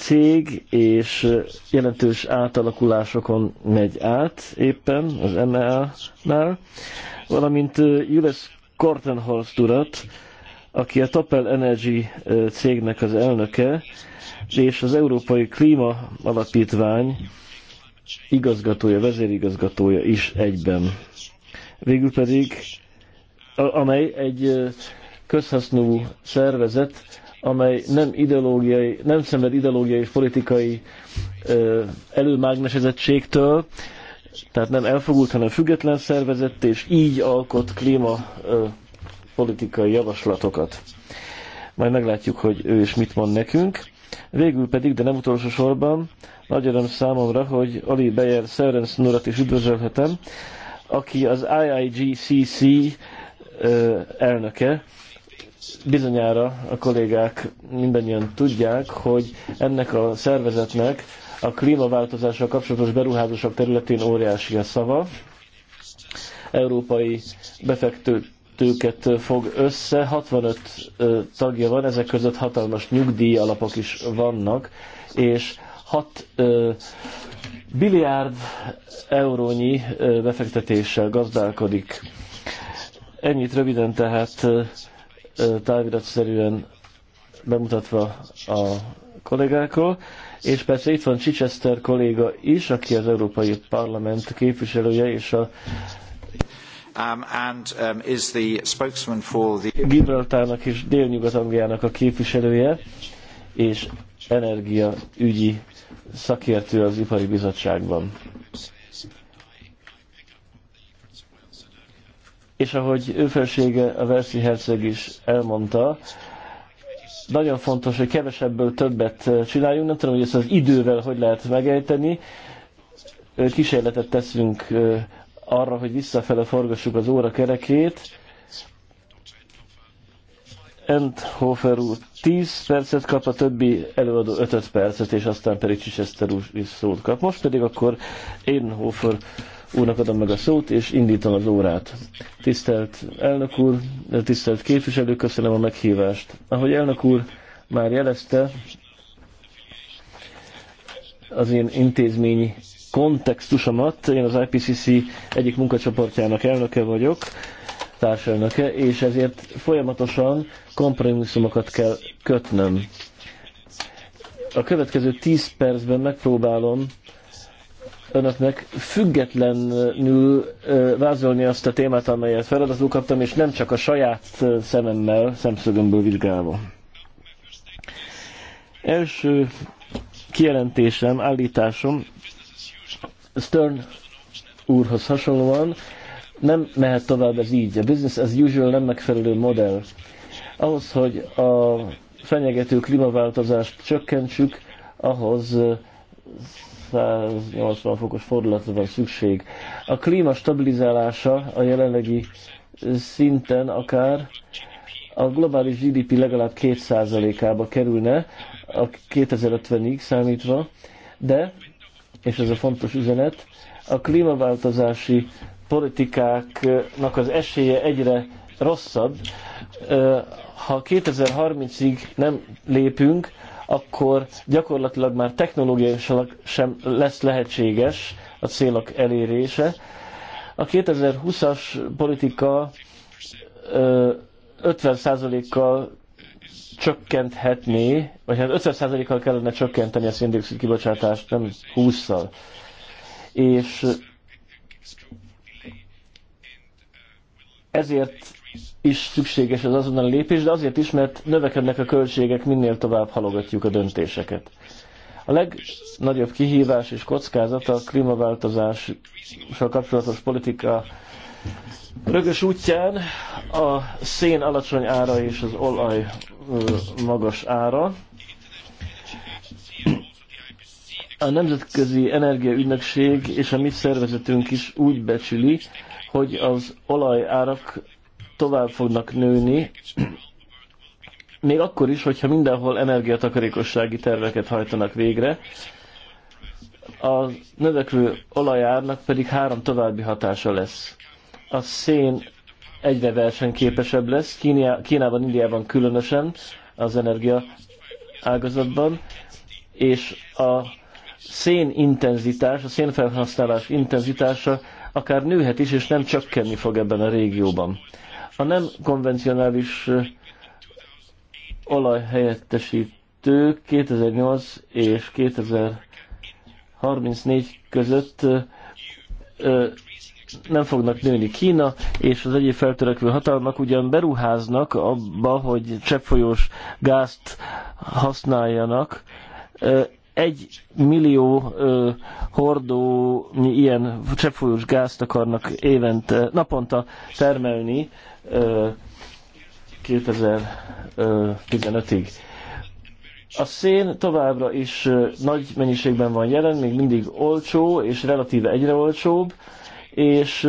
cég, és jelentős átalakulásokon megy át éppen az MEA-nál, valamint Jules Kortenholz urat, aki a Topel Energy cégnek az elnöke, és az Európai Klíma Alapítvány igazgatója, vezérigazgatója is egyben. Végül pedig, amely egy közhasznú szervezet, amely nem, ideológiai, nem szenved ideológiai és politikai ö, előmágnesezettségtől, tehát nem elfogult, hanem független szervezett, és így alkot klíma ö, politikai javaslatokat. Majd meglátjuk, hogy ő is mit mond nekünk. Végül pedig, de nem utolsó sorban, nagy öröm számomra, hogy Ali Beyer Szerenc Nurat is üdvözölhetem, aki az IIGCC elnöke, Bizonyára a kollégák mindannyian tudják, hogy ennek a szervezetnek a klímaváltozással kapcsolatos beruházások területén óriási a szava. Európai befektetőket fog össze, 65 tagja van, ezek között hatalmas nyugdíj alapok is vannak, és 6 biliárd eurónyi befektetéssel gazdálkodik. Ennyit röviden tehát táviratszerűen bemutatva a kollégákról, és persze itt van Chichester kolléga is, aki az Európai Parlament képviselője, és a
um, and um, is the spokesman for the...
Gibraltárnak és Délnyugat-Angliának a képviselője, és energiaügyi szakértő az Ipari Bizottságban. és ahogy ő felsége, a Verszi Herceg is elmondta, nagyon fontos, hogy kevesebből többet eh, csináljunk, nem tudom, hogy ezt az idővel hogy lehet megejteni. Kísérletet teszünk arra, hogy visszafele forgassuk az óra kerekét. Enthofer úr 10 percet kap, a többi előadó 5 percet, és aztán pedig Csicseszter úr is szót kap. Most pedig akkor Edenhofer úrnak adom meg a szót, és indítom az órát. Tisztelt elnök úr, tisztelt képviselő, köszönöm a meghívást. Ahogy elnök úr már jelezte, az én intézményi kontextusomat, én az IPCC egyik munkacsoportjának elnöke vagyok, társelnöke, és ezért folyamatosan kompromisszumokat kell kötnöm. A következő 10 percben megpróbálom önöknek függetlenül vázolni azt a témát, amelyet feladatul kaptam, és nem csak a saját szememmel, szemszögömből vizsgálva. Első kijelentésem, állításom Stern úrhoz hasonlóan nem mehet tovább ez így. A business as usual nem megfelelő modell. Ahhoz, hogy a fenyegető klímaváltozást csökkentsük, ahhoz 180 fokos fordulatra van szükség. A klíma stabilizálása a jelenlegi szinten akár a globális GDP legalább 2%-ába kerülne, a 2050-ig számítva, de, és ez a fontos üzenet, a klímaváltozási politikáknak az esélye egyre rosszabb. Ha 2030-ig nem lépünk, akkor gyakorlatilag már technológiailag sem lesz lehetséges a célok elérése. A 2020-as politika 50%-kal csökkenthetné, vagy hát 50%-kal kellene csökkenteni a széndiokszid kibocsátást, nem 20-szal. És ezért is szükséges az azonnal lépés, de azért is, mert növekednek a költségek, minél tovább halogatjuk a döntéseket. A legnagyobb kihívás és kockázat a klímaváltozással kapcsolatos politika rögös útján a szén alacsony ára és az olaj magas ára. A Nemzetközi Energiaügynökség és a mi szervezetünk is úgy becsüli, hogy az olajárak tovább fognak nőni, még akkor is, hogyha mindenhol energiatakarékossági terveket hajtanak végre, a növekvő olajárnak pedig három további hatása lesz. A szén egyre versenyképesebb lesz, Kínia, Kínában, Indiában különösen az energia ágazatban, és a szén intenzitás, a szénfelhasználás intenzitása akár nőhet is, és nem csökkenni fog ebben a régióban. A nem konvencionális olajhelyettesítő 2008 és 2034 között nem fognak nőni Kína, és az egyéb feltörekvő hatalmak ugyan beruháznak abba, hogy cseppfolyós gázt használjanak. Egy millió hordó ilyen cseppfolyós gázt akarnak évente, naponta termelni 2015-ig. A szén továbbra is nagy mennyiségben van jelen, még mindig olcsó és relatíve egyre olcsóbb, és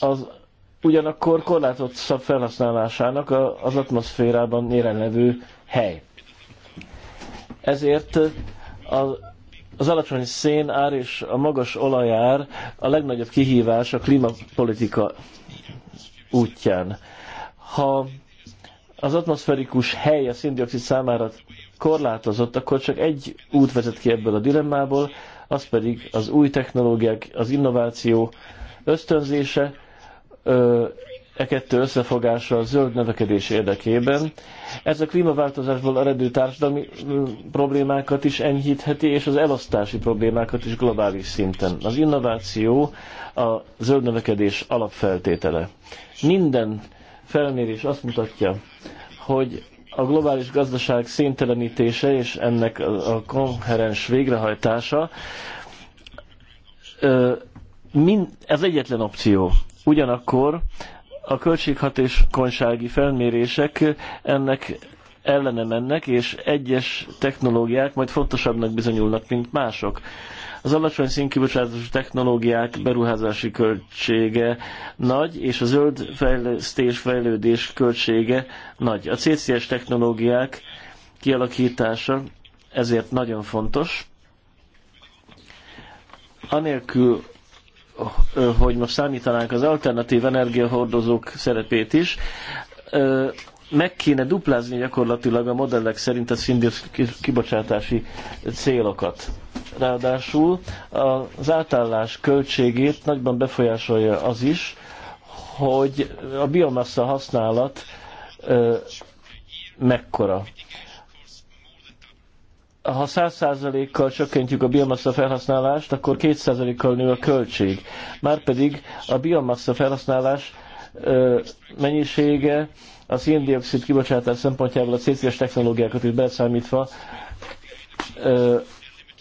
az ugyanakkor korlátott szab felhasználásának az atmoszférában jelenlevő hely. Ezért az az alacsony szénár és a magas olajár a legnagyobb kihívás a klímapolitika útján. Ha az atmoszferikus hely a széndiokszid számára korlátozott, akkor csak egy út vezet ki ebből a dilemmából, az pedig az új technológiák, az innováció ösztönzése, e kettő összefogása a zöld növekedés érdekében. Ez a klímaváltozásból eredő társadalmi problémákat is enyhítheti, és az elosztási problémákat is globális szinten. Az innováció a zöld növekedés alapfeltétele. Minden felmérés azt mutatja, hogy a globális gazdaság széntelenítése és ennek a konherens végrehajtása mind, ez egyetlen opció. Ugyanakkor a költséghatékonysági felmérések ennek ellene mennek, és egyes technológiák majd fontosabbnak bizonyulnak, mint mások. Az alacsony színkibocsátású technológiák beruházási költsége nagy, és a zöld fejlesztés, fejlődés költsége nagy. A CCS technológiák kialakítása ezért nagyon fontos. Anélkül, hogy most számítanánk az alternatív energiahordozók szerepét is, meg kéne duplázni gyakorlatilag a modellek szerint a szindiox kibocsátási célokat. Ráadásul az átállás költségét nagyban befolyásolja az is, hogy a biomassa használat mekkora ha 100%-kal csökkentjük a biomassa felhasználást, akkor 2%-kal nő a költség. Márpedig a biomassa felhasználás mennyisége a széndiokszid kibocsátás szempontjából a CCS technológiákat is beszámítva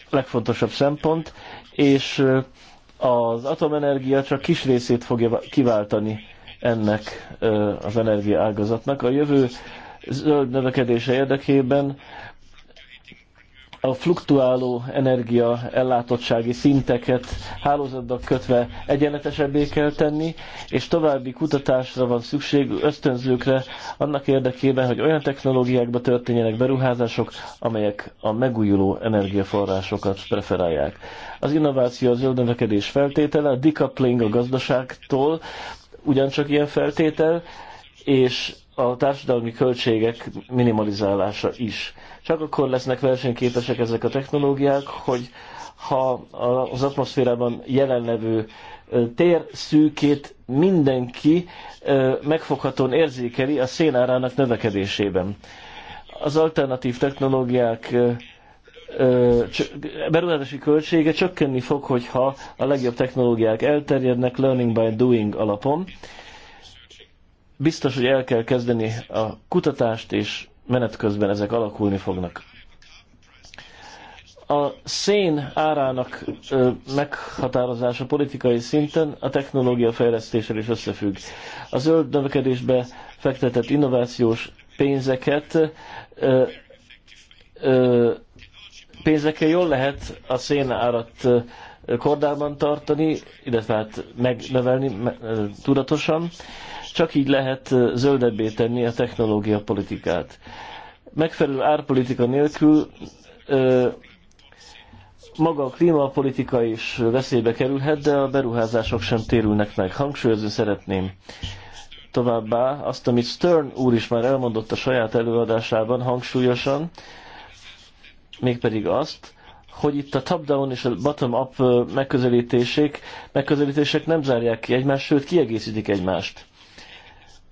legfontosabb szempont, és az atomenergia csak kis részét fogja kiváltani ennek az energiaágazatnak. A jövő zöld növekedése érdekében a fluktuáló energia ellátottsági szinteket hálózatba kötve egyenletesebbé kell tenni, és további kutatásra van szükség, ösztönzőkre annak érdekében, hogy olyan technológiákba történjenek beruházások, amelyek a megújuló energiaforrásokat preferálják. Az innováció, az növekedés feltétele, a decoupling a gazdaságtól ugyancsak ilyen feltétel, és a társadalmi költségek minimalizálása is. Csak akkor lesznek versenyképesek ezek a technológiák, hogy ha az atmoszférában jelenlevő tér szűkét mindenki megfoghatón érzékeli a szénárának növekedésében. Az alternatív technológiák beruházási költsége csökkenni fog, hogyha a legjobb technológiák elterjednek learning by doing alapon, Biztos, hogy el kell kezdeni a kutatást, és menet közben ezek alakulni fognak. A szén árának ö, meghatározása politikai szinten a technológia fejlesztéssel is összefügg. A zöld növekedésbe fektetett innovációs pénzeket ö, ö, pénzekkel jól lehet a szén ö, kordában tartani, illetve hát megnevelni tudatosan. Csak így lehet zöldebbé tenni a technológia politikát. Megfelelő árpolitika nélkül maga a klímapolitika is veszélybe kerülhet, de a beruházások sem térülnek meg. Hangsúlyozni szeretném továbbá azt, amit Stern úr is már elmondott a saját előadásában hangsúlyosan, mégpedig azt, hogy itt a top-down és a bottom-up megközelítések, megközelítések nem zárják ki egymást, sőt kiegészítik egymást.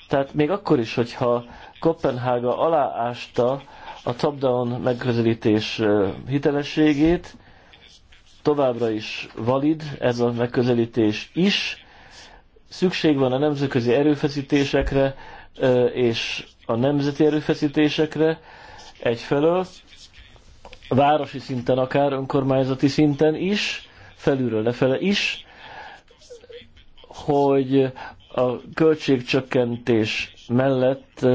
Tehát még akkor is, hogyha Kopenhága aláásta a top-down megközelítés hitelességét, továbbra is valid ez a megközelítés is, szükség van a nemzetközi erőfeszítésekre és a nemzeti erőfeszítésekre egyfelől, városi szinten, akár önkormányzati szinten is, felülről lefele is, hogy a költségcsökkentés mellett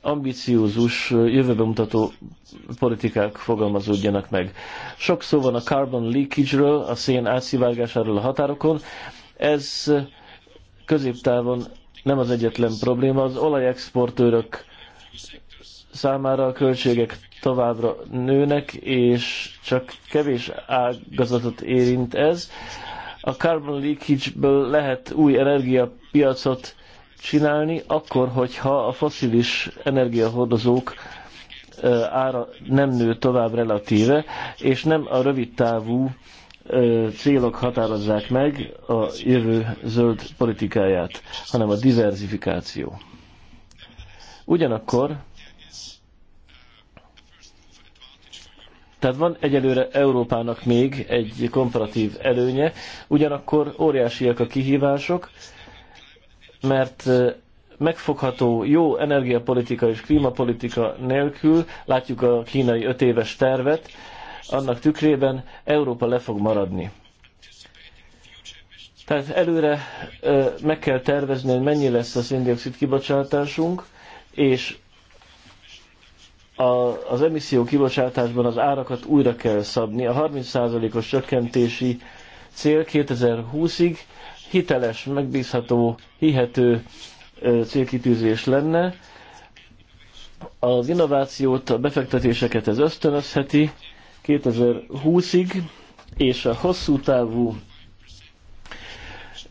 ambiciózus, jövőbe mutató politikák fogalmazódjanak meg. Sok szó van a carbon leakage-ről, a szén átszivárgásáról a határokon. Ez középtávon nem az egyetlen probléma. Az olajexportőrök számára a költségek továbbra nőnek, és csak kevés ágazatot érint ez. A carbon leakage-ből lehet új energiapiacot csinálni, akkor, hogyha a foszilis energiahordozók ára nem nő tovább relatíve, és nem a rövidtávú célok határozzák meg a jövő zöld politikáját, hanem a diversifikáció. Ugyanakkor Tehát van egyelőre Európának még egy komparatív előnye, ugyanakkor óriásiak a kihívások, mert megfogható jó energiapolitika és klímapolitika nélkül, látjuk a kínai öt éves tervet, annak tükrében Európa le fog maradni. Tehát előre meg kell tervezni, hogy mennyi lesz a széndiokszid kibocsátásunk, és a, az emisszió kibocsátásban az árakat újra kell szabni. A 30%-os csökkentési cél 2020-ig hiteles, megbízható, hihető célkitűzés lenne. Az innovációt, a befektetéseket ez ösztönözheti 2020-ig, és a hosszú távú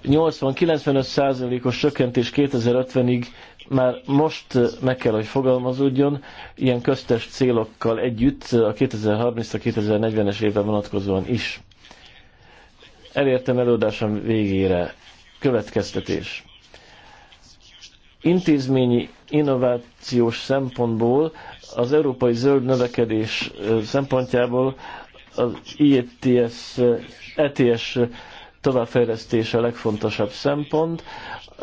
80-95%-os csökkentés 2050-ig már most eh, meg kell, hogy fogalmazódjon, ilyen köztes célokkal együtt eh, a 2030-2040-es évben vonatkozóan is. Elértem előadásom végére. Következtetés. Intézményi innovációs szempontból az európai zöld növekedés eh, szempontjából az IETS, ETS e továbbfejlesztése a legfontosabb szempont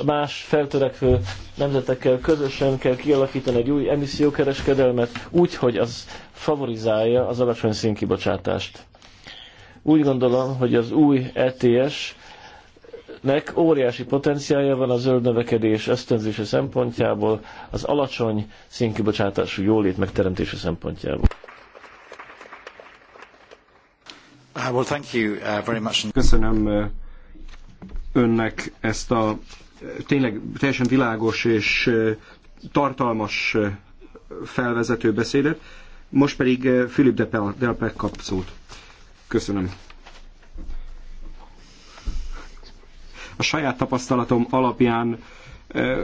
más feltörekvő nemzetekkel közösen kell kialakítani egy új emissziókereskedelmet, úgy, hogy az favorizálja az alacsony színkibocsátást. Úgy gondolom, hogy az új ETS nek óriási potenciálja van a zöld növekedés ösztönzése szempontjából, az alacsony színkibocsátású jólét megteremtése szempontjából.
Uh, uh,
Köszönöm uh,
önnek ezt a tényleg teljesen világos és tartalmas felvezető beszédet. Most pedig Philip de Delpec kap szót. Köszönöm. A saját tapasztalatom alapján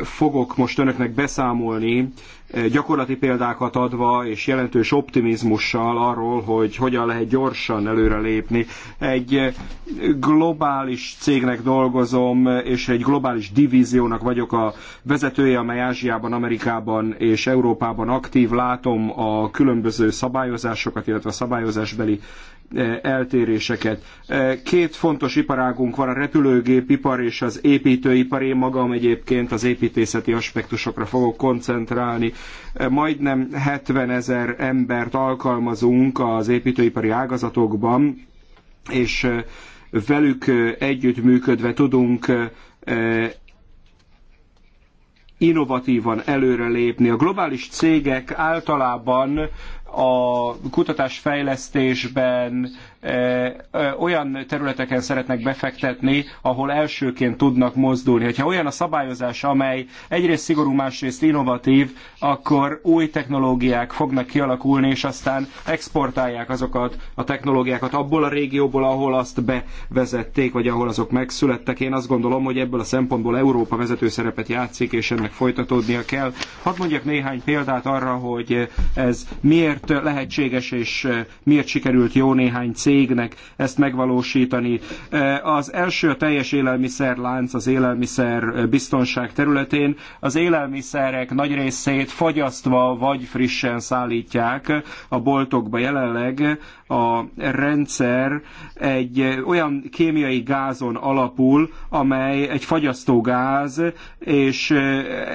fogok most önöknek beszámolni, eh, gyakorlati példákat adva és jelentős optimizmussal arról, hogy hogyan lehet gyorsan előrelépni. Egy eh, globális cégnek dolgozom, és egy globális divíziónak vagyok a vezetője, amely Ázsiában, Amerikában és Európában aktív. Látom a különböző szabályozásokat, illetve a szabályozásbeli E, eltéréseket. E, két fontos iparágunk van, a repülőgépipar és az építőipar. Én magam egyébként az építészeti aspektusokra fogok koncentrálni. E, majdnem 70 ezer embert alkalmazunk az építőipari ágazatokban, és velük együttműködve tudunk innovatívan előrelépni. A globális cégek általában a kutatásfejlesztésben, olyan területeken szeretnek befektetni, ahol elsőként tudnak mozdulni. Hogyha olyan a szabályozás, amely egyrészt szigorú, másrészt innovatív, akkor új technológiák fognak kialakulni, és aztán exportálják azokat a technológiákat abból a régióból, ahol azt bevezették, vagy ahol azok megszülettek. Én azt gondolom, hogy ebből a szempontból Európa vezető szerepet játszik, és ennek folytatódnia kell. Hadd mondjak néhány példát arra, hogy ez miért lehetséges, és miért sikerült jó néhány cég cégnek ezt megvalósítani. E, az első a teljes élelmiszerlánc az élelmiszer biztonság területén. Az élelmiszerek nagy részét fagyasztva vagy frissen szállítják a boltokba jelenleg. A rendszer egy olyan kémiai gázon alapul, amely egy fagyasztógáz, és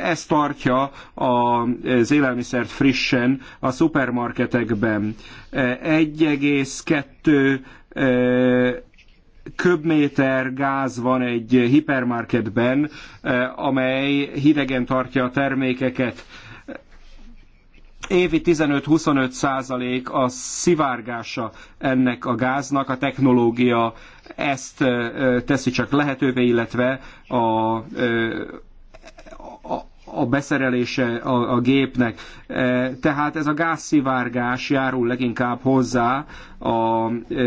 ez tartja az élelmiszert frissen a szupermarketekben. 1,2 e, kettő köbméter gáz van egy hipermarketben, amely hidegen tartja a termékeket. Évi 15-25 százalék a szivárgása ennek a gáznak, a technológia ezt teszi csak lehetővé, illetve a a beszerelése a, a gépnek. E, tehát ez a gázszivárgás járul leginkább hozzá a e,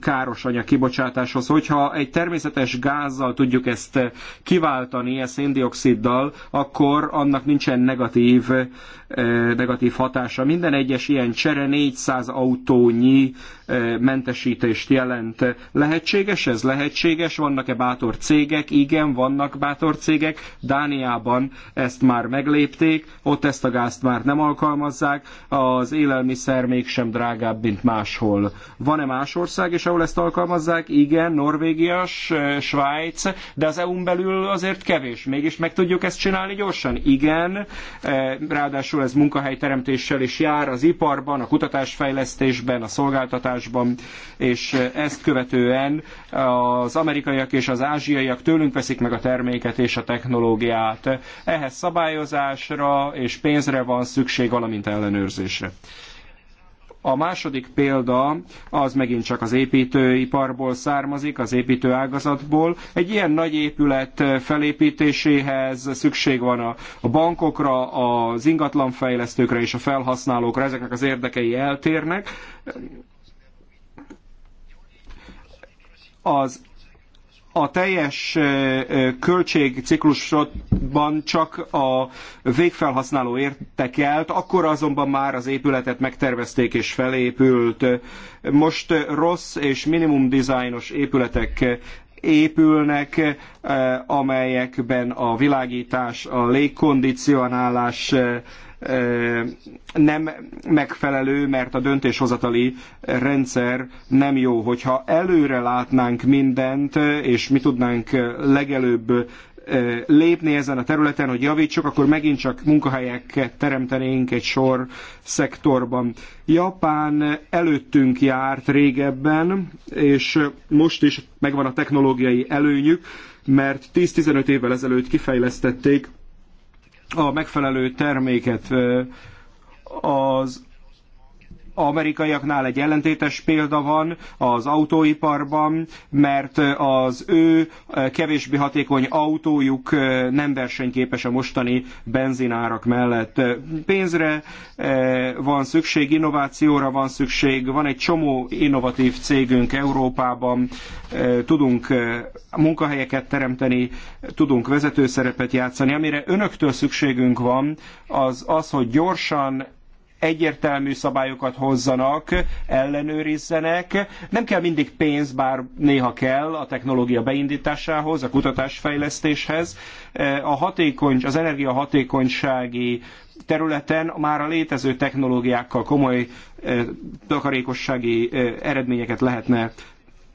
káros anyag kibocsátáshoz. Hogyha egy természetes gázzal tudjuk ezt kiváltani, ezt széndioksziddal, akkor annak nincsen negatív negatív hatása. Minden egyes ilyen csere 400 autónyi mentesítést jelent. Lehetséges ez? Lehetséges? Vannak-e bátor cégek? Igen, vannak bátor cégek. Dániában ezt már meglépték, ott ezt a gázt már nem alkalmazzák, az élelmiszer mégsem drágább, mint máshol. Van-e más ország is, ahol ezt alkalmazzák? Igen, Norvégia, Svájc, de az EU-n belül azért kevés. Mégis meg tudjuk ezt csinálni gyorsan? Igen, ráadásul Ráadásul ez munkahelyteremtéssel is jár az iparban, a kutatásfejlesztésben, a szolgáltatásban, és ezt követően az amerikaiak és az ázsiaiak tőlünk veszik meg a terméket és a technológiát. Ehhez szabályozásra és pénzre van szükség, valamint ellenőrzésre. A második példa az megint csak az építőiparból származik, az építőágazatból. Egy ilyen nagy épület felépítéséhez szükség van a, a bankokra, az ingatlanfejlesztőkre és a felhasználókra, ezeknek az érdekei eltérnek. Az a teljes költségciklusban csak a végfelhasználó értekelt, akkor azonban már az épületet megtervezték és felépült. Most rossz és minimum dizájnos épületek épülnek, amelyekben a világítás, a légkondicionálás nem megfelelő, mert a döntéshozatali rendszer nem jó. Hogyha előre látnánk mindent, és mi tudnánk legelőbb lépni ezen a területen, hogy javítsuk, akkor megint csak munkahelyeket teremtenénk egy sor szektorban. Japán előttünk járt régebben, és most is megvan a technológiai előnyük, mert 10-15 évvel ezelőtt kifejlesztették a megfelelő terméket. Az amerikaiaknál egy ellentétes példa van az autóiparban, mert az ő eh, kevésbé hatékony autójuk eh, nem versenyképes a mostani benzinárak mellett. Eh, pénzre van szükség, innovációra van szükség, van egy csomó innovatív cégünk Európában, tudunk munkahelyeket teremteni, tudunk vezetőszerepet játszani. Amire önöktől szükségünk van, az az, hogy gyorsan egyértelmű szabályokat hozzanak, ellenőrizzenek. Nem kell mindig pénz, bár néha kell a technológia beindításához, a kutatásfejlesztéshez. A hatékony, az energiahatékonysági területen már a létező technológiákkal komoly eh, takarékossági eh, eredményeket lehetne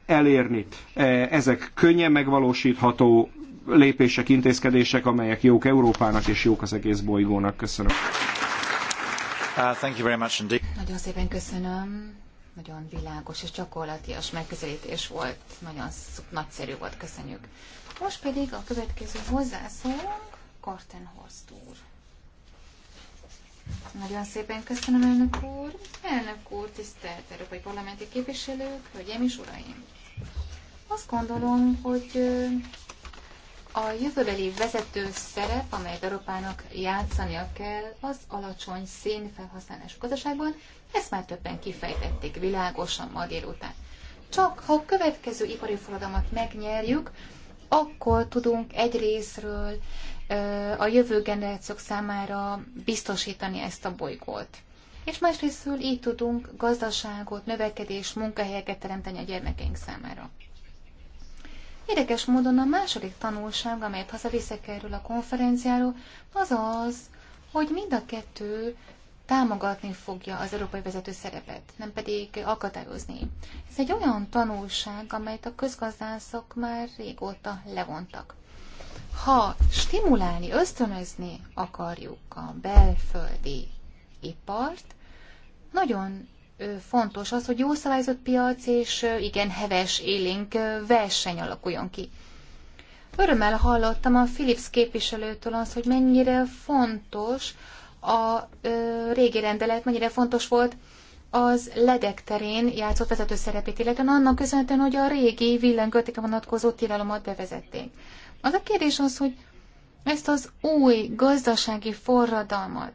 elérni. Eh, ezek könnyen megvalósítható lépések, intézkedések, amelyek jók Európának és jók az egész bolygónak. Köszönöm.
Uh,
Nagyon szépen köszönöm. Nagyon világos és gyakorlatias megközelítés volt. Nagyon nagyszerű volt, köszönjük. Most pedig a következő hozzászólónk, Horst úr. Nagyon szépen köszönöm, elnök úr. Elnök úr, tisztelt Európai Parlamenti képviselők, hölgyeim és uraim! Azt gondolom, hogy a jövőbeli vezető szerep, amelyet Európának játszania kell, az alacsony szénfelhasználás gazdaságban, ezt már többen kifejtették világosan ma délután. Csak ha a következő ipari forradalmat megnyerjük, akkor tudunk egy részről a jövő generációk számára biztosítani ezt a bolygót. És másrésztről így tudunk gazdaságot, növekedés, munkahelyeket teremteni a gyermekeink számára. Érdekes módon a második tanulság, amelyet hazaviszek erről a konferenciáról, az az, hogy mind a kettő támogatni fogja az európai vezető szerepet, nem pedig akadályozni. Ez egy olyan tanulság, amelyet a közgazdászok már régóta levontak. Ha stimulálni, ösztönözni akarjuk a belföldi ipart, nagyon fontos az, hogy jó szabályozott piac és igen heves élénk verseny alakuljon ki. Örömmel hallottam a Philips képviselőtől azt, hogy mennyire fontos a régi rendelet, mennyire fontos volt az ledek terén játszott vezető szerepét, illetve annak köszönhetően, hogy a régi villanykötéke vonatkozó tilalomat bevezették. Az a kérdés az, hogy ezt az új gazdasági forradalmat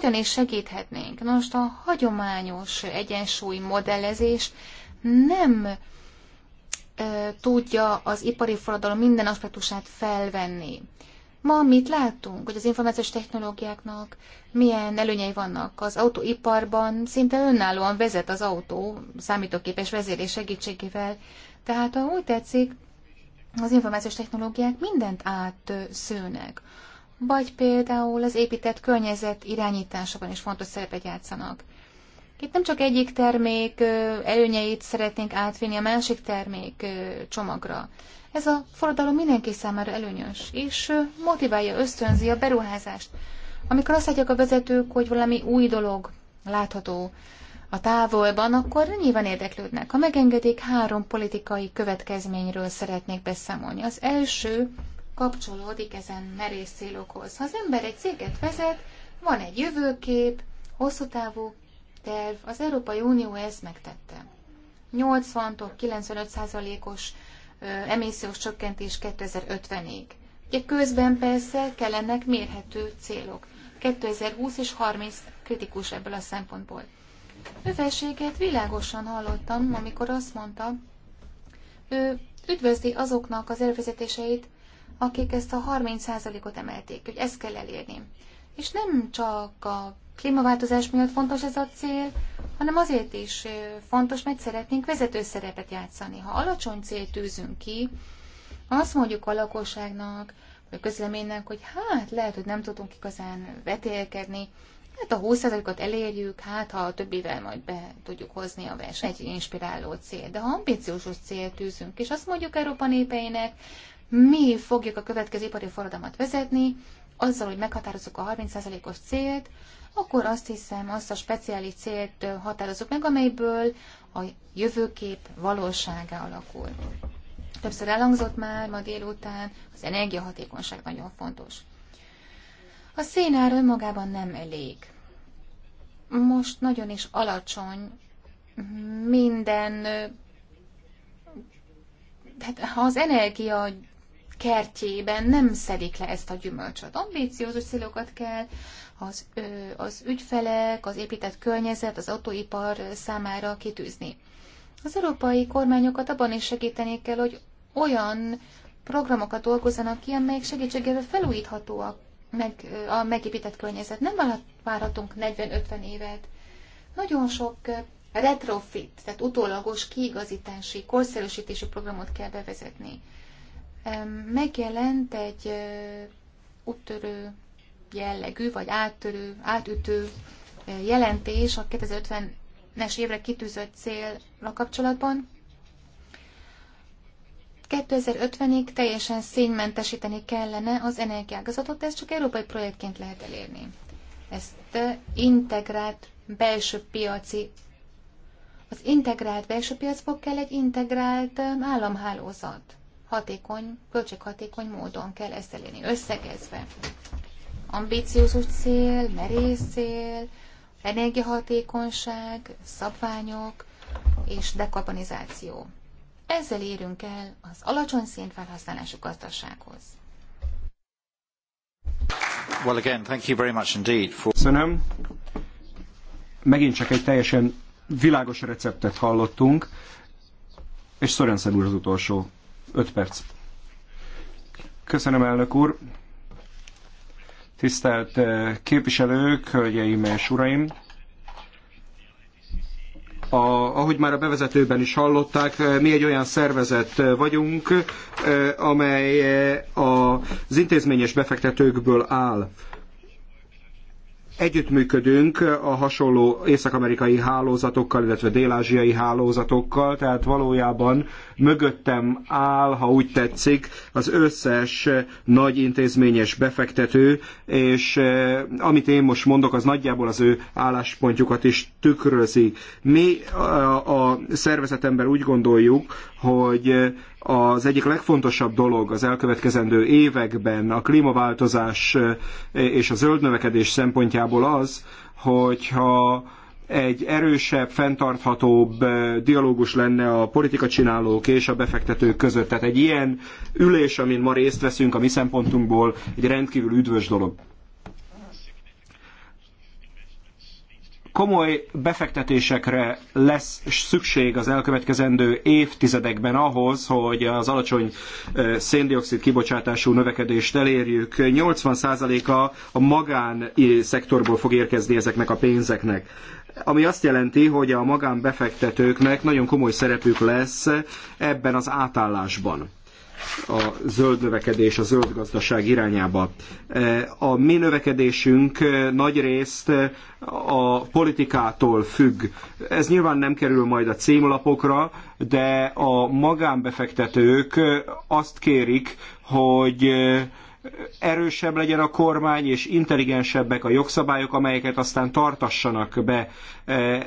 hogyan is segíthetnénk. Most a hagyományos egyensúly modellezés nem e, tudja az ipari forradalom minden aspektusát felvenni. Ma mit látunk, hogy az információs technológiáknak milyen előnyei vannak? Az autóiparban szinte önállóan vezet az autó számítógépes vezérés segítségével. Tehát, ha úgy tetszik, az információs technológiák mindent átszőnek vagy például az épített környezet irányításában is fontos szerepet játszanak. Itt nem csak egyik termék előnyeit szeretnénk átvinni a másik termék csomagra. Ez a forradalom mindenki számára előnyös, és motiválja, ösztönzi a beruházást. Amikor azt látják a vezetők, hogy valami új dolog látható a távolban, akkor nyilván érdeklődnek. Ha megengedik, három politikai következményről szeretnék beszámolni. Az első kapcsolódik ezen merész célokhoz. Ha az ember egy céget vezet, van egy jövőkép, hosszú távú terv, az Európai Unió ezt megtette. 80-tól 95%-os emissziós csökkentés 2050-ig. Ugye közben persze kellenek mérhető célok. 2020 és 30 kritikus ebből a szempontból. Övességet világosan hallottam, amikor azt mondta, ő üdvözli azoknak az elvezetéseit akik ezt a 30%-ot emelték, hogy ezt kell elérni. És nem csak a klímaváltozás miatt fontos ez a cél, hanem azért is fontos, mert szeretnénk vezető szerepet játszani. Ha alacsony célt tűzünk ki, azt mondjuk a lakosságnak, vagy közleménynek, hogy hát lehet, hogy nem tudunk igazán vetélkedni, hát a 20%-ot elérjük, hát ha a többivel majd be tudjuk hozni a versenyt, egy inspiráló cél. De ha ambiciózus cél tűzünk, és azt mondjuk Európa népeinek, mi fogjuk a következő ipari forradalmat vezetni, azzal, hogy meghatározzuk a 30%-os célt, akkor azt hiszem, azt a speciális célt határozzuk meg, amelyből a jövőkép valósága alakul. Többször elhangzott már ma délután, az energiahatékonyság nagyon fontos. A szénár önmagában nem elég. Most nagyon is alacsony minden, hát ha az energia kertjében nem szedik le ezt a gyümölcsöt. Ambíciózus célokat kell az, az ügyfelek, az épített környezet, az autóipar számára kitűzni. Az európai kormányokat abban is segíteni kell, hogy olyan programokat dolgozzanak ki, amelyek segítségével felújítható a, meg, a megépített környezet. Nem várhatunk 40-50 évet. Nagyon sok retrofit, tehát utólagos kiigazítási, korszerűsítési programot kell bevezetni megjelent egy úttörő jellegű, vagy áttörő, átütő jelentés a 2050-es évre kitűzött célra kapcsolatban. 2050-ig teljesen szénmentesíteni kellene az energiágazatot, de ezt csak európai projektként lehet elérni. Ezt integrált belső piaci az integrált belső piacból kell egy integrált államhálózat hatékony, költséghatékony módon kell ezt elérni. Összegezve. Ambíciózus cél, merész cél, energiahatékonyság, szabványok és dekarbonizáció. Ezzel érünk el az alacsony szénfelhasználású gazdasághoz. Well, again, thank you very much indeed for...
Köszönöm. Megint csak egy teljesen világos receptet hallottunk, és Szorenszen úr az utolsó 5 perc. Köszönöm, elnök úr. Tisztelt eh, képviselők, hölgyeim és uraim! A, ahogy már a bevezetőben is hallották, eh, mi egy olyan szervezet eh, vagyunk, amely az intézményes befektetőkből áll együttműködünk a hasonló észak-amerikai hálózatokkal, illetve dél-ázsiai hálózatokkal, tehát valójában mögöttem áll, ha úgy tetszik, az összes nagy intézményes befektető, és eh, amit én most mondok, az nagyjából az ő álláspontjukat is tükrözi. Mi eh, a, a szervezetemben úgy gondoljuk, hogy eh, az egyik legfontosabb dolog az elkövetkezendő években a klímaváltozás e, és a zöld növekedés szempontjából az, hogyha egy erősebb, fenntarthatóbb e, dialógus lenne a politika csinálók és a befektetők között. Tehát egy ilyen ülés, amin ma részt veszünk a mi szempontunkból, egy rendkívül üdvös dolog. komoly befektetésekre lesz szükség az elkövetkezendő évtizedekben ahhoz, hogy az alacsony széndiokszid kibocsátású növekedést elérjük. 80%-a a magán szektorból fog érkezni ezeknek a pénzeknek ami azt jelenti, hogy a magánbefektetőknek nagyon komoly szerepük lesz ebben az átállásban a zöld növekedés, a zöld gazdaság irányába. E, a mi növekedésünk e, nagy részt e, a politikától függ. Ez nyilván nem kerül majd a címlapokra, de a magánbefektetők azt kérik, hogy erősebb legyen a kormány, és intelligensebbek a jogszabályok, amelyeket aztán tartassanak be.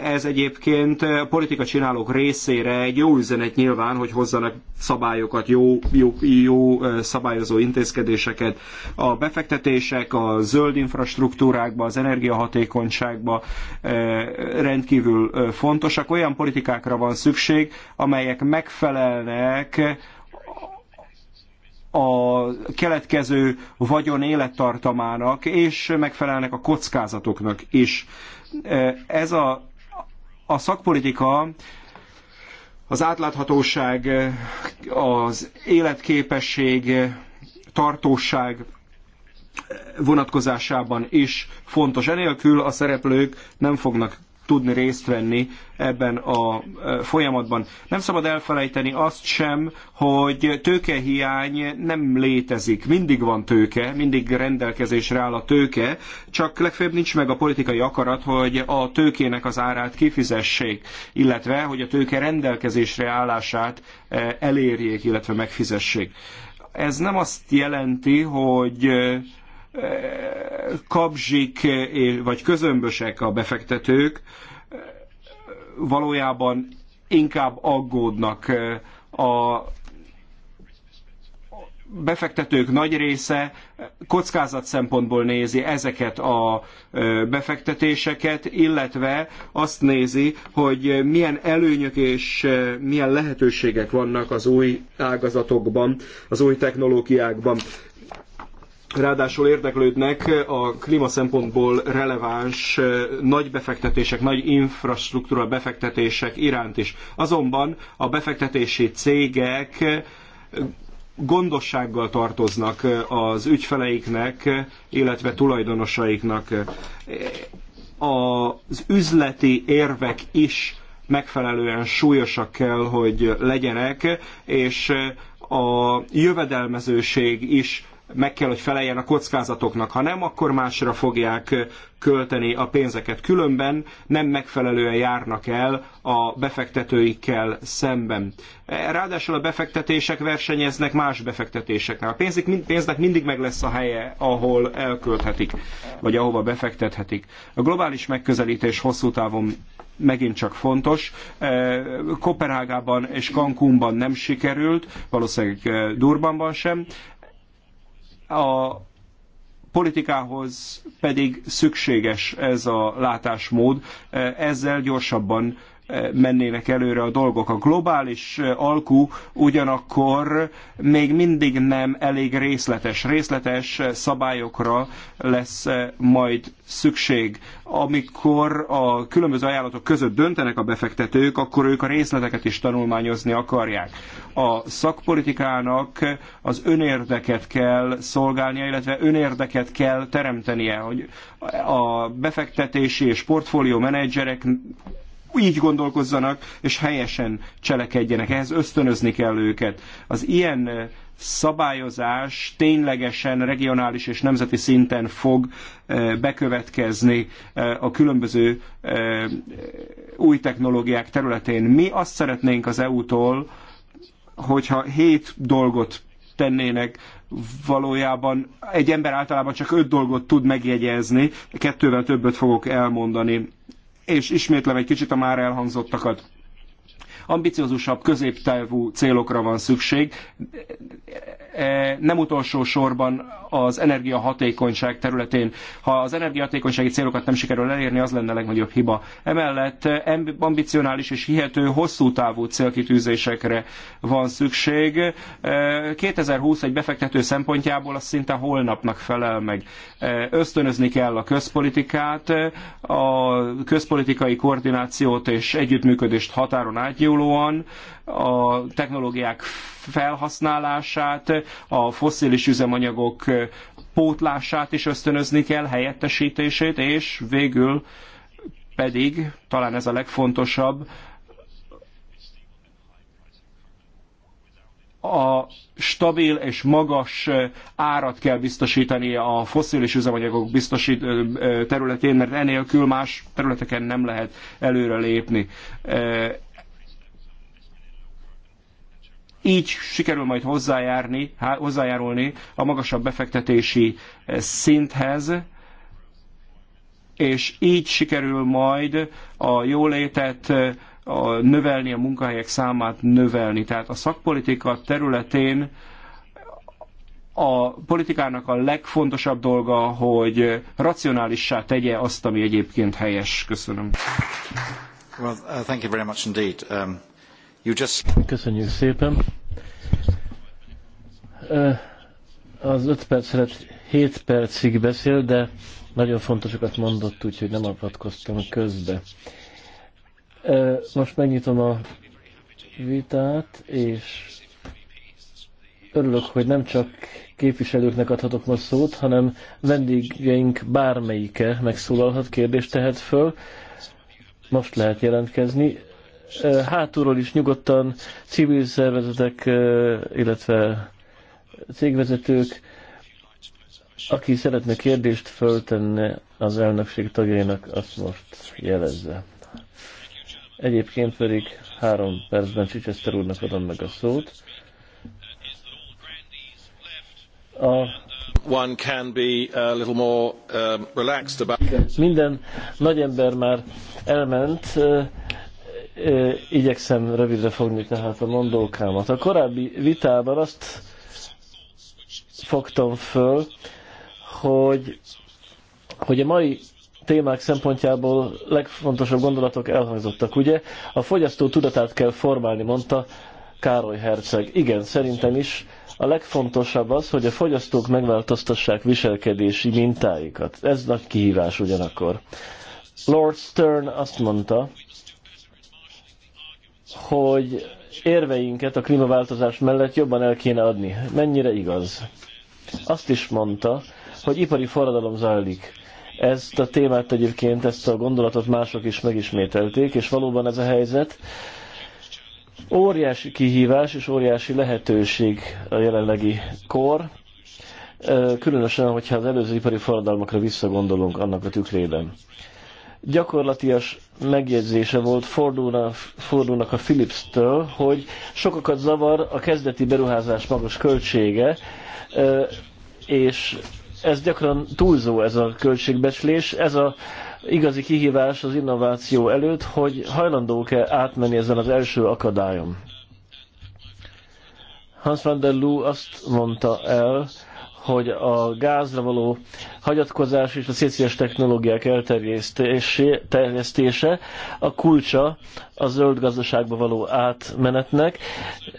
Ez egyébként a politika csinálók részére egy jó üzenet nyilván, hogy hozzanak szabályokat, jó, jó, jó szabályozó intézkedéseket. A befektetések a zöld infrastruktúrákba, az energiahatékonyságba rendkívül fontosak. Olyan politikákra van szükség, amelyek megfelelnek a keletkező vagyon élettartamának, és megfelelnek a kockázatoknak is. Ez a, a szakpolitika az átláthatóság, az életképesség, tartóság vonatkozásában is fontos. Enélkül a szereplők nem fognak tudni részt venni ebben a e, folyamatban. Nem szabad elfelejteni azt sem, hogy tőkehiány nem létezik. Mindig van tőke, mindig rendelkezésre áll a tőke, csak legfeljebb nincs meg a politikai akarat, hogy a tőkének az árát kifizessék, illetve hogy a tőke rendelkezésre állását e, elérjék, illetve megfizessék. Ez nem azt jelenti, hogy kapzsik vagy közömbösek a befektetők, valójában inkább aggódnak e, a befektetők nagy része kockázat szempontból nézi ezeket a e, befektetéseket, illetve azt nézi, hogy milyen előnyök és e, milyen lehetőségek vannak az új ágazatokban, az új technológiákban ráadásul érdeklődnek a klíma szempontból releváns eh, nagy befektetések, nagy infrastruktúra befektetések iránt is. Azonban a befektetési cégek eh, gondossággal tartoznak eh, az ügyfeleiknek, illetve tulajdonosaiknak. Az üzleti érvek is megfelelően súlyosak kell, hogy legyenek, és a jövedelmezőség is meg kell, hogy feleljen a kockázatoknak. Ha nem, akkor másra fogják költeni a pénzeket. Különben nem megfelelően járnak el a befektetőikkel szemben. E, ráadásul a befektetések versenyeznek más befektetéseknek. A pénzik, pénznek mindig meg lesz a helye, ahol elkölthetik, vagy ahova befektethetik. A globális megközelítés hosszú távon megint csak fontos. E, Kopenhágában és Cancúnban nem sikerült, valószínűleg e, Durbanban sem a politikához pedig szükséges ez a látásmód, ezzel gyorsabban mennének előre a dolgok. A globális alkú ugyanakkor még mindig nem elég részletes. Részletes szabályokra lesz majd szükség. Amikor a különböző ajánlatok között döntenek a befektetők, akkor ők a részleteket is tanulmányozni akarják. A szakpolitikának az önérdeket kell szolgálnia, illetve önérdeket kell teremtenie, hogy a befektetési és portfólió menedzserek így gondolkozzanak, és helyesen cselekedjenek. Ehhez ösztönözni kell őket. Az ilyen szabályozás ténylegesen regionális és nemzeti szinten fog bekövetkezni a különböző új technológiák területén. Mi azt szeretnénk az EU-tól, hogyha hét dolgot tennének, valójában egy ember általában csak öt dolgot tud megjegyezni, kettővel többet fogok elmondani és ismétlem egy kicsit a már elhangzottakat ambiciózusabb középtávú célokra van szükség. E, nem utolsó sorban az energiahatékonyság területén. Ha az energiahatékonysági célokat nem sikerül elérni, az lenne a legnagyobb hiba. Emellett ambicionális és hihető hosszú távú célkitűzésekre van szükség. 2020 e, egy befektető szempontjából az szinte holnapnak felel meg. E, ösztönözni kell a közpolitikát, a közpolitikai koordinációt és együttműködést határon átnyúlóan, hasonlóan a technológiák felhasználását, a fosszilis üzemanyagok pótlását is ösztönözni kell, helyettesítését, és végül pedig, talán ez a legfontosabb, a stabil és magas árat kell biztosítani a fosszilis üzemanyagok biztosít, területén, mert enélkül más területeken nem lehet előrelépni így sikerül majd hozzájárni, hozzájárulni a magasabb befektetési eh, szinthez, és így sikerül majd a jólétet eh, a, növelni, a munkahelyek számát növelni. Tehát a szakpolitika területén a politikának a legfontosabb dolga, hogy racionálissá tegye azt, ami egyébként helyes. Köszönöm.
Well, uh, thank you very much indeed. Um...
You just... Köszönjük szépen. Az öt perc felett 7 percig beszél, de nagyon fontosokat mondott, úgyhogy nem avatkoztam közbe. Most megnyitom a vitát, és örülök, hogy nem csak képviselőknek adhatok most szót, hanem vendégeink bármelyike megszólalhat, kérdést tehet föl. Most lehet jelentkezni hátulról is nyugodtan civil szervezetek, illetve cégvezetők, aki szeretne kérdést föltenni az elnökség tagjainak, azt most jelezze. Egyébként pedig három percben Csicseszter úrnak adom meg a szót. A One can be a little more um, relaxed about... Minden nagy ember már elment, igyekszem rövidre fogni tehát a mondókámat. A korábbi vitában azt fogtam föl, hogy, hogy a mai témák szempontjából legfontosabb gondolatok elhangzottak, ugye? A fogyasztó tudatát kell formálni, mondta Károly Herceg. Igen, szerintem is a legfontosabb az, hogy a fogyasztók megváltoztassák viselkedési mintáikat. Ez nagy kihívás ugyanakkor. Lord Stern azt mondta, hogy érveinket a klímaváltozás mellett jobban el kéne adni. Mennyire igaz? Azt is mondta, hogy ipari forradalom zajlik. Ezt a témát egyébként, ezt a gondolatot mások is megismételték, és valóban ez a helyzet óriási kihívás és óriási lehetőség a jelenlegi kor, különösen, hogyha az előző ipari forradalmakra visszagondolunk annak a tükrében gyakorlatias megjegyzése volt fordulnak, fordulnak a Philips-től, hogy sokakat zavar a kezdeti beruházás magas költsége, és ez gyakran túlzó ez a költségbecslés. Ez a igazi kihívás az innováció előtt, hogy hajlandók-e átmenni ezen az első akadályon. Hans van der Loo azt mondta el, hogy a gázra való hagyatkozás és a szétszíves technológiák elterjesztése a kulcsa a zöld gazdaságba való átmenetnek.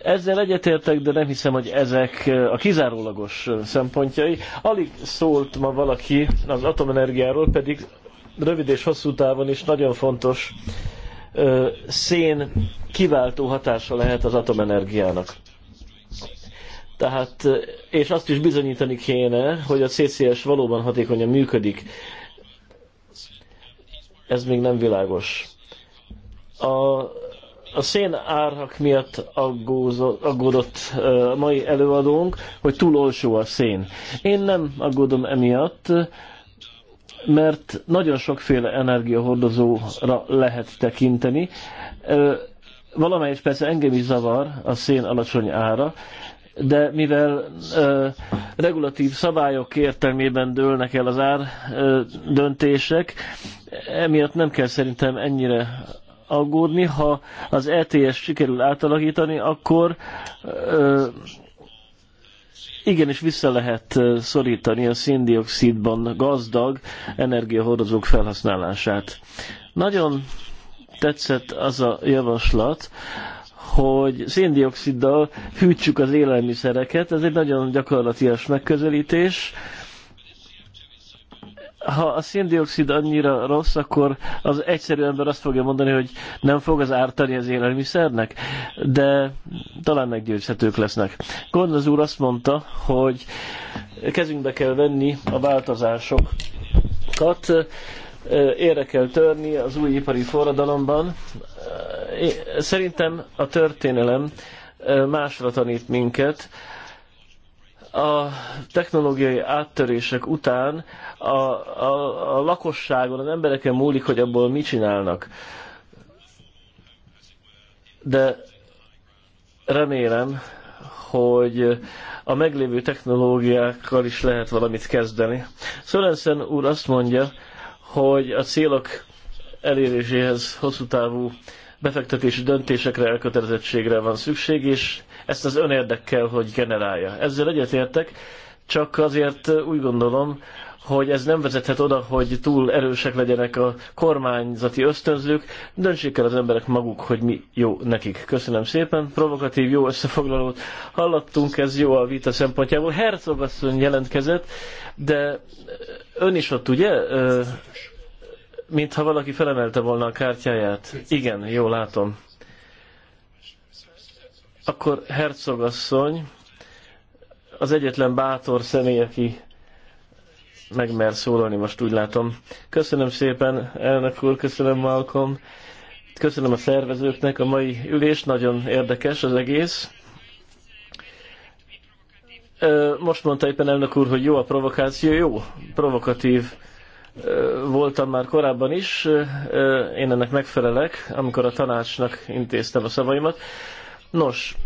Ezzel egyetértek, de nem hiszem, hogy ezek a kizárólagos szempontjai. Alig szólt ma valaki az atomenergiáról, pedig rövid és hosszú távon is nagyon fontos szén kiváltó hatása lehet az atomenergiának. Tehát, és azt is bizonyítani kéne, hogy a CCS valóban hatékonyan működik. Ez még nem világos. A, a szén árak miatt aggózott, aggódott a mai előadónk, hogy túl olcsó a szén. Én nem aggódom emiatt, mert nagyon sokféle energiahordozóra lehet tekinteni. Valamelyest persze engem is zavar a szén alacsony ára, de mivel ö, regulatív szabályok értelmében dőlnek el az ár ö, döntések, emiatt nem kell szerintem ennyire aggódni. Ha az ETS sikerül átalakítani, akkor ö, igenis vissza lehet szorítani a széndiokszidban gazdag energiahordozók felhasználását. Nagyon tetszett az a javaslat, hogy széndioksziddal hűtsük az élelmiszereket. Ez egy nagyon gyakorlatias megközelítés. Ha a széndiokszid annyira rossz, akkor az egyszerű ember azt fogja mondani, hogy nem fog az ártani az élelmiszernek, de talán meggyőzhetők lesznek. az úr azt mondta, hogy kezünkbe kell venni a változásokat, érre kell törni az új ipari forradalomban. Szerintem a történelem másra tanít minket. A technológiai áttörések után a, a, a lakosságon, az embereken múlik, hogy abból mit csinálnak. De remélem, hogy a meglévő technológiákkal is lehet valamit kezdeni. Szörenszen úr azt mondja, hogy a célok eléréséhez hosszú távú befektetési döntésekre, elkötelezettségre van szükség, és ezt az önérdekkel, hogy generálja. Ezzel egyetértek, csak azért úgy gondolom, hogy ez nem vezethet oda, hogy túl erősek legyenek a kormányzati ösztönzők. Döntsék el az emberek maguk, hogy mi jó nekik. Köszönöm szépen. Provokatív, jó összefoglalót hallottunk, ez jó a vita szempontjából. Herzog asszony jelentkezett, de ön is ott, ugye? Mintha valaki felemelte volna a kártyáját. Igen, jó látom. Akkor Herzog asszony az egyetlen bátor személy, aki megmer szólalni, most úgy látom. Köszönöm szépen, elnök úr, köszönöm Malcolm, köszönöm a szervezőknek a mai ülés, nagyon érdekes az egész. Most mondta éppen elnök úr, hogy jó a provokáció, jó, provokatív voltam már korábban is, én ennek megfelelek, amikor a tanácsnak intéztem a szavaimat. Nos,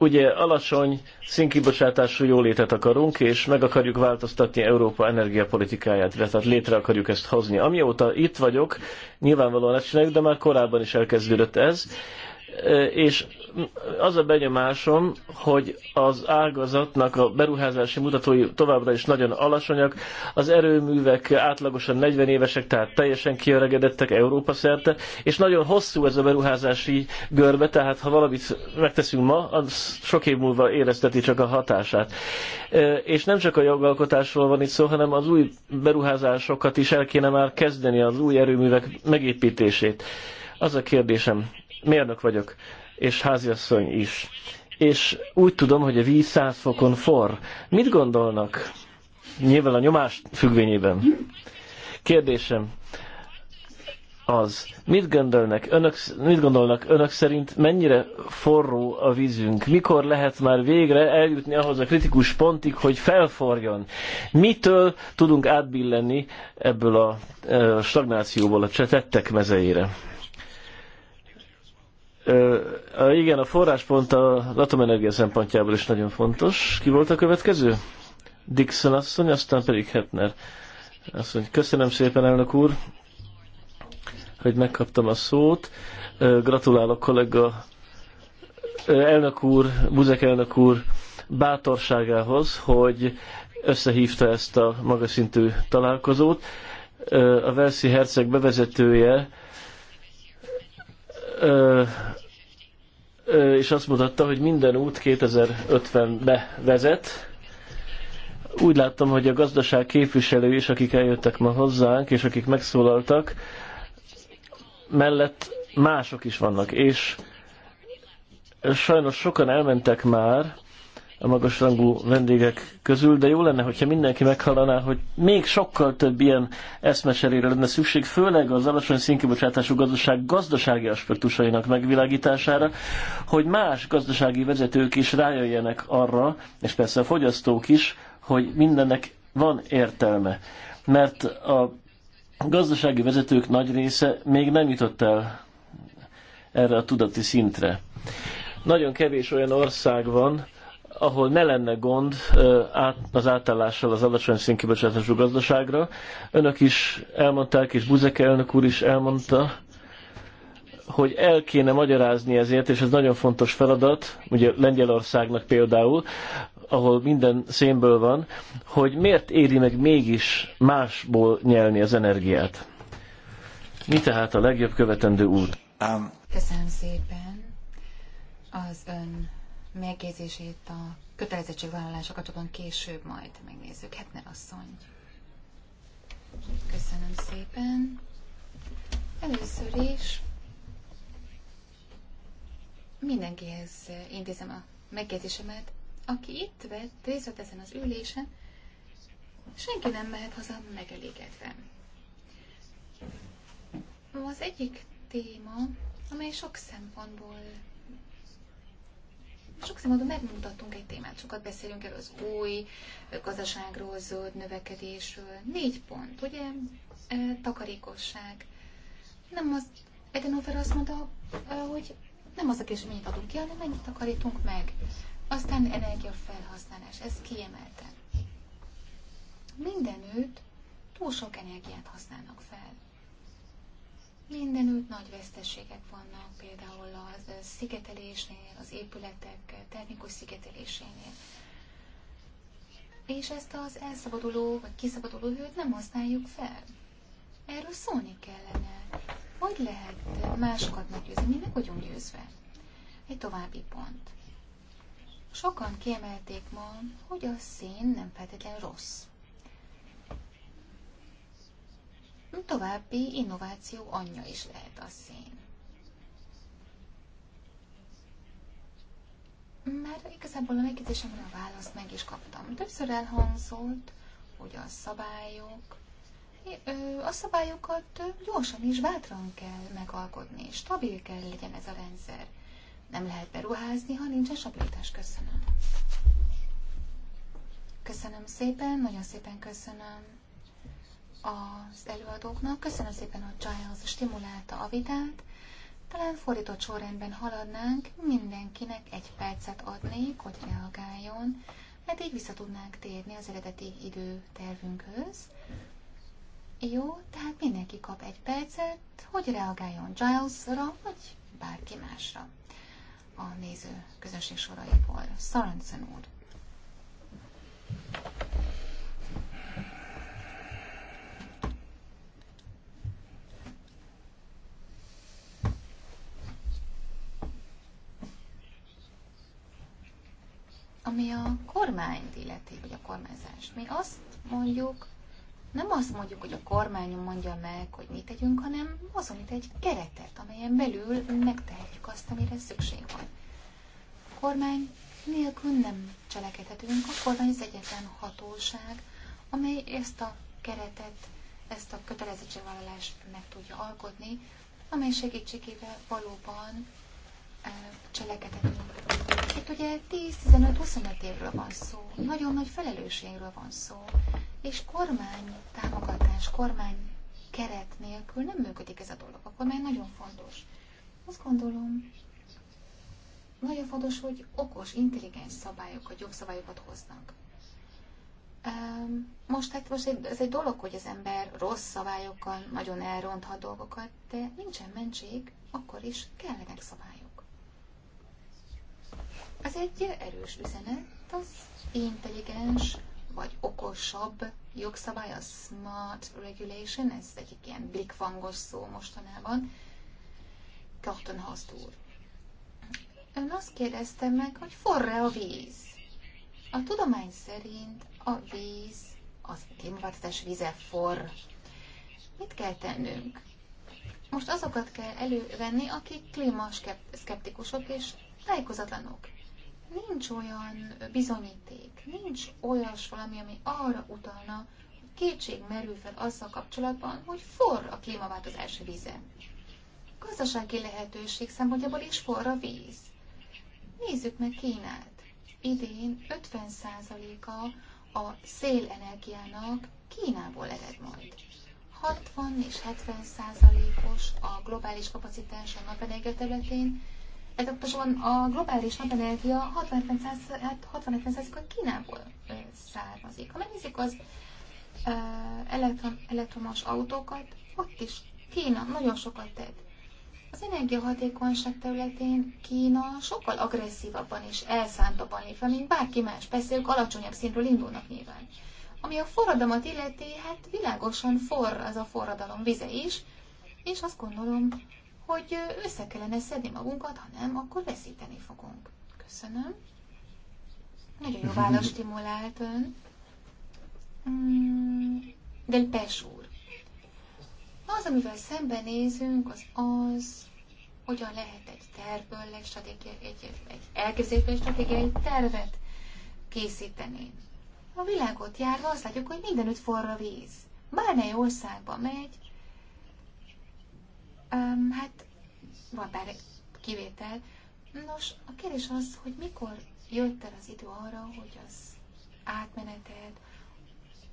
Ugye alacsony színkibocsátású jólétet akarunk, és meg akarjuk változtatni Európa energiapolitikáját, tehát létre akarjuk ezt hozni. Amióta itt vagyok, nyilvánvalóan ezt csináljuk, de már korábban is elkezdődött ez és az a benyomásom, hogy az ágazatnak a beruházási mutatói továbbra is nagyon alacsonyak, az erőművek átlagosan 40 évesek, tehát teljesen kiöregedettek Európa szerte, és nagyon hosszú ez a beruházási görbe, tehát ha valamit megteszünk ma, az sok év múlva érezteti csak a hatását. És nem csak a jogalkotásról van itt szó, hanem az új beruházásokat is el kéne már kezdeni, az új erőművek megépítését. Az a kérdésem, mérnök vagyok, és háziasszony is. És úgy tudom, hogy a víz 100 fokon forr. Mit gondolnak? Nyilván a nyomás függvényében. Kérdésem az, mit gondolnak, önök, mit gondolnak önök szerint, mennyire forró a vízünk? Mikor lehet már végre eljutni ahhoz a kritikus pontig, hogy felforjon? Mitől tudunk átbillenni ebből a, a stagnációból a csetettek mezeire? igen, a forráspont az atomenergia szempontjából is nagyon fontos. Ki volt a következő? Dixon asszony, aztán pedig Hetner. Azt mondja, köszönöm szépen, elnök úr, hogy megkaptam a szót. Gratulálok kollega elnök úr, Buzek elnök úr bátorságához, hogy összehívta ezt a magaszintű találkozót. A Velszi herceg bevezetője ö, ö, és azt mutatta, hogy minden út 2050-be vezet. Úgy láttam, hogy a gazdaság képviselői is, akik eljöttek ma hozzánk, és akik megszólaltak, mellett mások is vannak, és sajnos sokan elmentek már, a magasrangú vendégek közül, de jó lenne, hogyha mindenki meghallaná, hogy még sokkal több ilyen eszmeserére lenne szükség, főleg az alacsony színkibocsátású gazdaság gazdasági aspektusainak megvilágítására, hogy más gazdasági vezetők is rájöjjenek arra, és persze a fogyasztók is, hogy mindennek van értelme. Mert a gazdasági vezetők nagy része még nem jutott el erre a tudati szintre. Nagyon kevés olyan ország van, ahol ne lenne gond az átállással az alacsony szénkibocsátású gazdaságra. Önök is elmondták, és Buzeke elnök úr is elmondta, hogy el kéne magyarázni ezért, és ez nagyon fontos feladat, ugye Lengyelországnak például, ahol minden szénből van, hogy miért éri meg mégis másból nyelni az energiát. Mi tehát a legjobb követendő út? Köszönöm szépen
az ön megjegyzését a kötelezettségvállalásra kapcsolatban később majd megnézzük. Hetner asszony. Köszönöm szépen. Először is mindenkihez intézem a megjegyzésemet. Aki itt vett részt ezen az ülésen, senki nem mehet haza megelégedve. Az egyik téma, amely sok szempontból Sokszor, azt mondom, megmutattunk egy témát, sokat beszélünk erről az új gazdaságról, zöld növekedésről. Négy pont, ugye? E, takarékosság. Nem az, Edenover azt mondta, e, hogy nem az a kérdés, mennyit adunk ki, hanem mennyit takarítunk meg. Aztán energiafelhasználás, ez kiemelten. Mindenütt túl sok energiát használnak fel. Mindenütt nagy veszteségek vannak, például a szigetelésnél, az épületek termikus szigetelésénél. És ezt az elszabaduló vagy kiszabaduló hőt nem használjuk fel. Erről szólni kellene. Hogy lehet másokat meggyőzni? Mi meg vagyunk győzve. Egy további pont. Sokan kiemelték ma, hogy a szén nem feltétlenül rossz. további innováció anyja is lehet a szén. Mert igazából a megkérdésemre a választ meg is kaptam. Többször elhangzott, hogy a szabályok, a szabályokat gyorsan és bátran kell megalkotni, stabil kell legyen ez a rendszer. Nem lehet beruházni, ha nincsen stabilitás. Köszönöm. Köszönöm szépen, nagyon szépen köszönöm az előadóknak. Köszönöm szépen, hogy Giles stimulálta a vitát. Talán fordított sorrendben haladnánk, mindenkinek egy percet adnék, hogy reagáljon, mert így vissza tudnánk térni az eredeti időtervünkhöz. Jó, tehát mindenki kap egy percet, hogy reagáljon Gilesra, vagy bárki másra a néző közönség soraiból. Sorensen úr. ami a kormányt illeti, vagy a kormányzást. Mi azt mondjuk, nem azt mondjuk, hogy a kormány mondja meg, hogy mit tegyünk, hanem amit egy keretet, amelyen belül megtehetjük azt, amire szükség van. A kormány nélkül nem cselekedhetünk, a kormány az egyetlen hatóság, amely ezt a keretet, ezt a kötelezettségvállalást meg tudja alkotni, amely segítségével valóban cselekedetünk. Itt ugye 10-15-25 évről van szó, nagyon nagy felelősségről van szó, és kormány támogatás, kormány keret nélkül nem működik ez a dolog. A kormány nagyon fontos. Azt gondolom, nagyon fontos, hogy okos, intelligens szabályokat, jogszabályokat hoznak. Most, hát most egy, ez egy dolog, hogy az ember rossz szabályokkal nagyon elronthat dolgokat, de nincsen mentség, akkor is kellenek szabályok. Az egy erős üzenet, az intelligens vagy okosabb jogszabály, a smart regulation, ez egyik ilyen blikfangos szó mostanában. Carton Hast úr. Ön azt kérdezte meg, hogy forra a víz. A tudomány szerint a víz, az klímaváltozás vize forr. Mit kell tennünk? Most azokat kell elővenni, akik klímaszkeptikusok és tájékozatlanok nincs olyan bizonyíték, nincs olyas valami, ami arra utalna, hogy kétség merül fel azzal kapcsolatban, hogy forr a klímaváltozás vize. gazdasági lehetőség szempontjából is forr a víz. Nézzük meg Kínát. Idén 50%-a a szélenergiának Kínából ered majd. 60 és 70 százalékos a globális kapacitás a napenergia területén, ezek pontosan a globális napenergia 60-70%-a hát Kínából származik. Ha megnézik az elektromos autókat, ott is Kína nagyon sokat tett. Az energiahatékonyság területén Kína sokkal agresszívabban és elszántabban lépve, fel, mint bárki más. Persze ők alacsonyabb szintről indulnak nyilván. Ami a forradalmat illeti, hát világosan forr az a forradalom vize is, és azt gondolom, hogy össze kellene szedni magunkat, ha nem, akkor veszíteni fogunk. Köszönöm. Nagyon jó választ stimulált ön. Hmm, Del Pes úr. Az, amivel szembenézünk, az az, hogyan lehet egy tervből, egy, egy, egy elképzelésből egy stratégiai tervet készíteni. A világot járva azt látjuk, hogy mindenütt forra víz. Bármely országba megy, Um, hát van pár kivétel. Nos, a kérdés az, hogy mikor jött el az idő arra, hogy az átmenetet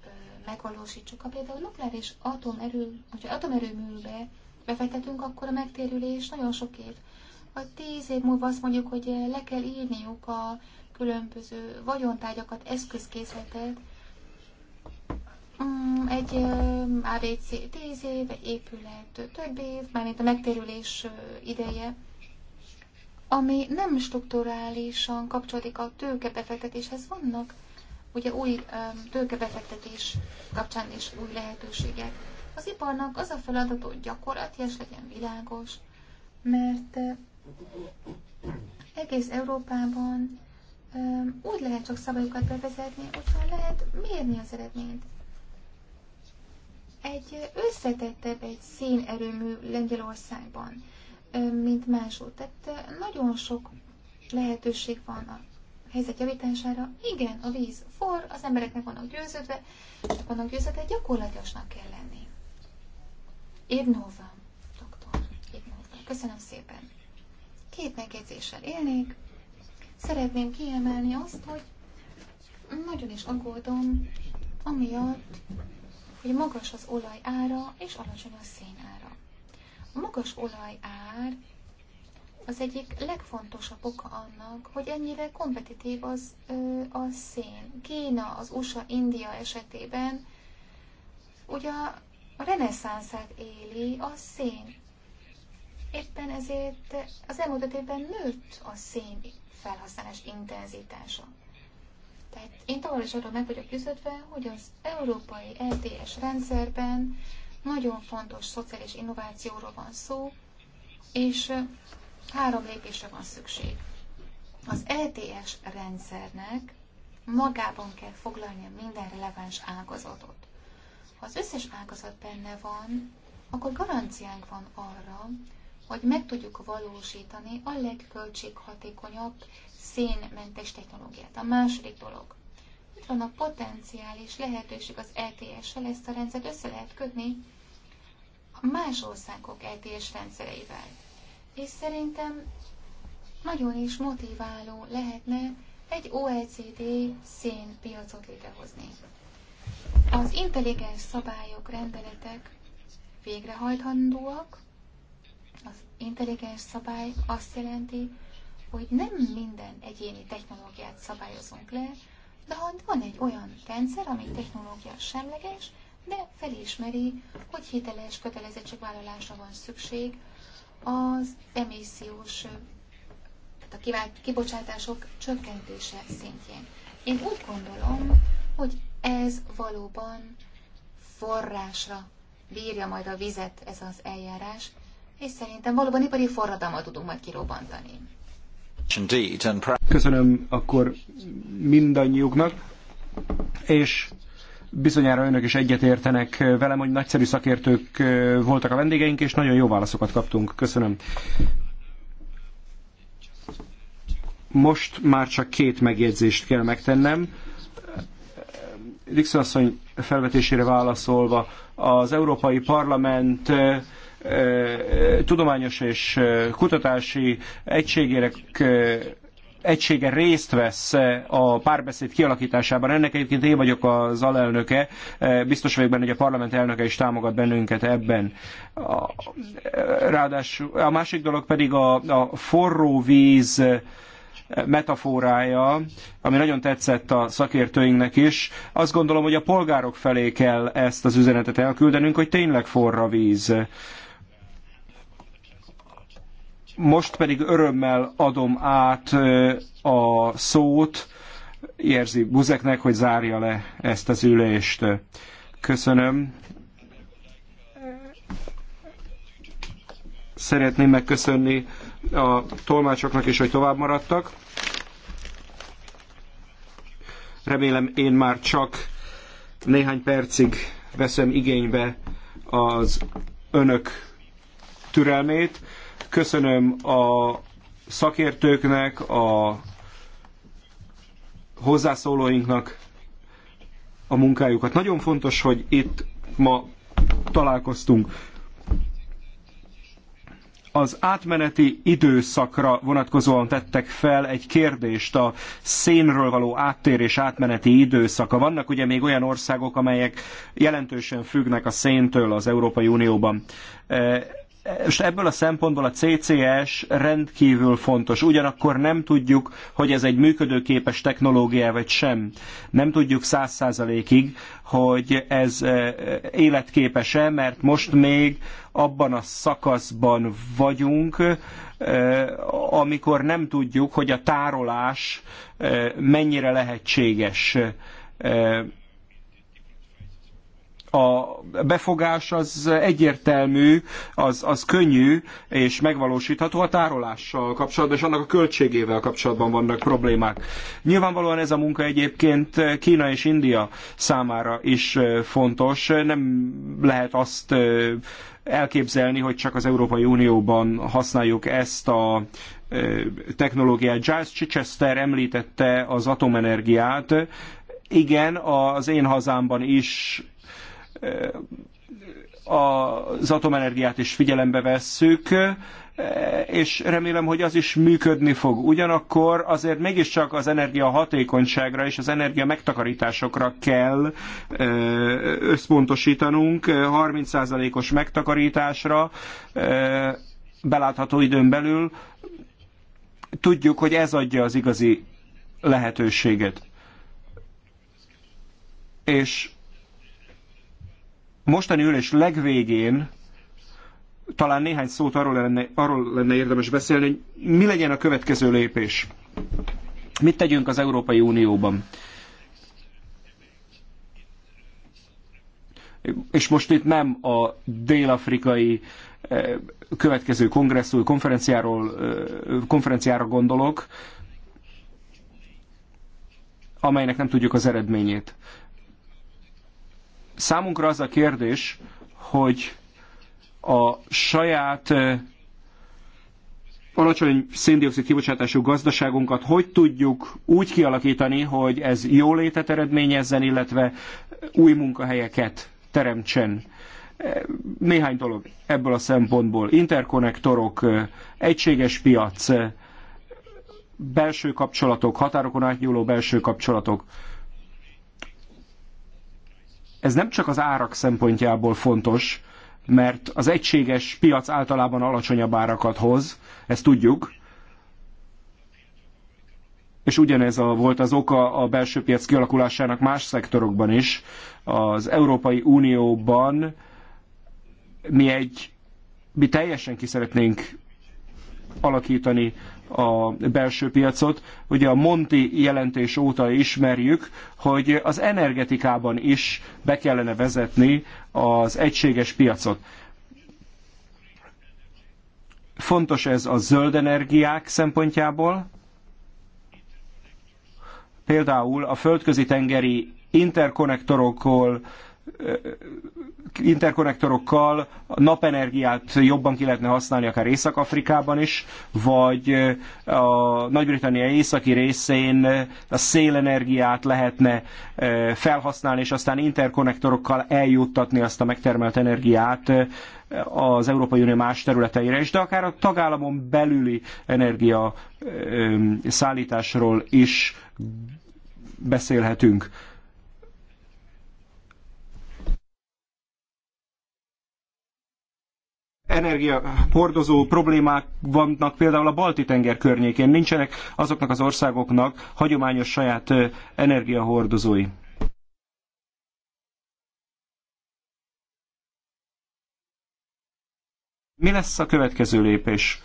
ö, megvalósítsuk. Ha például nukleáris atomerő, hogyha atomerőműbe befektetünk, akkor a megtérülés nagyon sok év. Vagy tíz év múlva azt mondjuk, hogy le kell írniuk a különböző vagyontárgyakat, eszközkészletet, Mm, egy ABC 10 év, épület több év, mármint a megtérülés ideje, ami nem strukturálisan kapcsolódik a tőkebefektetéshez, vannak ugye új tőkebefektetés kapcsán is új lehetőségek. Az iparnak az a feladat, hogy gyakorlatilag legyen világos, mert egész Európában úgy lehet csak szabályokat bevezetni, hogyha lehet mérni az eredményt egy összetettebb, egy szénerőmű Lengyelországban, mint máshol. Tehát nagyon sok lehetőség van a helyzet javítására. Igen, a víz for, az embereknek vannak győződve, csak vannak győződve, gyakorlatilag kell lenni. Évnóva, doktor, évnóva. Köszönöm szépen. Két megjegyzéssel élnék. Szeretném kiemelni azt, hogy nagyon is aggódom, amiatt, hogy magas az olaj ára és alacsony a szén ára. A magas olaj ár az egyik legfontosabb oka annak, hogy ennyire kompetitív az ö, a szén. Kína, az USA, India esetében ugye a reneszánszát éli a szén. Éppen ezért az elmúlt évben nőtt a szén felhasználás intenzitása. Tehát én továbbra is arról meg vagyok küzdve, hogy az európai LTS e rendszerben nagyon fontos szociális innovációról van szó, és három lépésre van szükség. Az LTS e rendszernek magában kell foglalnia minden releváns ágazatot. Ha az összes ágazat benne van, akkor garanciánk van arra, hogy meg tudjuk valósítani a legköltséghatékonyabb szénmentes technológiát. A második dolog. Itt van a potenciális lehetőség az ETS-sel, ezt a rendszert össze lehet kötni a más országok ETS rendszereivel. És szerintem nagyon is motiváló lehetne egy OECD szénpiacot létrehozni. Az intelligens szabályok, rendeletek végrehajthandóak, az intelligens szabály azt jelenti, hogy nem minden egyéni technológiát szabályozunk le, de ha van egy olyan rendszer, ami technológia semleges, de felismeri, hogy hiteles kötelezettségvállalásra van szükség az emissziós, tehát a kibocsátások csökkentése szintjén. Én úgy gondolom, hogy ez valóban forrásra bírja majd a vizet ez az eljárás, és szerintem valóban ipari forradalmat tudunk majd kirobbantani.
Köszönöm akkor mindannyiuknak, és bizonyára önök is egyetértenek velem, hogy nagyszerű szakértők voltak a vendégeink, és nagyon jó válaszokat kaptunk. Köszönöm. Most már csak két megjegyzést kell megtennem. Dixon asszony felvetésére válaszolva, az Európai Parlament tudományos és kutatási egységének egysége részt vesz a párbeszéd kialakításában. Ennek egyébként én vagyok az alelnöke, biztos vagyok benne, hogy a parlament elnöke is támogat bennünket ebben. A, ráadásul a másik dolog pedig a, a forró víz metaforája, ami nagyon tetszett a szakértőinknek is. Azt gondolom, hogy a polgárok felé kell ezt az üzenetet elküldenünk, hogy tényleg forra víz most pedig örömmel adom át a szót Érzi Buzeknek, hogy zárja le ezt az ülést. Köszönöm. Szeretném megköszönni a tolmácsoknak is, hogy tovább maradtak. Remélem én már csak néhány percig veszem igénybe az önök türelmét. Köszönöm a szakértőknek, a hozzászólóinknak a munkájukat. Nagyon fontos, hogy itt ma találkoztunk. Az átmeneti időszakra vonatkozóan tettek fel egy kérdést a szénről való áttérés átmeneti időszaka. Vannak ugye még olyan országok, amelyek jelentősen függnek a széntől az Európai Unióban most ebből a szempontból a CCS rendkívül fontos. Ugyanakkor nem tudjuk, hogy ez egy működőképes technológia vagy sem. Nem tudjuk száz százalékig, hogy ez eh, életképes-e, mert most még abban a szakaszban vagyunk, eh, amikor nem tudjuk, hogy a tárolás eh, mennyire lehetséges a befogás az egyértelmű, az, az könnyű és megvalósítható a tárolással kapcsolatban, és annak a költségével kapcsolatban vannak problémák. Nyilvánvalóan ez a munka egyébként Kína és India számára is fontos. Nem lehet azt elképzelni, hogy csak az Európai Unióban használjuk ezt a technológiát. Giles Chichester említette az atomenergiát. Igen, az én hazámban is az atomenergiát is figyelembe vesszük, és remélem, hogy az is működni fog. Ugyanakkor azért mégiscsak az energia hatékonyságra és az energia megtakarításokra kell összpontosítanunk, 30%-os megtakarításra belátható időn belül. Tudjuk, hogy ez adja az igazi lehetőséget. És mostani ülés legvégén talán néhány szót arról lenne, arról lenne érdemes beszélni, hogy mi legyen a következő lépés. Mit tegyünk az Európai Unióban? És most itt nem a dél-afrikai eh, következő kongresszú konferenciáról, eh, konferenciára gondolok, amelynek nem tudjuk az eredményét. Számunkra az a kérdés, hogy a saját eh, alacsony széndiokszid kibocsátású gazdaságunkat hogy tudjuk úgy kialakítani, hogy ez létet eredményezzen, illetve új munkahelyeket teremtsen. Eh, néhány dolog ebből a szempontból. Interkonnektorok, eh, egységes piac, belső kapcsolatok, határokon átnyúló belső kapcsolatok ez nem csak az árak szempontjából fontos, mert az egységes piac általában alacsonyabb árakat hoz, ezt tudjuk, és ugyanez a, volt az oka a belső piac kialakulásának más szektorokban is. Az Európai Unióban mi egy, mi teljesen ki szeretnénk alakítani a belső piacot. Ugye a Monti jelentés óta ismerjük, hogy az energetikában is be kellene vezetni az egységes piacot. Fontos ez a zöld energiák szempontjából. Például a földközi tengeri interkonnektorokról interkonnektorokkal napenergiát jobban ki lehetne használni akár Észak-Afrikában is, vagy a Nagy-Britannia északi részén a szélenergiát lehetne eh, felhasználni, és aztán interkonnektorokkal eljuttatni azt a megtermelt energiát eh, az Európai Unió más területeire is, de akár a tagállamon belüli energia eh, szállításról is beszélhetünk energiahordozó problémák vannak például a Balti-tenger környékén. Nincsenek azoknak az országoknak hagyományos saját energiahordozói. Mi lesz a következő lépés?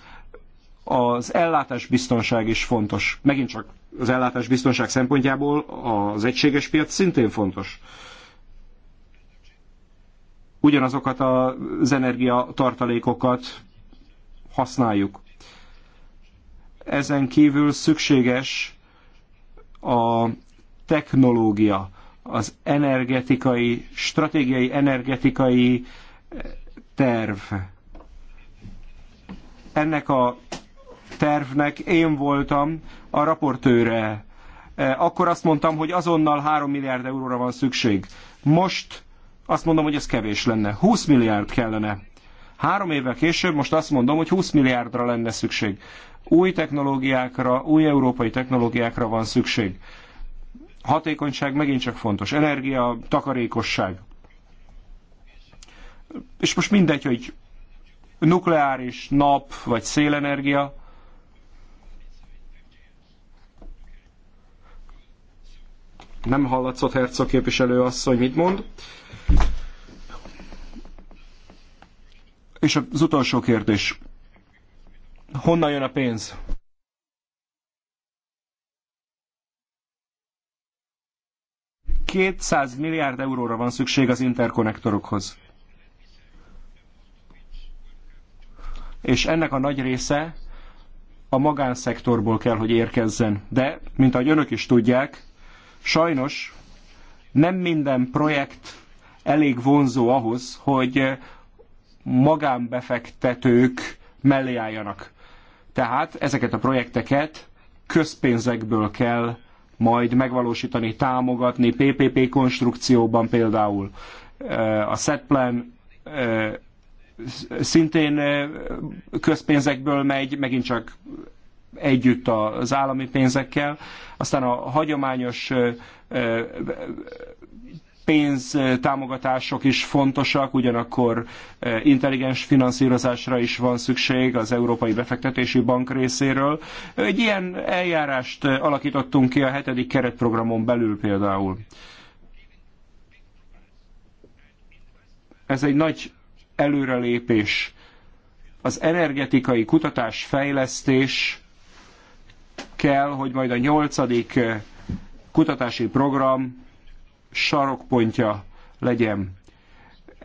Az ellátásbiztonság is fontos. Megint csak az ellátásbiztonság szempontjából az egységes piac szintén fontos ugyanazokat az energiatartalékokat használjuk. Ezen kívül szükséges a technológia, az energetikai, stratégiai energetikai eh, terv. Ennek a tervnek én voltam a raportőre. Eh, akkor azt mondtam, hogy azonnal 3 milliárd euróra van szükség. Most azt mondom, hogy ez kevés lenne. 20 milliárd kellene. Három évvel később most azt mondom, hogy 20 milliárdra lenne szükség. Új technológiákra, új európai technológiákra van szükség. Hatékonyság megint csak fontos. Energia, takarékosság. És most mindegy, hogy nukleáris, nap vagy szélenergia. Nem hallatszott Herzog képviselő asszony, mit mond. És az utolsó kérdés. Honnan jön a pénz? Kétszáz milliárd euróra van szükség az interkonnektorokhoz. És ennek a nagy része a magánszektorból kell, hogy érkezzen. De, mint ahogy önök is tudják, sajnos nem minden projekt elég vonzó ahhoz, hogy magánbefektetők mellé álljanak. Tehát ezeket a projekteket közpénzekből kell majd megvalósítani, támogatni, PPP konstrukcióban például. Eh, a setplan eh, szintén eh, közpénzekből megy, megint csak együtt az állami pénzekkel. Aztán a hagyományos pénztámogatások is fontosak, ugyanakkor eh, intelligens finanszírozásra is van szükség az Európai Befektetési Bank részéről. Egy ilyen eljárást eh, alakítottunk ki a hetedik keretprogramon belül például. Ez egy nagy előrelépés. Az energetikai kutatás fejlesztés kell, hogy majd a nyolcadik eh, kutatási program sarokpontja legyen.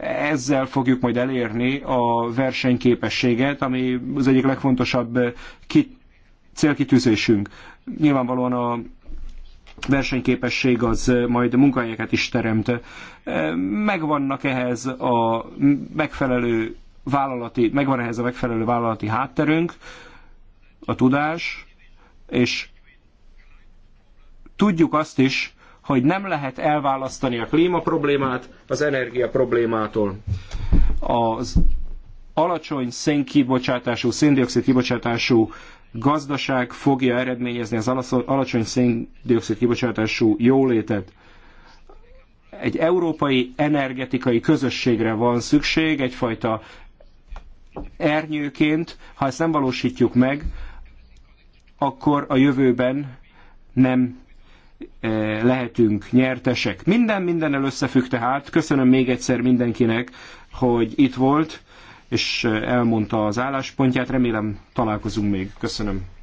Ezzel fogjuk majd elérni a versenyképességet, ami az egyik legfontosabb ki, célkitűzésünk. Nyilvánvalóan a versenyképesség az majd munkahelyeket is teremt. Megvannak ehhez a megfelelő vállalati, megvan ehhez a megfelelő vállalati hátterünk, a tudás, és tudjuk azt is, hogy nem lehet elválasztani a klíma problémát az energia problémától. Az alacsony szénkibocsátású, széndiokszid kibocsátású gazdaság fogja eredményezni az alacsony széndiokszid kibocsátású jólétet egy európai energetikai közösségre van szükség, egyfajta ernyőként, ha ezt nem valósítjuk meg, akkor a jövőben nem E, lehetünk nyertesek. Minden mindennel összefügg tehát. Köszönöm még egyszer mindenkinek, hogy itt volt, és e, elmondta az álláspontját. Remélem találkozunk még. Köszönöm.